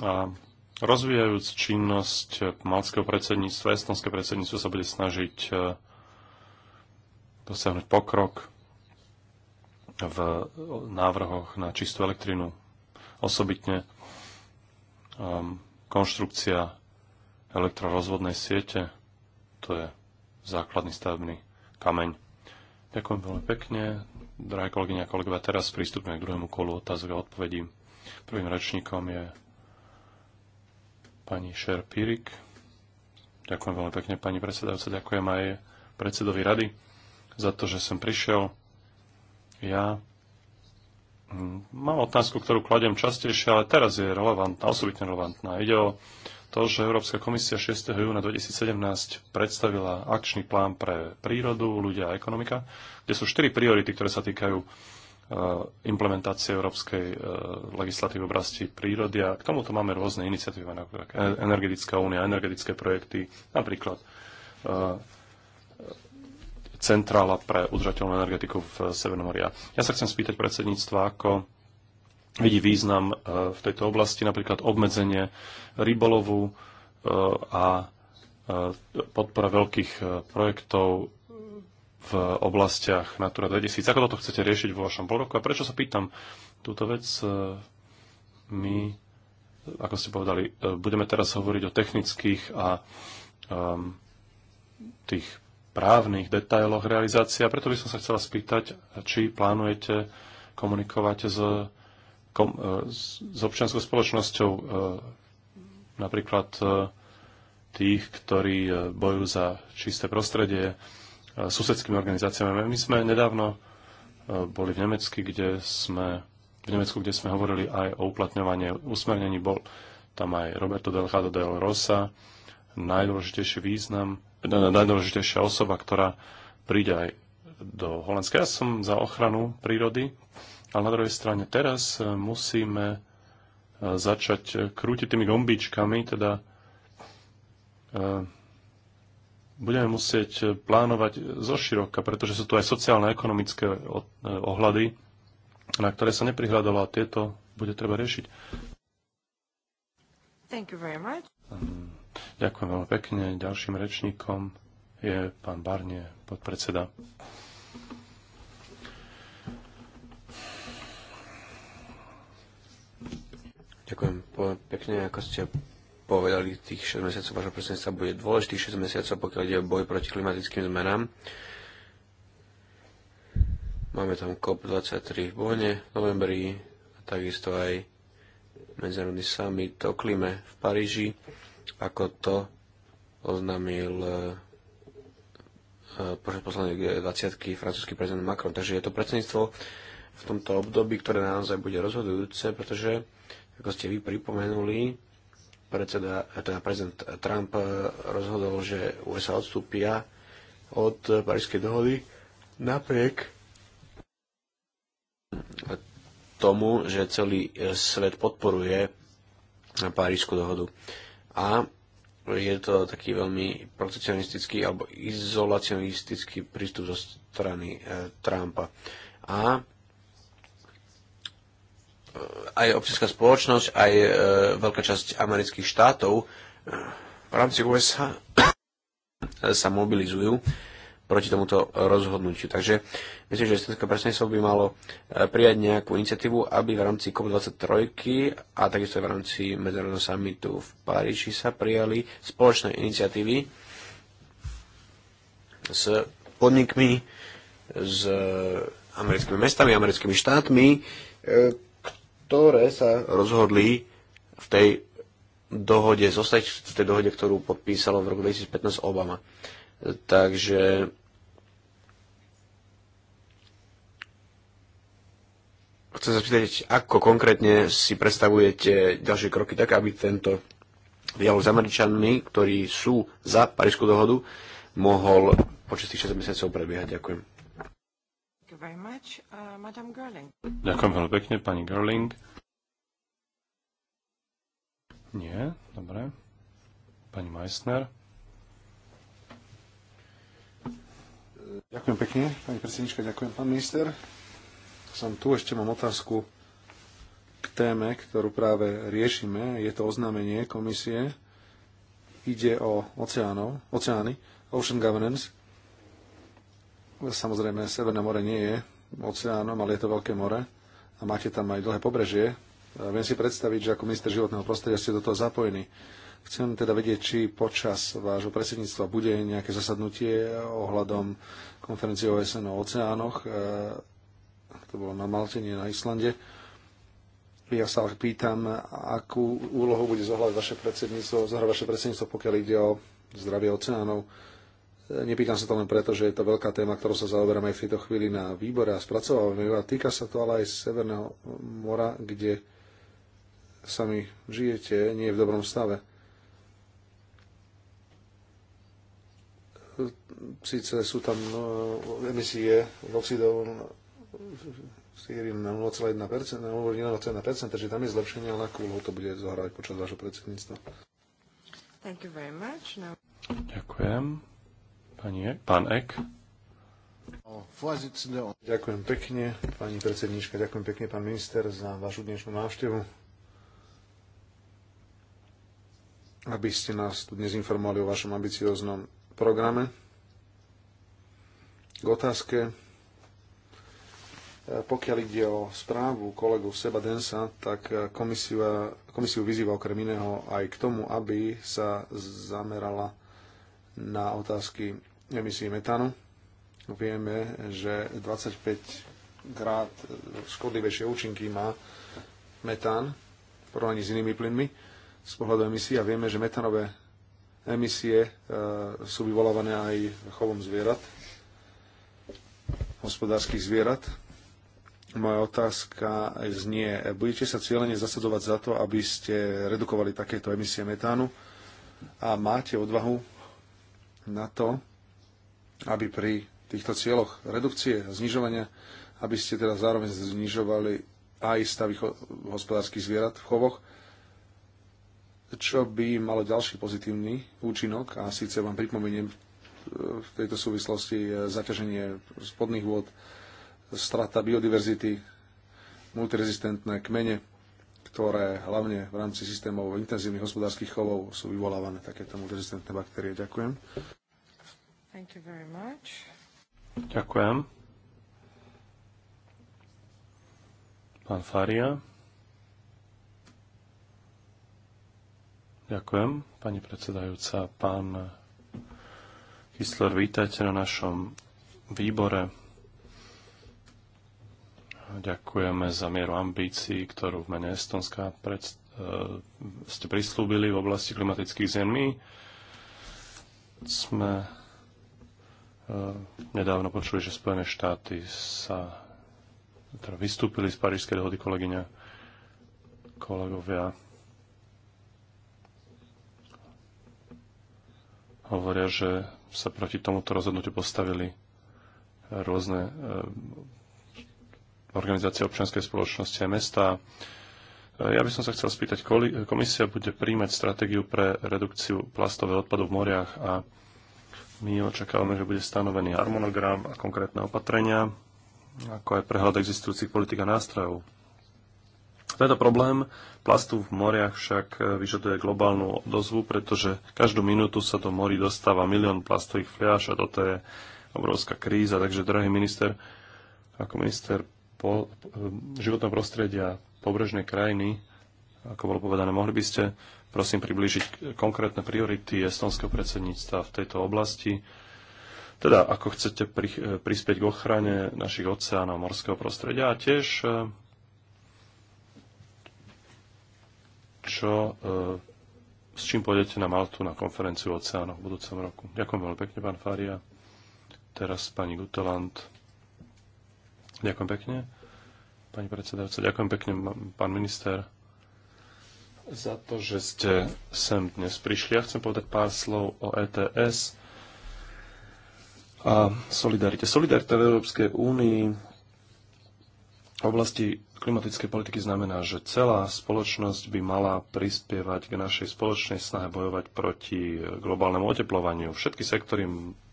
D: a rozvíjajúc činnosť malského predsedníctva, estonské predsedníctvo sa bude snažiť e, dosiahnuť pokrok v návrhoch na čistú elektrinu. Osobitne um, konštrukcia elektrorozvodnej siete, to je základný stavebný kameň Ďakujem veľmi pekne. Drahé kolegyne a kolegovia, teraz prístupme k druhému kolu otázok a odpovedí. Prvým rečníkom je pani Šer Pírik. Ďakujem veľmi pekne, pani predsedajúca. Ďakujem aj predsedovi rady za to, že som prišiel. Ja mám otázku, ktorú kladiem častejšie, ale teraz je relevantná, osobitne relevantná. Ide o to, že Európska komisia 6. júna 2017 predstavila akčný plán pre prírodu, ľudia a ekonomika, kde sú štyri priority, ktoré sa týkajú e, implementácie európskej e, legislatívy v oblasti prírody. A k tomuto máme rôzne iniciatívy, e, Energetická únia, energetické projekty, napríklad Centrála pre udržateľnú energetiku v Severnom Ja sa chcem spýtať predsedníctva, ako vidí význam e, v tejto oblasti, napríklad obmedzenie rybolovu e, a e, podpora veľkých projektov v oblastiach Natura 2000. Ako toto chcete riešiť vo vašom polroku? A prečo sa pýtam túto vec? My, ako ste povedali, budeme teraz hovoriť o technických a um, tých právnych detailoch realizácie. A preto by som sa chcela spýtať, či plánujete komunikovať s kom, e, s občianskou spoločnosťou e, napríklad e, tých, ktorí bojujú za čisté prostredie, susedskými organizáciami. My sme nedávno boli v Nemecku, kde sme, v Nemecku, kde sme hovorili aj o uplatňovaní usmernení. Bol tam aj Roberto Delgado del Rosa, najdôležitejší význam, najdôležitejšia osoba, ktorá príde aj do Holandska. Ja som za ochranu prírody ale na druhej strane teraz e, musíme e, začať e, krútiť tými gombíčkami, teda budeme musieť plánovať zo široka, pretože sú tu aj sociálne a ekonomické ohľady, na ktoré sa neprihľadalo a tieto bude treba riešiť.
A: Thank you very much.
D: Ehm, ďakujem veľmi pekne. Ďalším rečníkom je pán Barnie, podpredseda
C: Ďakujem pekne, ako ste povedali, tých 6 mesiacov vašho predsedníctva bude dôležitých 6 mesiacov, pokiaľ ide o boj proti klimatickým zmenám. Máme tam COP23 v Bohne v novembri a takisto aj medzinárodný summit o klime v Paríži, ako to oznámil e, e, poslednej 20 francúzsky prezident Macron. Takže je to predsedníctvo v tomto období, ktoré naozaj bude rozhodujúce, pretože ako ste vy pripomenuli, predseda, teda prezident Trump rozhodol, že USA odstúpia od Parískej dohody napriek tomu, že celý svet podporuje Parísku dohodu. A je to taký veľmi protekcionistický alebo izolacionistický prístup zo strany e, Trumpa. A aj občianská spoločnosť, aj e, veľká časť amerických štátov e, v rámci USA sa mobilizujú proti tomuto rozhodnutiu. Takže myslím, že estonské predsedníctvo by malo e, prijať nejakú iniciatívu, aby v rámci COP23 a takisto aj v rámci medzinárodného samitu v Paríži sa prijali spoločné iniciatívy s podnikmi, s e, americkými mestami, americkými štátmi, ktoré sa rozhodli v tej dohode zostať, v tej dohode, ktorú podpísalo v roku 2015 Obama. Takže chcem sa spýtať, ako konkrétne si predstavujete ďalšie kroky tak, aby tento dialog s Američanmi, ktorí sú za Parížskú dohodu, mohol počas tých 6 mesiacov prebiehať. Ďakujem
A: very much. Uh, Gerling.
C: Ďakujem veľmi pekne, pani Gerling.
B: Nie, dobre. Pani Meissner. Ďakujem pekne, pani predsednička, ďakujem, pán minister. Som tu, ešte mám otázku k téme, ktorú práve riešime. Je to oznámenie komisie. Ide o oceánov, oceány, Ocean Governance Samozrejme, Severné more nie je oceánom, ale je to veľké more a máte tam aj dlhé pobrežie. Viem si predstaviť, že ako minister životného prostredia ste do toho zapojení. Chcem teda vedieť, či počas vášho predsedníctva bude nejaké zasadnutie ohľadom konferencie OSN o oceánoch. E, to bolo na Malte, nie na Islande. Ja sa ale pýtam, akú úlohu bude zohľadať vaše predsedníctvo, zohľať vaše predsedníctvo, pokiaľ ide o zdravie oceánov Nepýtam sa to len preto, že je to veľká téma, ktorou sa zaoberáme aj v tejto chvíli na výbore a spracovávame ju. A týka sa to ale aj Severného mora, kde sami žijete, nie je v dobrom stave. Sice sú tam no, emisie oxidov na
E: 0,1%,
B: na 0,1%, takže tam je zlepšenie, ale akú to bude zohrávať počas vášho predsedníctva.
A: Thank you very much. No.
D: Ďakujem. Pani, e- pán Ek.
B: Ďakujem pekne, pani predsednička, ďakujem pekne, pán minister, za vašu dnešnú návštevu. Aby ste nás tu dnes informovali o vašom ambicióznom programe. K otázke, e, pokiaľ ide o správu kolegu Seba Densa, tak e, komisiu vyzýva okrem iného aj k tomu, aby sa zamerala na otázky emisí metanu. Vieme, že 25 krát škodlivejšie účinky má metán v porovnaní s inými plynmi z pohľadu emisí a vieme, že metanové emisie e, sú vyvolávané aj chovom zvierat, hospodárskych zvierat. Moja otázka znie, budete sa cieľene zasadovať za to, aby ste redukovali takéto emisie metánu a máte odvahu na to, aby pri týchto cieľoch redukcie a znižovania, aby ste teda zároveň znižovali aj stavy hospodárskych zvierat v chovoch, čo by malo ďalší pozitívny účinok a síce vám pripomeniem e, v tejto súvislosti zaťaženie spodných vôd, strata biodiverzity, multirezistentné kmene, ktoré hlavne v rámci systémov intenzívnych hospodárskych chovov sú vyvolávané takéto multirezistentné baktérie. Ďakujem.
A: Thank you very much.
B: Ďakujem.
D: Pán Faria. Ďakujem, pani predsedajúca. Pán Kistler, vítajte na našom výbore. Ďakujeme za mieru ambícií, ktorú v mene Estonska pred, e, ste prislúbili v oblasti klimatických zemí. Sme Eh, nedávno počuli, že Spojené štáty sa teda vystúpili z Parížskej dohody kolegyňa, kolegovia hovoria, že sa proti tomuto rozhodnutiu postavili rôzne eh, organizácie občianskej spoločnosti a mesta. Eh, ja by som sa chcel spýtať, komisia bude príjmať stratégiu pre redukciu plastového odpadu v moriach a my očakávame, že bude stanovený harmonogram a konkrétne opatrenia, ako aj prehľad existujúcich politik a nástrojov. Tento problém plastu v moriach však e, vyžaduje globálnu dozvu, pretože každú minútu sa do mori dostáva milión plastových fľaš a toto je obrovská kríza. Takže, drahý minister, ako minister po, e, životného prostredia pobrežnej krajiny, ako bolo povedané, mohli by ste prosím priblížiť konkrétne priority estonského predsedníctva v tejto oblasti, teda ako chcete e, prispieť k ochrane našich oceánov, morského prostredia a tiež e, čo, e, s čím pôjdete na Maltu na konferenciu oceánov v budúcom roku. Ďakujem veľmi pekne, pán Faria. Teraz pani Guteland. Ďakujem pekne, pani predsedajúca. Ďakujem pekne, pán minister za to, že ste sem dnes prišli. Ja chcem povedať pár slov o ETS a solidarite. Solidarita v Európskej únii v oblasti klimatickej politiky znamená, že celá spoločnosť by mala prispievať k našej spoločnej snahe bojovať proti globálnemu oteplovaniu. Všetky sektory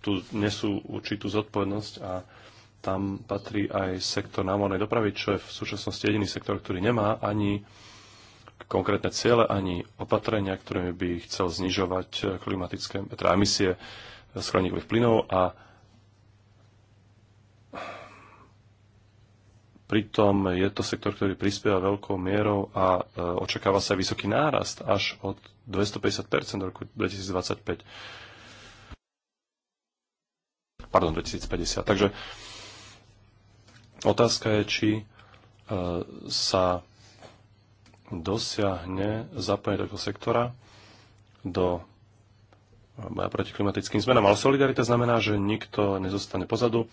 D: tu nesú určitú zodpovednosť a tam patrí aj sektor námornej dopravy, čo je v súčasnosti jediný sektor, ktorý nemá ani konkrétne ciele ani opatrenia, ktorými by chcel znižovať eh, klimatické teda emisie eh, skleníkových plynov a pritom je to sektor, ktorý prispieva veľkou mierou a eh, očakáva sa vysoký nárast až od 250 do roku 2025. Pardon, 2050. Takže otázka je, či sa dosiahne zapojenie tohto sektora do boja proti klimatickým zmenám. Ale solidarita znamená, že nikto nezostane pozadu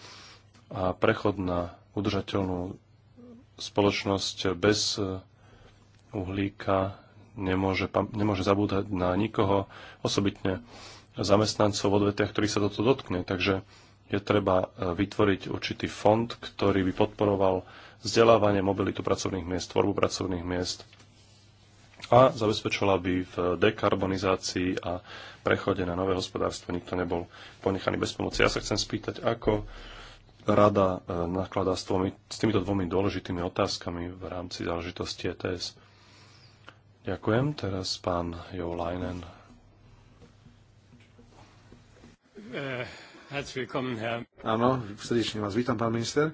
D: a prechod na udržateľnú spoločnosť bez eh, uhlíka nemôže, nemôže zabúdať na nikoho, osobitne zamestnancov v odvetiach, ktorých sa toto dotkne. Takže je treba eh, vytvoriť určitý fond, ktorý by podporoval vzdelávanie, mobilitu pracovných miest, tvorbu pracovných miest a zabezpečovala by v dekarbonizácii a prechode na nové hospodárstvo nikto nebol ponechaný bez pomoci. Ja sa chcem spýtať, ako rada e, nakladá s, tvojmi, s týmito dvomi dôležitými otázkami v rámci záležitosti ETS. Ďakujem. Teraz pán
B: Jo Leinen. E, Áno, srdečne vás vítam, pán minister.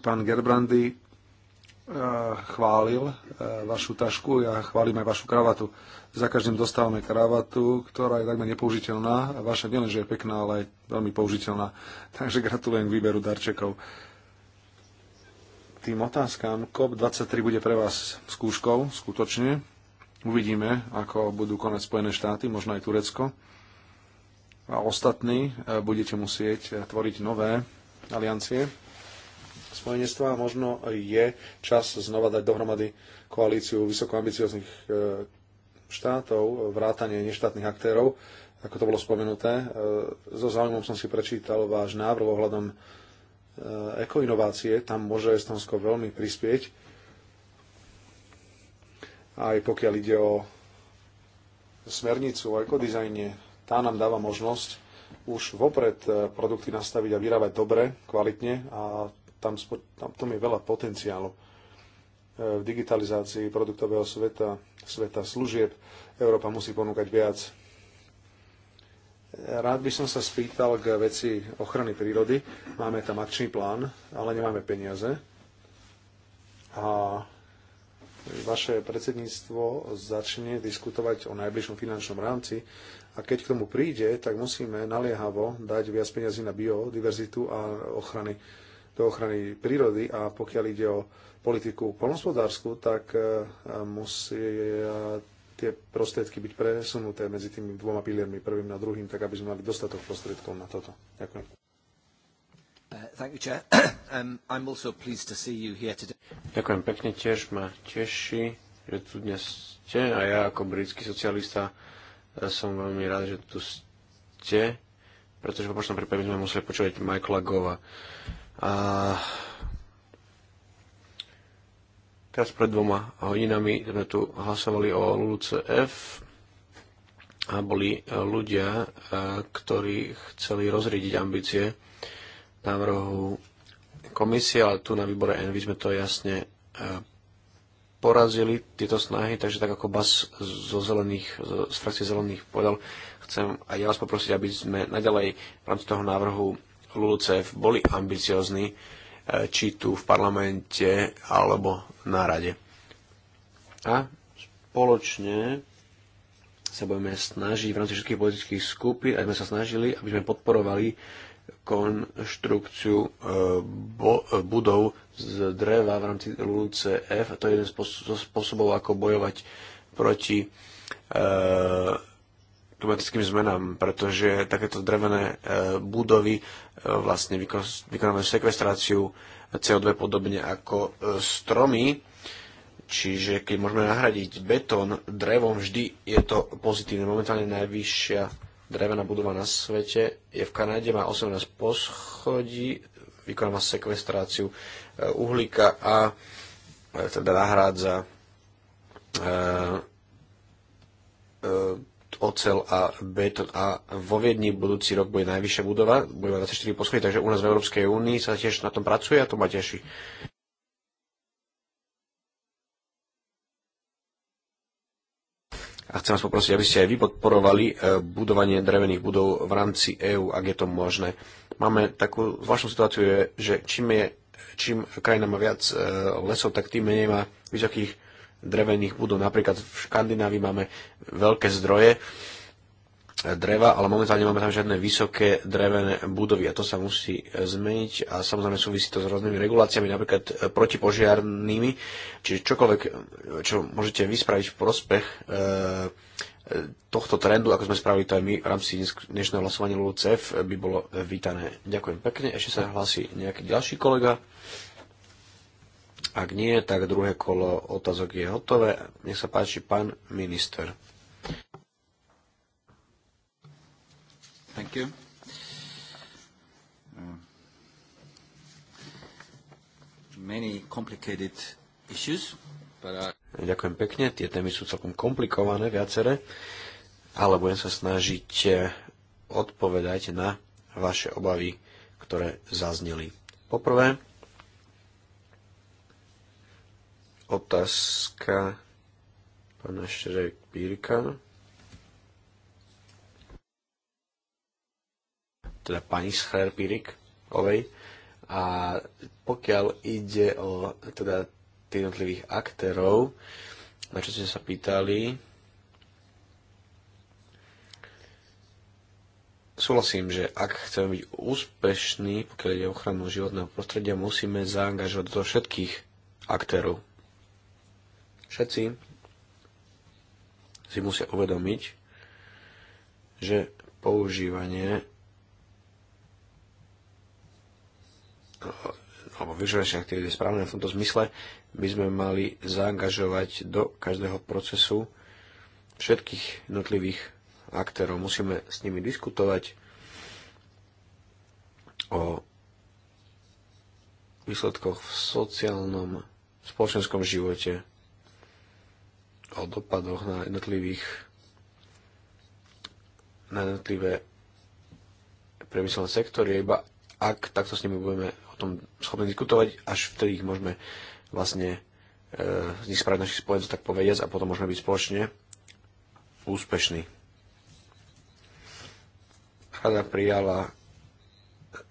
B: Pán Gerbrandy Eh, chválil eh, vašu tašku, ja chválim aj vašu kravatu. Za každým dostávame kravatu, ktorá je takmer nepoužiteľná. A vaša nielenže je pekná, ale aj veľmi použiteľná. Takže gratulujem k výberu darčekov. Tým otázkam COP23 bude pre vás skúškou, skutočne. Uvidíme, ako budú konať Spojené štáty, možno aj Turecko. A ostatní eh, budete musieť tvoriť nové aliancie spojenectva a možno je čas znova dať dohromady koalíciu vysokoambicióznych e, štátov, vrátanie neštátnych aktérov, ako to bolo spomenuté. E, so záujmom som si prečítal váš návrh ohľadom e, ekoinovácie. Tam môže Estonsko veľmi prispieť. Aj pokiaľ ide o smernicu o ekodizajne, tá nám dáva možnosť už vopred produkty nastaviť a vyrábať dobre, kvalitne a tam, tam, tam je veľa potenciálu e, v digitalizácii produktového sveta, sveta služieb. Európa musí ponúkať viac. E, rád by som sa spýtal k veci ochrany prírody. Máme tam akčný plán, ale nemáme peniaze. A vaše predsedníctvo začne diskutovať o najbližšom finančnom rámci a keď k tomu príde, tak musíme naliehavo dať viac peniazy na biodiverzitu a ochrany do ochrany prírody a pokiaľ ide o politiku polnospodárskú, tak e, musí e, tie prostriedky byť presunuté medzi tými dvoma piliermi, prvým a druhým, tak aby sme mali dostatok prostriedkov na toto.
C: Ďakujem. Uh, um, Ďakujem pekne, tiež ma teší, že tu dnes ste a ja ako britský socialista e, som veľmi rád, že tu ste, pretože po opačnom prípade sme museli počúvať Michaela Gova. Uh, a teraz pred dvoma hodinami sme tu hlasovali o LUCF a boli ľudia, e, ktorí chceli rozriediť ambície návrhu komisie, ale tu na výbore Envy sme to jasne e, porazili tieto snahy, takže tak ako Bas zo zelených, z frakcie zelených povedal, chcem aj ja vás poprosiť, aby sme naďalej v rámci toho návrhu LULCEF boli ambiciozni, e, či tu v parlamente alebo na rade. A spoločne sa budeme snažiť v rámci všetkých politických skupín, aby sme sa snažili, aby sme podporovali konštrukciu e, e, budov z dreva v rámci a To je jeden zo spôsobov, ako bojovať proti klimatickým zmenám, pretože takéto drevené e, budovy e, vlastne vykonávajú sekvestráciu CO2 podobne ako e, stromy. Čiže keď môžeme nahradiť betón drevom, vždy je to pozitívne. Momentálne najvyššia drevená budova na svete je v Kanáde, má 18 poschodí, vykonáva sekvestráciu uhlíka a teda nahrádza e, e, ocel a beton a vo Viedni budúci rok bude najvyššia budova, bude mať 24 poschodí, takže u nás v Európskej únii sa tiež na tom pracuje a to ma teší. A chcem vás poprosiť, aby ste aj vy podporovali e, budovanie drevených budov v rámci EÚ, ak je to možné. Máme takú zvláštnu situáciu, že čím, je, čím krajina má viac e, lesov, tak tým menej má vysokých drevených budov. Napríklad v Škandinávii máme veľké zdroje dreva, ale momentálne máme tam žiadne vysoké drevené budovy a to sa musí zmeniť a samozrejme súvisí to s rôznymi reguláciami, napríklad protipožiarnými, čiže čokoľvek, čo môžete vyspraviť v prospech e, tohto trendu, ako sme spravili to aj my v rámci dnešného hlasovania LUCF, e by bolo vítané. Ďakujem pekne. Ešte sa hlási nejaký ďalší kolega. Ak nie, tak druhé kolo otázok je hotové. Nech sa páči, pán minister.
F: Thank you. Uh, many
C: complicated issues, but I... Uh, Ďakujem pekne, tie témy sú celkom komplikované, viacere, ale budem sa snažiť eh, odpovedať na vaše obavy, ktoré zazneli. Poprvé, Otázka pána Šrek Pírka. Teda pani Šrek Pírik, ovej. A pokiaľ ide o teda tých jednotlivých aktérov, na čo ste sa pýtali, súhlasím, že ak chceme byť úspešní, pokiaľ ide o ochranu životného prostredia, musíme zaangažovať do všetkých aktérov, Všetci si musia uvedomiť, že používanie alebo využívanie aktivity je správne. V tomto zmysle by sme mali zaangažovať do každého procesu všetkých jednotlivých aktérov. Musíme s nimi diskutovať o výsledkoch v sociálnom, spoločenskom živote, o dopadoch na jednotlivých na jednotlivé priemyselné sektory, iba ak takto s nimi budeme o tom schopní diskutovať, až vtedy ich môžeme vlastne e, z nich spraviť našich spojencov, tak povediať, a potom môžeme byť spoločne úspešní. Rada prijala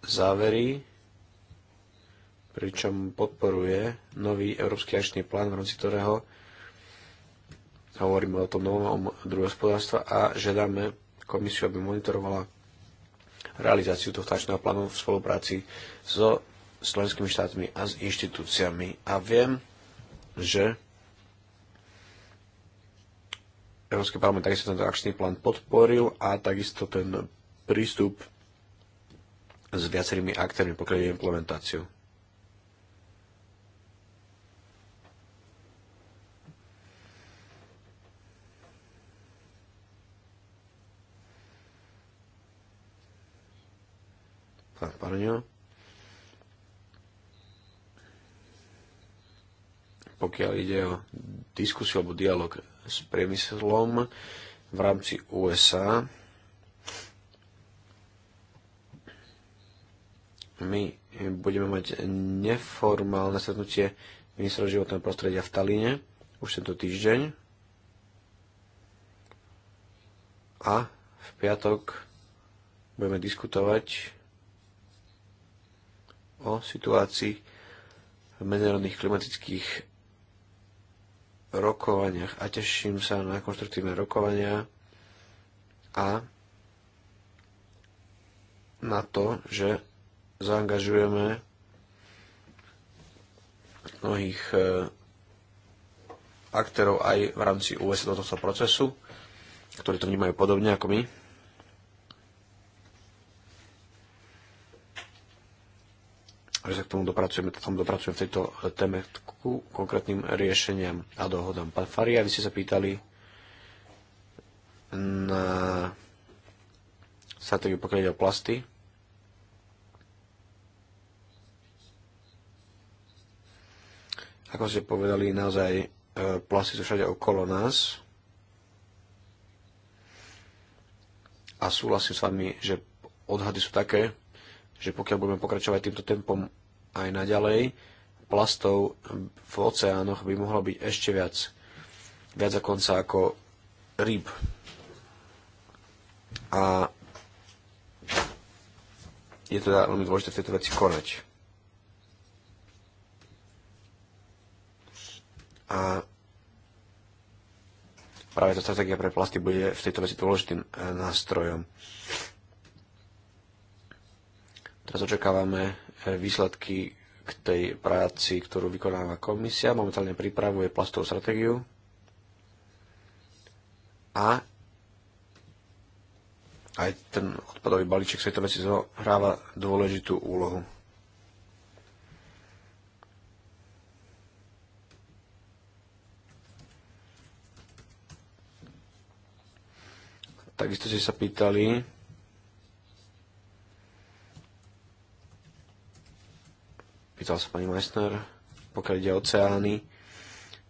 C: závery, pričom podporuje nový európsky akčný plán, v rámci ktorého hovoríme o tom novom druhu hospodárstva a žiadame komisiu, aby monitorovala realizáciu tohto akčného plánu v spolupráci so slovenskými štátmi a s inštitúciami. A viem, že Európsky parlament takisto tento akčný plán podporil a takisto ten prístup s viacerými aktérmi, pokiaľ je implementáciu. správania, pokiaľ ide o diskusiu alebo dialog s priemyslom v rámci USA, my budeme mať neformálne stretnutie ministra životného prostredia v Taline už tento týždeň a v piatok budeme diskutovať o situácii v medzinárodných klimatických rokovaniach a teším sa na konštruktívne rokovania a na to, že zaangažujeme mnohých e, aktérov aj v rámci USA do tohto procesu, ktorí to vnímajú podobne ako my. že sa k tomu dopracujeme, tomu dopracujeme v tejto e, téme ku konkrétnym riešeniam a dohodám. Pán Faria, vy ste sa pýtali na stratégiu pokiaľ o plasty. Ako ste povedali, naozaj e, plasty sú všade okolo nás. A súhlasím s vami, že odhady sú také, že pokiaľ budeme pokračovať týmto tempom aj naďalej, plastov v oceánoch by mohlo byť ešte viac. Viac dokonca ako rýb. A je teda veľmi dôležité v tejto veci konať. A práve tá stratégia pre plasty bude v tejto veci dôležitým e, nástrojom. Teraz očakávame e, výsledky k tej práci, ktorú vykonáva komisia. Momentálne pripravuje plastovú stratégiu a aj ten odpadový balíček svetovej si zohráva dôležitú úlohu. Takisto ste sa pýtali, pýtal sa pani Meissner, pokiaľ ide oceány,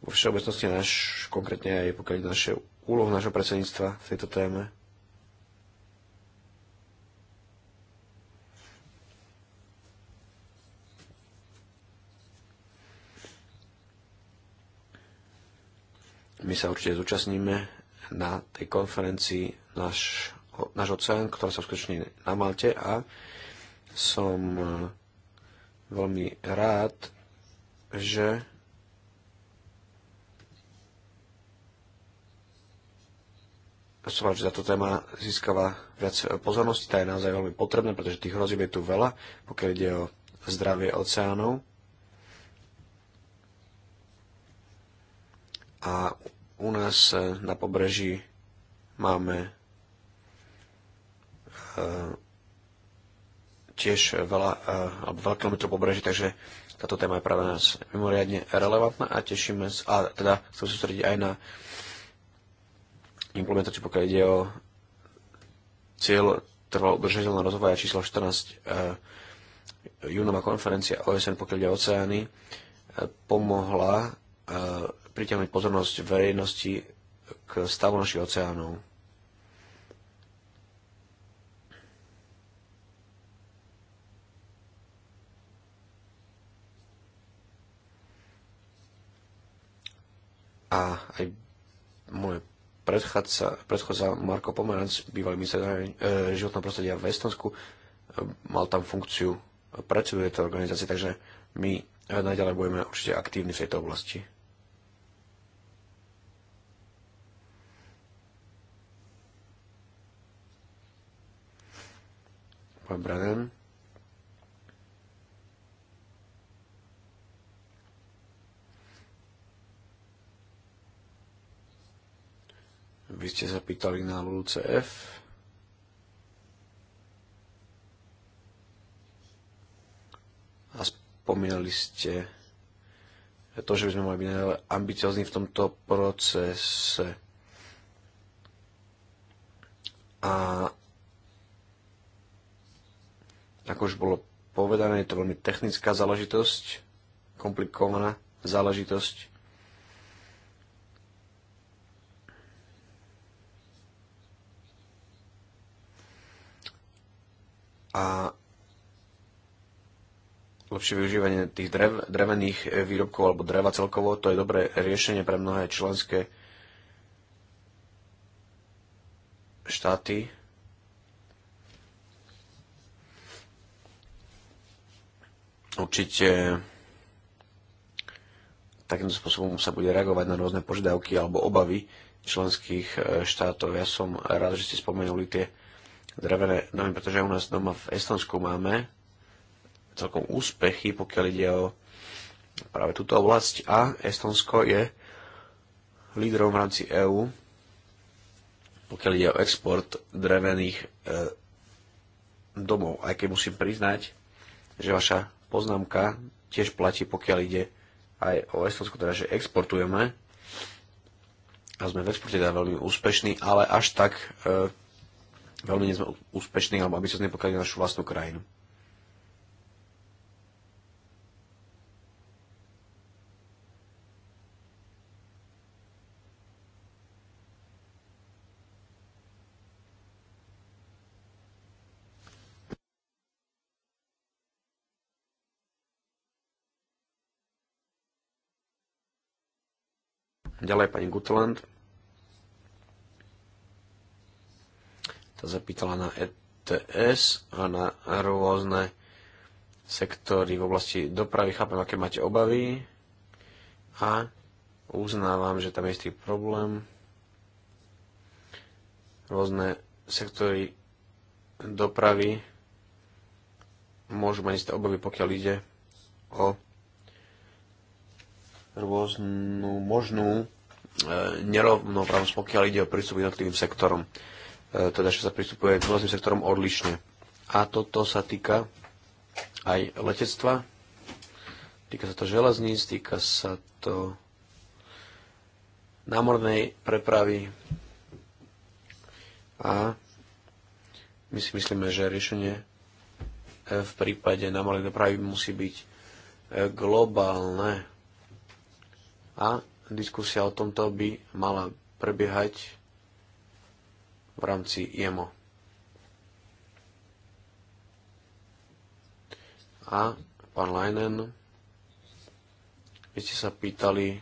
C: vo všeobecnosti náš, konkrétne aj pokiaľ ide naše úloh nášho predsedníctva v tejto téme. My sa určite zúčastníme na tej konferencii náš, náš oceán, ktorá sa skutočne na Malte a som veľmi rád, že som rád, že táto téma získava viac pozornosti, tá je naozaj veľmi potrebná, pretože tých hrozieb je tu veľa, pokiaľ ide o zdravie oceánov. A u nás na pobreží máme eh, tiež veľa, eh, alebo veľa kilometrov pobreží, takže táto téma je práve nás mimoriadne relevantná a tešíme sa, a teda chcem sústrediť aj na implementáciu, pokiaľ ide o cieľ trvalo udržateľné rozvoja číslo 14 uh, júnová konferencia OSN, pokiaľ ide o oceány, uh, pomohla uh, eh, pritiahnuť pozornosť verejnosti k stavu našich oceánov. a aj môj predchádza, predchádza Marko Pomeranc, bývalý minister e, životného prostredia v Estonsku, e, mal tam funkciu predsedu tejto organizácie, takže my e, najďalej budeme určite aktívni v tejto oblasti. Pán Brennan. Vy ste sa pýtali na F. A spomínali ste to, že by sme mali byť ambiciozni v tomto procese. A ako už bolo povedané, je to veľmi technická záležitosť, komplikovaná záležitosť. a lepšie využívanie tých drev, drevených výrobkov alebo dreva celkovo, to je dobré riešenie pre mnohé členské štáty. Určite takýmto spôsobom sa bude reagovať na rôzne požiadavky alebo obavy členských e, štátov. Ja som rád, že ste spomenuli tie drevené domy, pretože u nás doma v Estonsku máme celkom úspechy, pokiaľ ide o práve túto oblasť a Estonsko je lídrom v rámci EÚ, pokiaľ ide o export drevených e, domov. Aj keď musím priznať, že vaša poznámka tiež platí, pokiaľ ide aj o Estonsko, teda že exportujeme a sme v exporte teda veľmi úspešní, ale až tak e, veľmi nezme úspešný, úspešní alebo aby sme nepokladali našu vlastnú krajinu. Ďalej pani Gutland. sa zapýtala na ETS a na rôzne sektory v oblasti dopravy. Chápem, aké máte obavy a uznávam, že tam je istý problém. Rôzne sektory dopravy môžu mať isté obavy, pokiaľ ide o rôznu možnú e, nerovnoprávnosť, pokiaľ ide o prístup jednotlivým sektorom. E, teda že sa pristupuje k rôznym sektorom odlišne. A toto sa týka aj letectva, týka sa to železníc, týka sa to námornej prepravy a my si myslíme, že riešenie e, v prípade námornej dopravy musí byť e, globálne a diskusia o tomto by mala prebiehať v rámci IMO. A pán Leinen, vy ste sa pýtali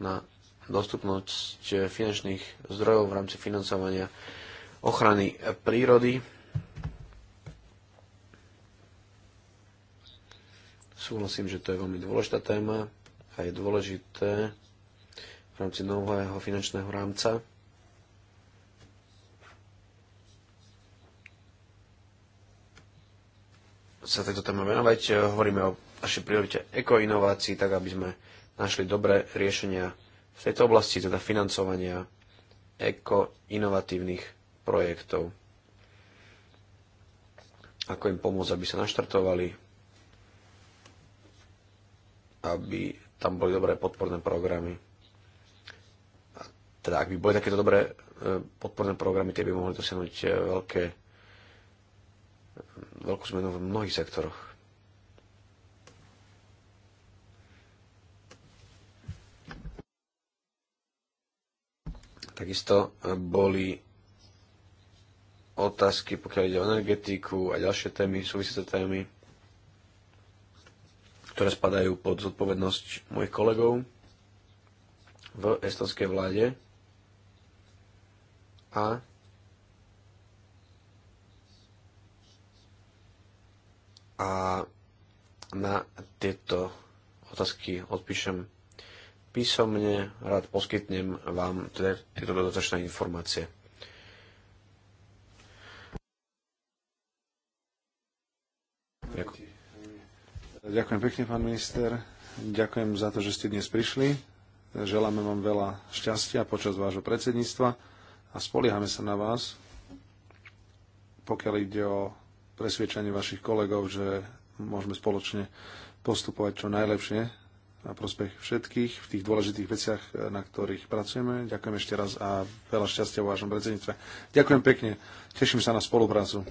C: na dostupnosť finančných zdrojov v rámci financovania ochrany prírody. Súhlasím, že to je veľmi dôležitá téma a je dôležité v rámci nového finančného rámca sa takto téma venovať. E, hovoríme o našej priorite ekoinovácii, tak aby sme našli dobré riešenia v tejto oblasti, teda financovania ekoinovatívnych projektov. Ako im pomôcť, aby sa naštartovali, aby tam boli dobré podporné programy. teda ak by boli takéto dobré e, podporné programy, tie by mohli dosiahnuť e, veľké veľkú zmenu v mnohých sektoroch. Takisto eh, boli otázky, pokiaľ ide o energetiku a ďalšie témy, súvisiace témy, ktoré spadajú pod zodpovednosť mojich kolegov v estonskej vláde. A a na tieto otázky odpíšem písomne, rád poskytnem vám teda tieto dodatočné informácie.
B: Ďakujem. Ďakujem pekne, pán minister. Ďakujem za to, že ste dnes prišli. Želáme vám veľa šťastia počas vášho predsedníctva a spoliehame sa na vás, pokiaľ ide o presviečanie vašich kolegov, že môžeme spoločne postupovať čo najlepšie na prospech všetkých v tých dôležitých veciach, eh, na ktorých pracujeme. Ďakujem ešte raz a veľa šťastia vo vašom predsedníctve. Ďakujem pekne. Teším sa na spoluprácu.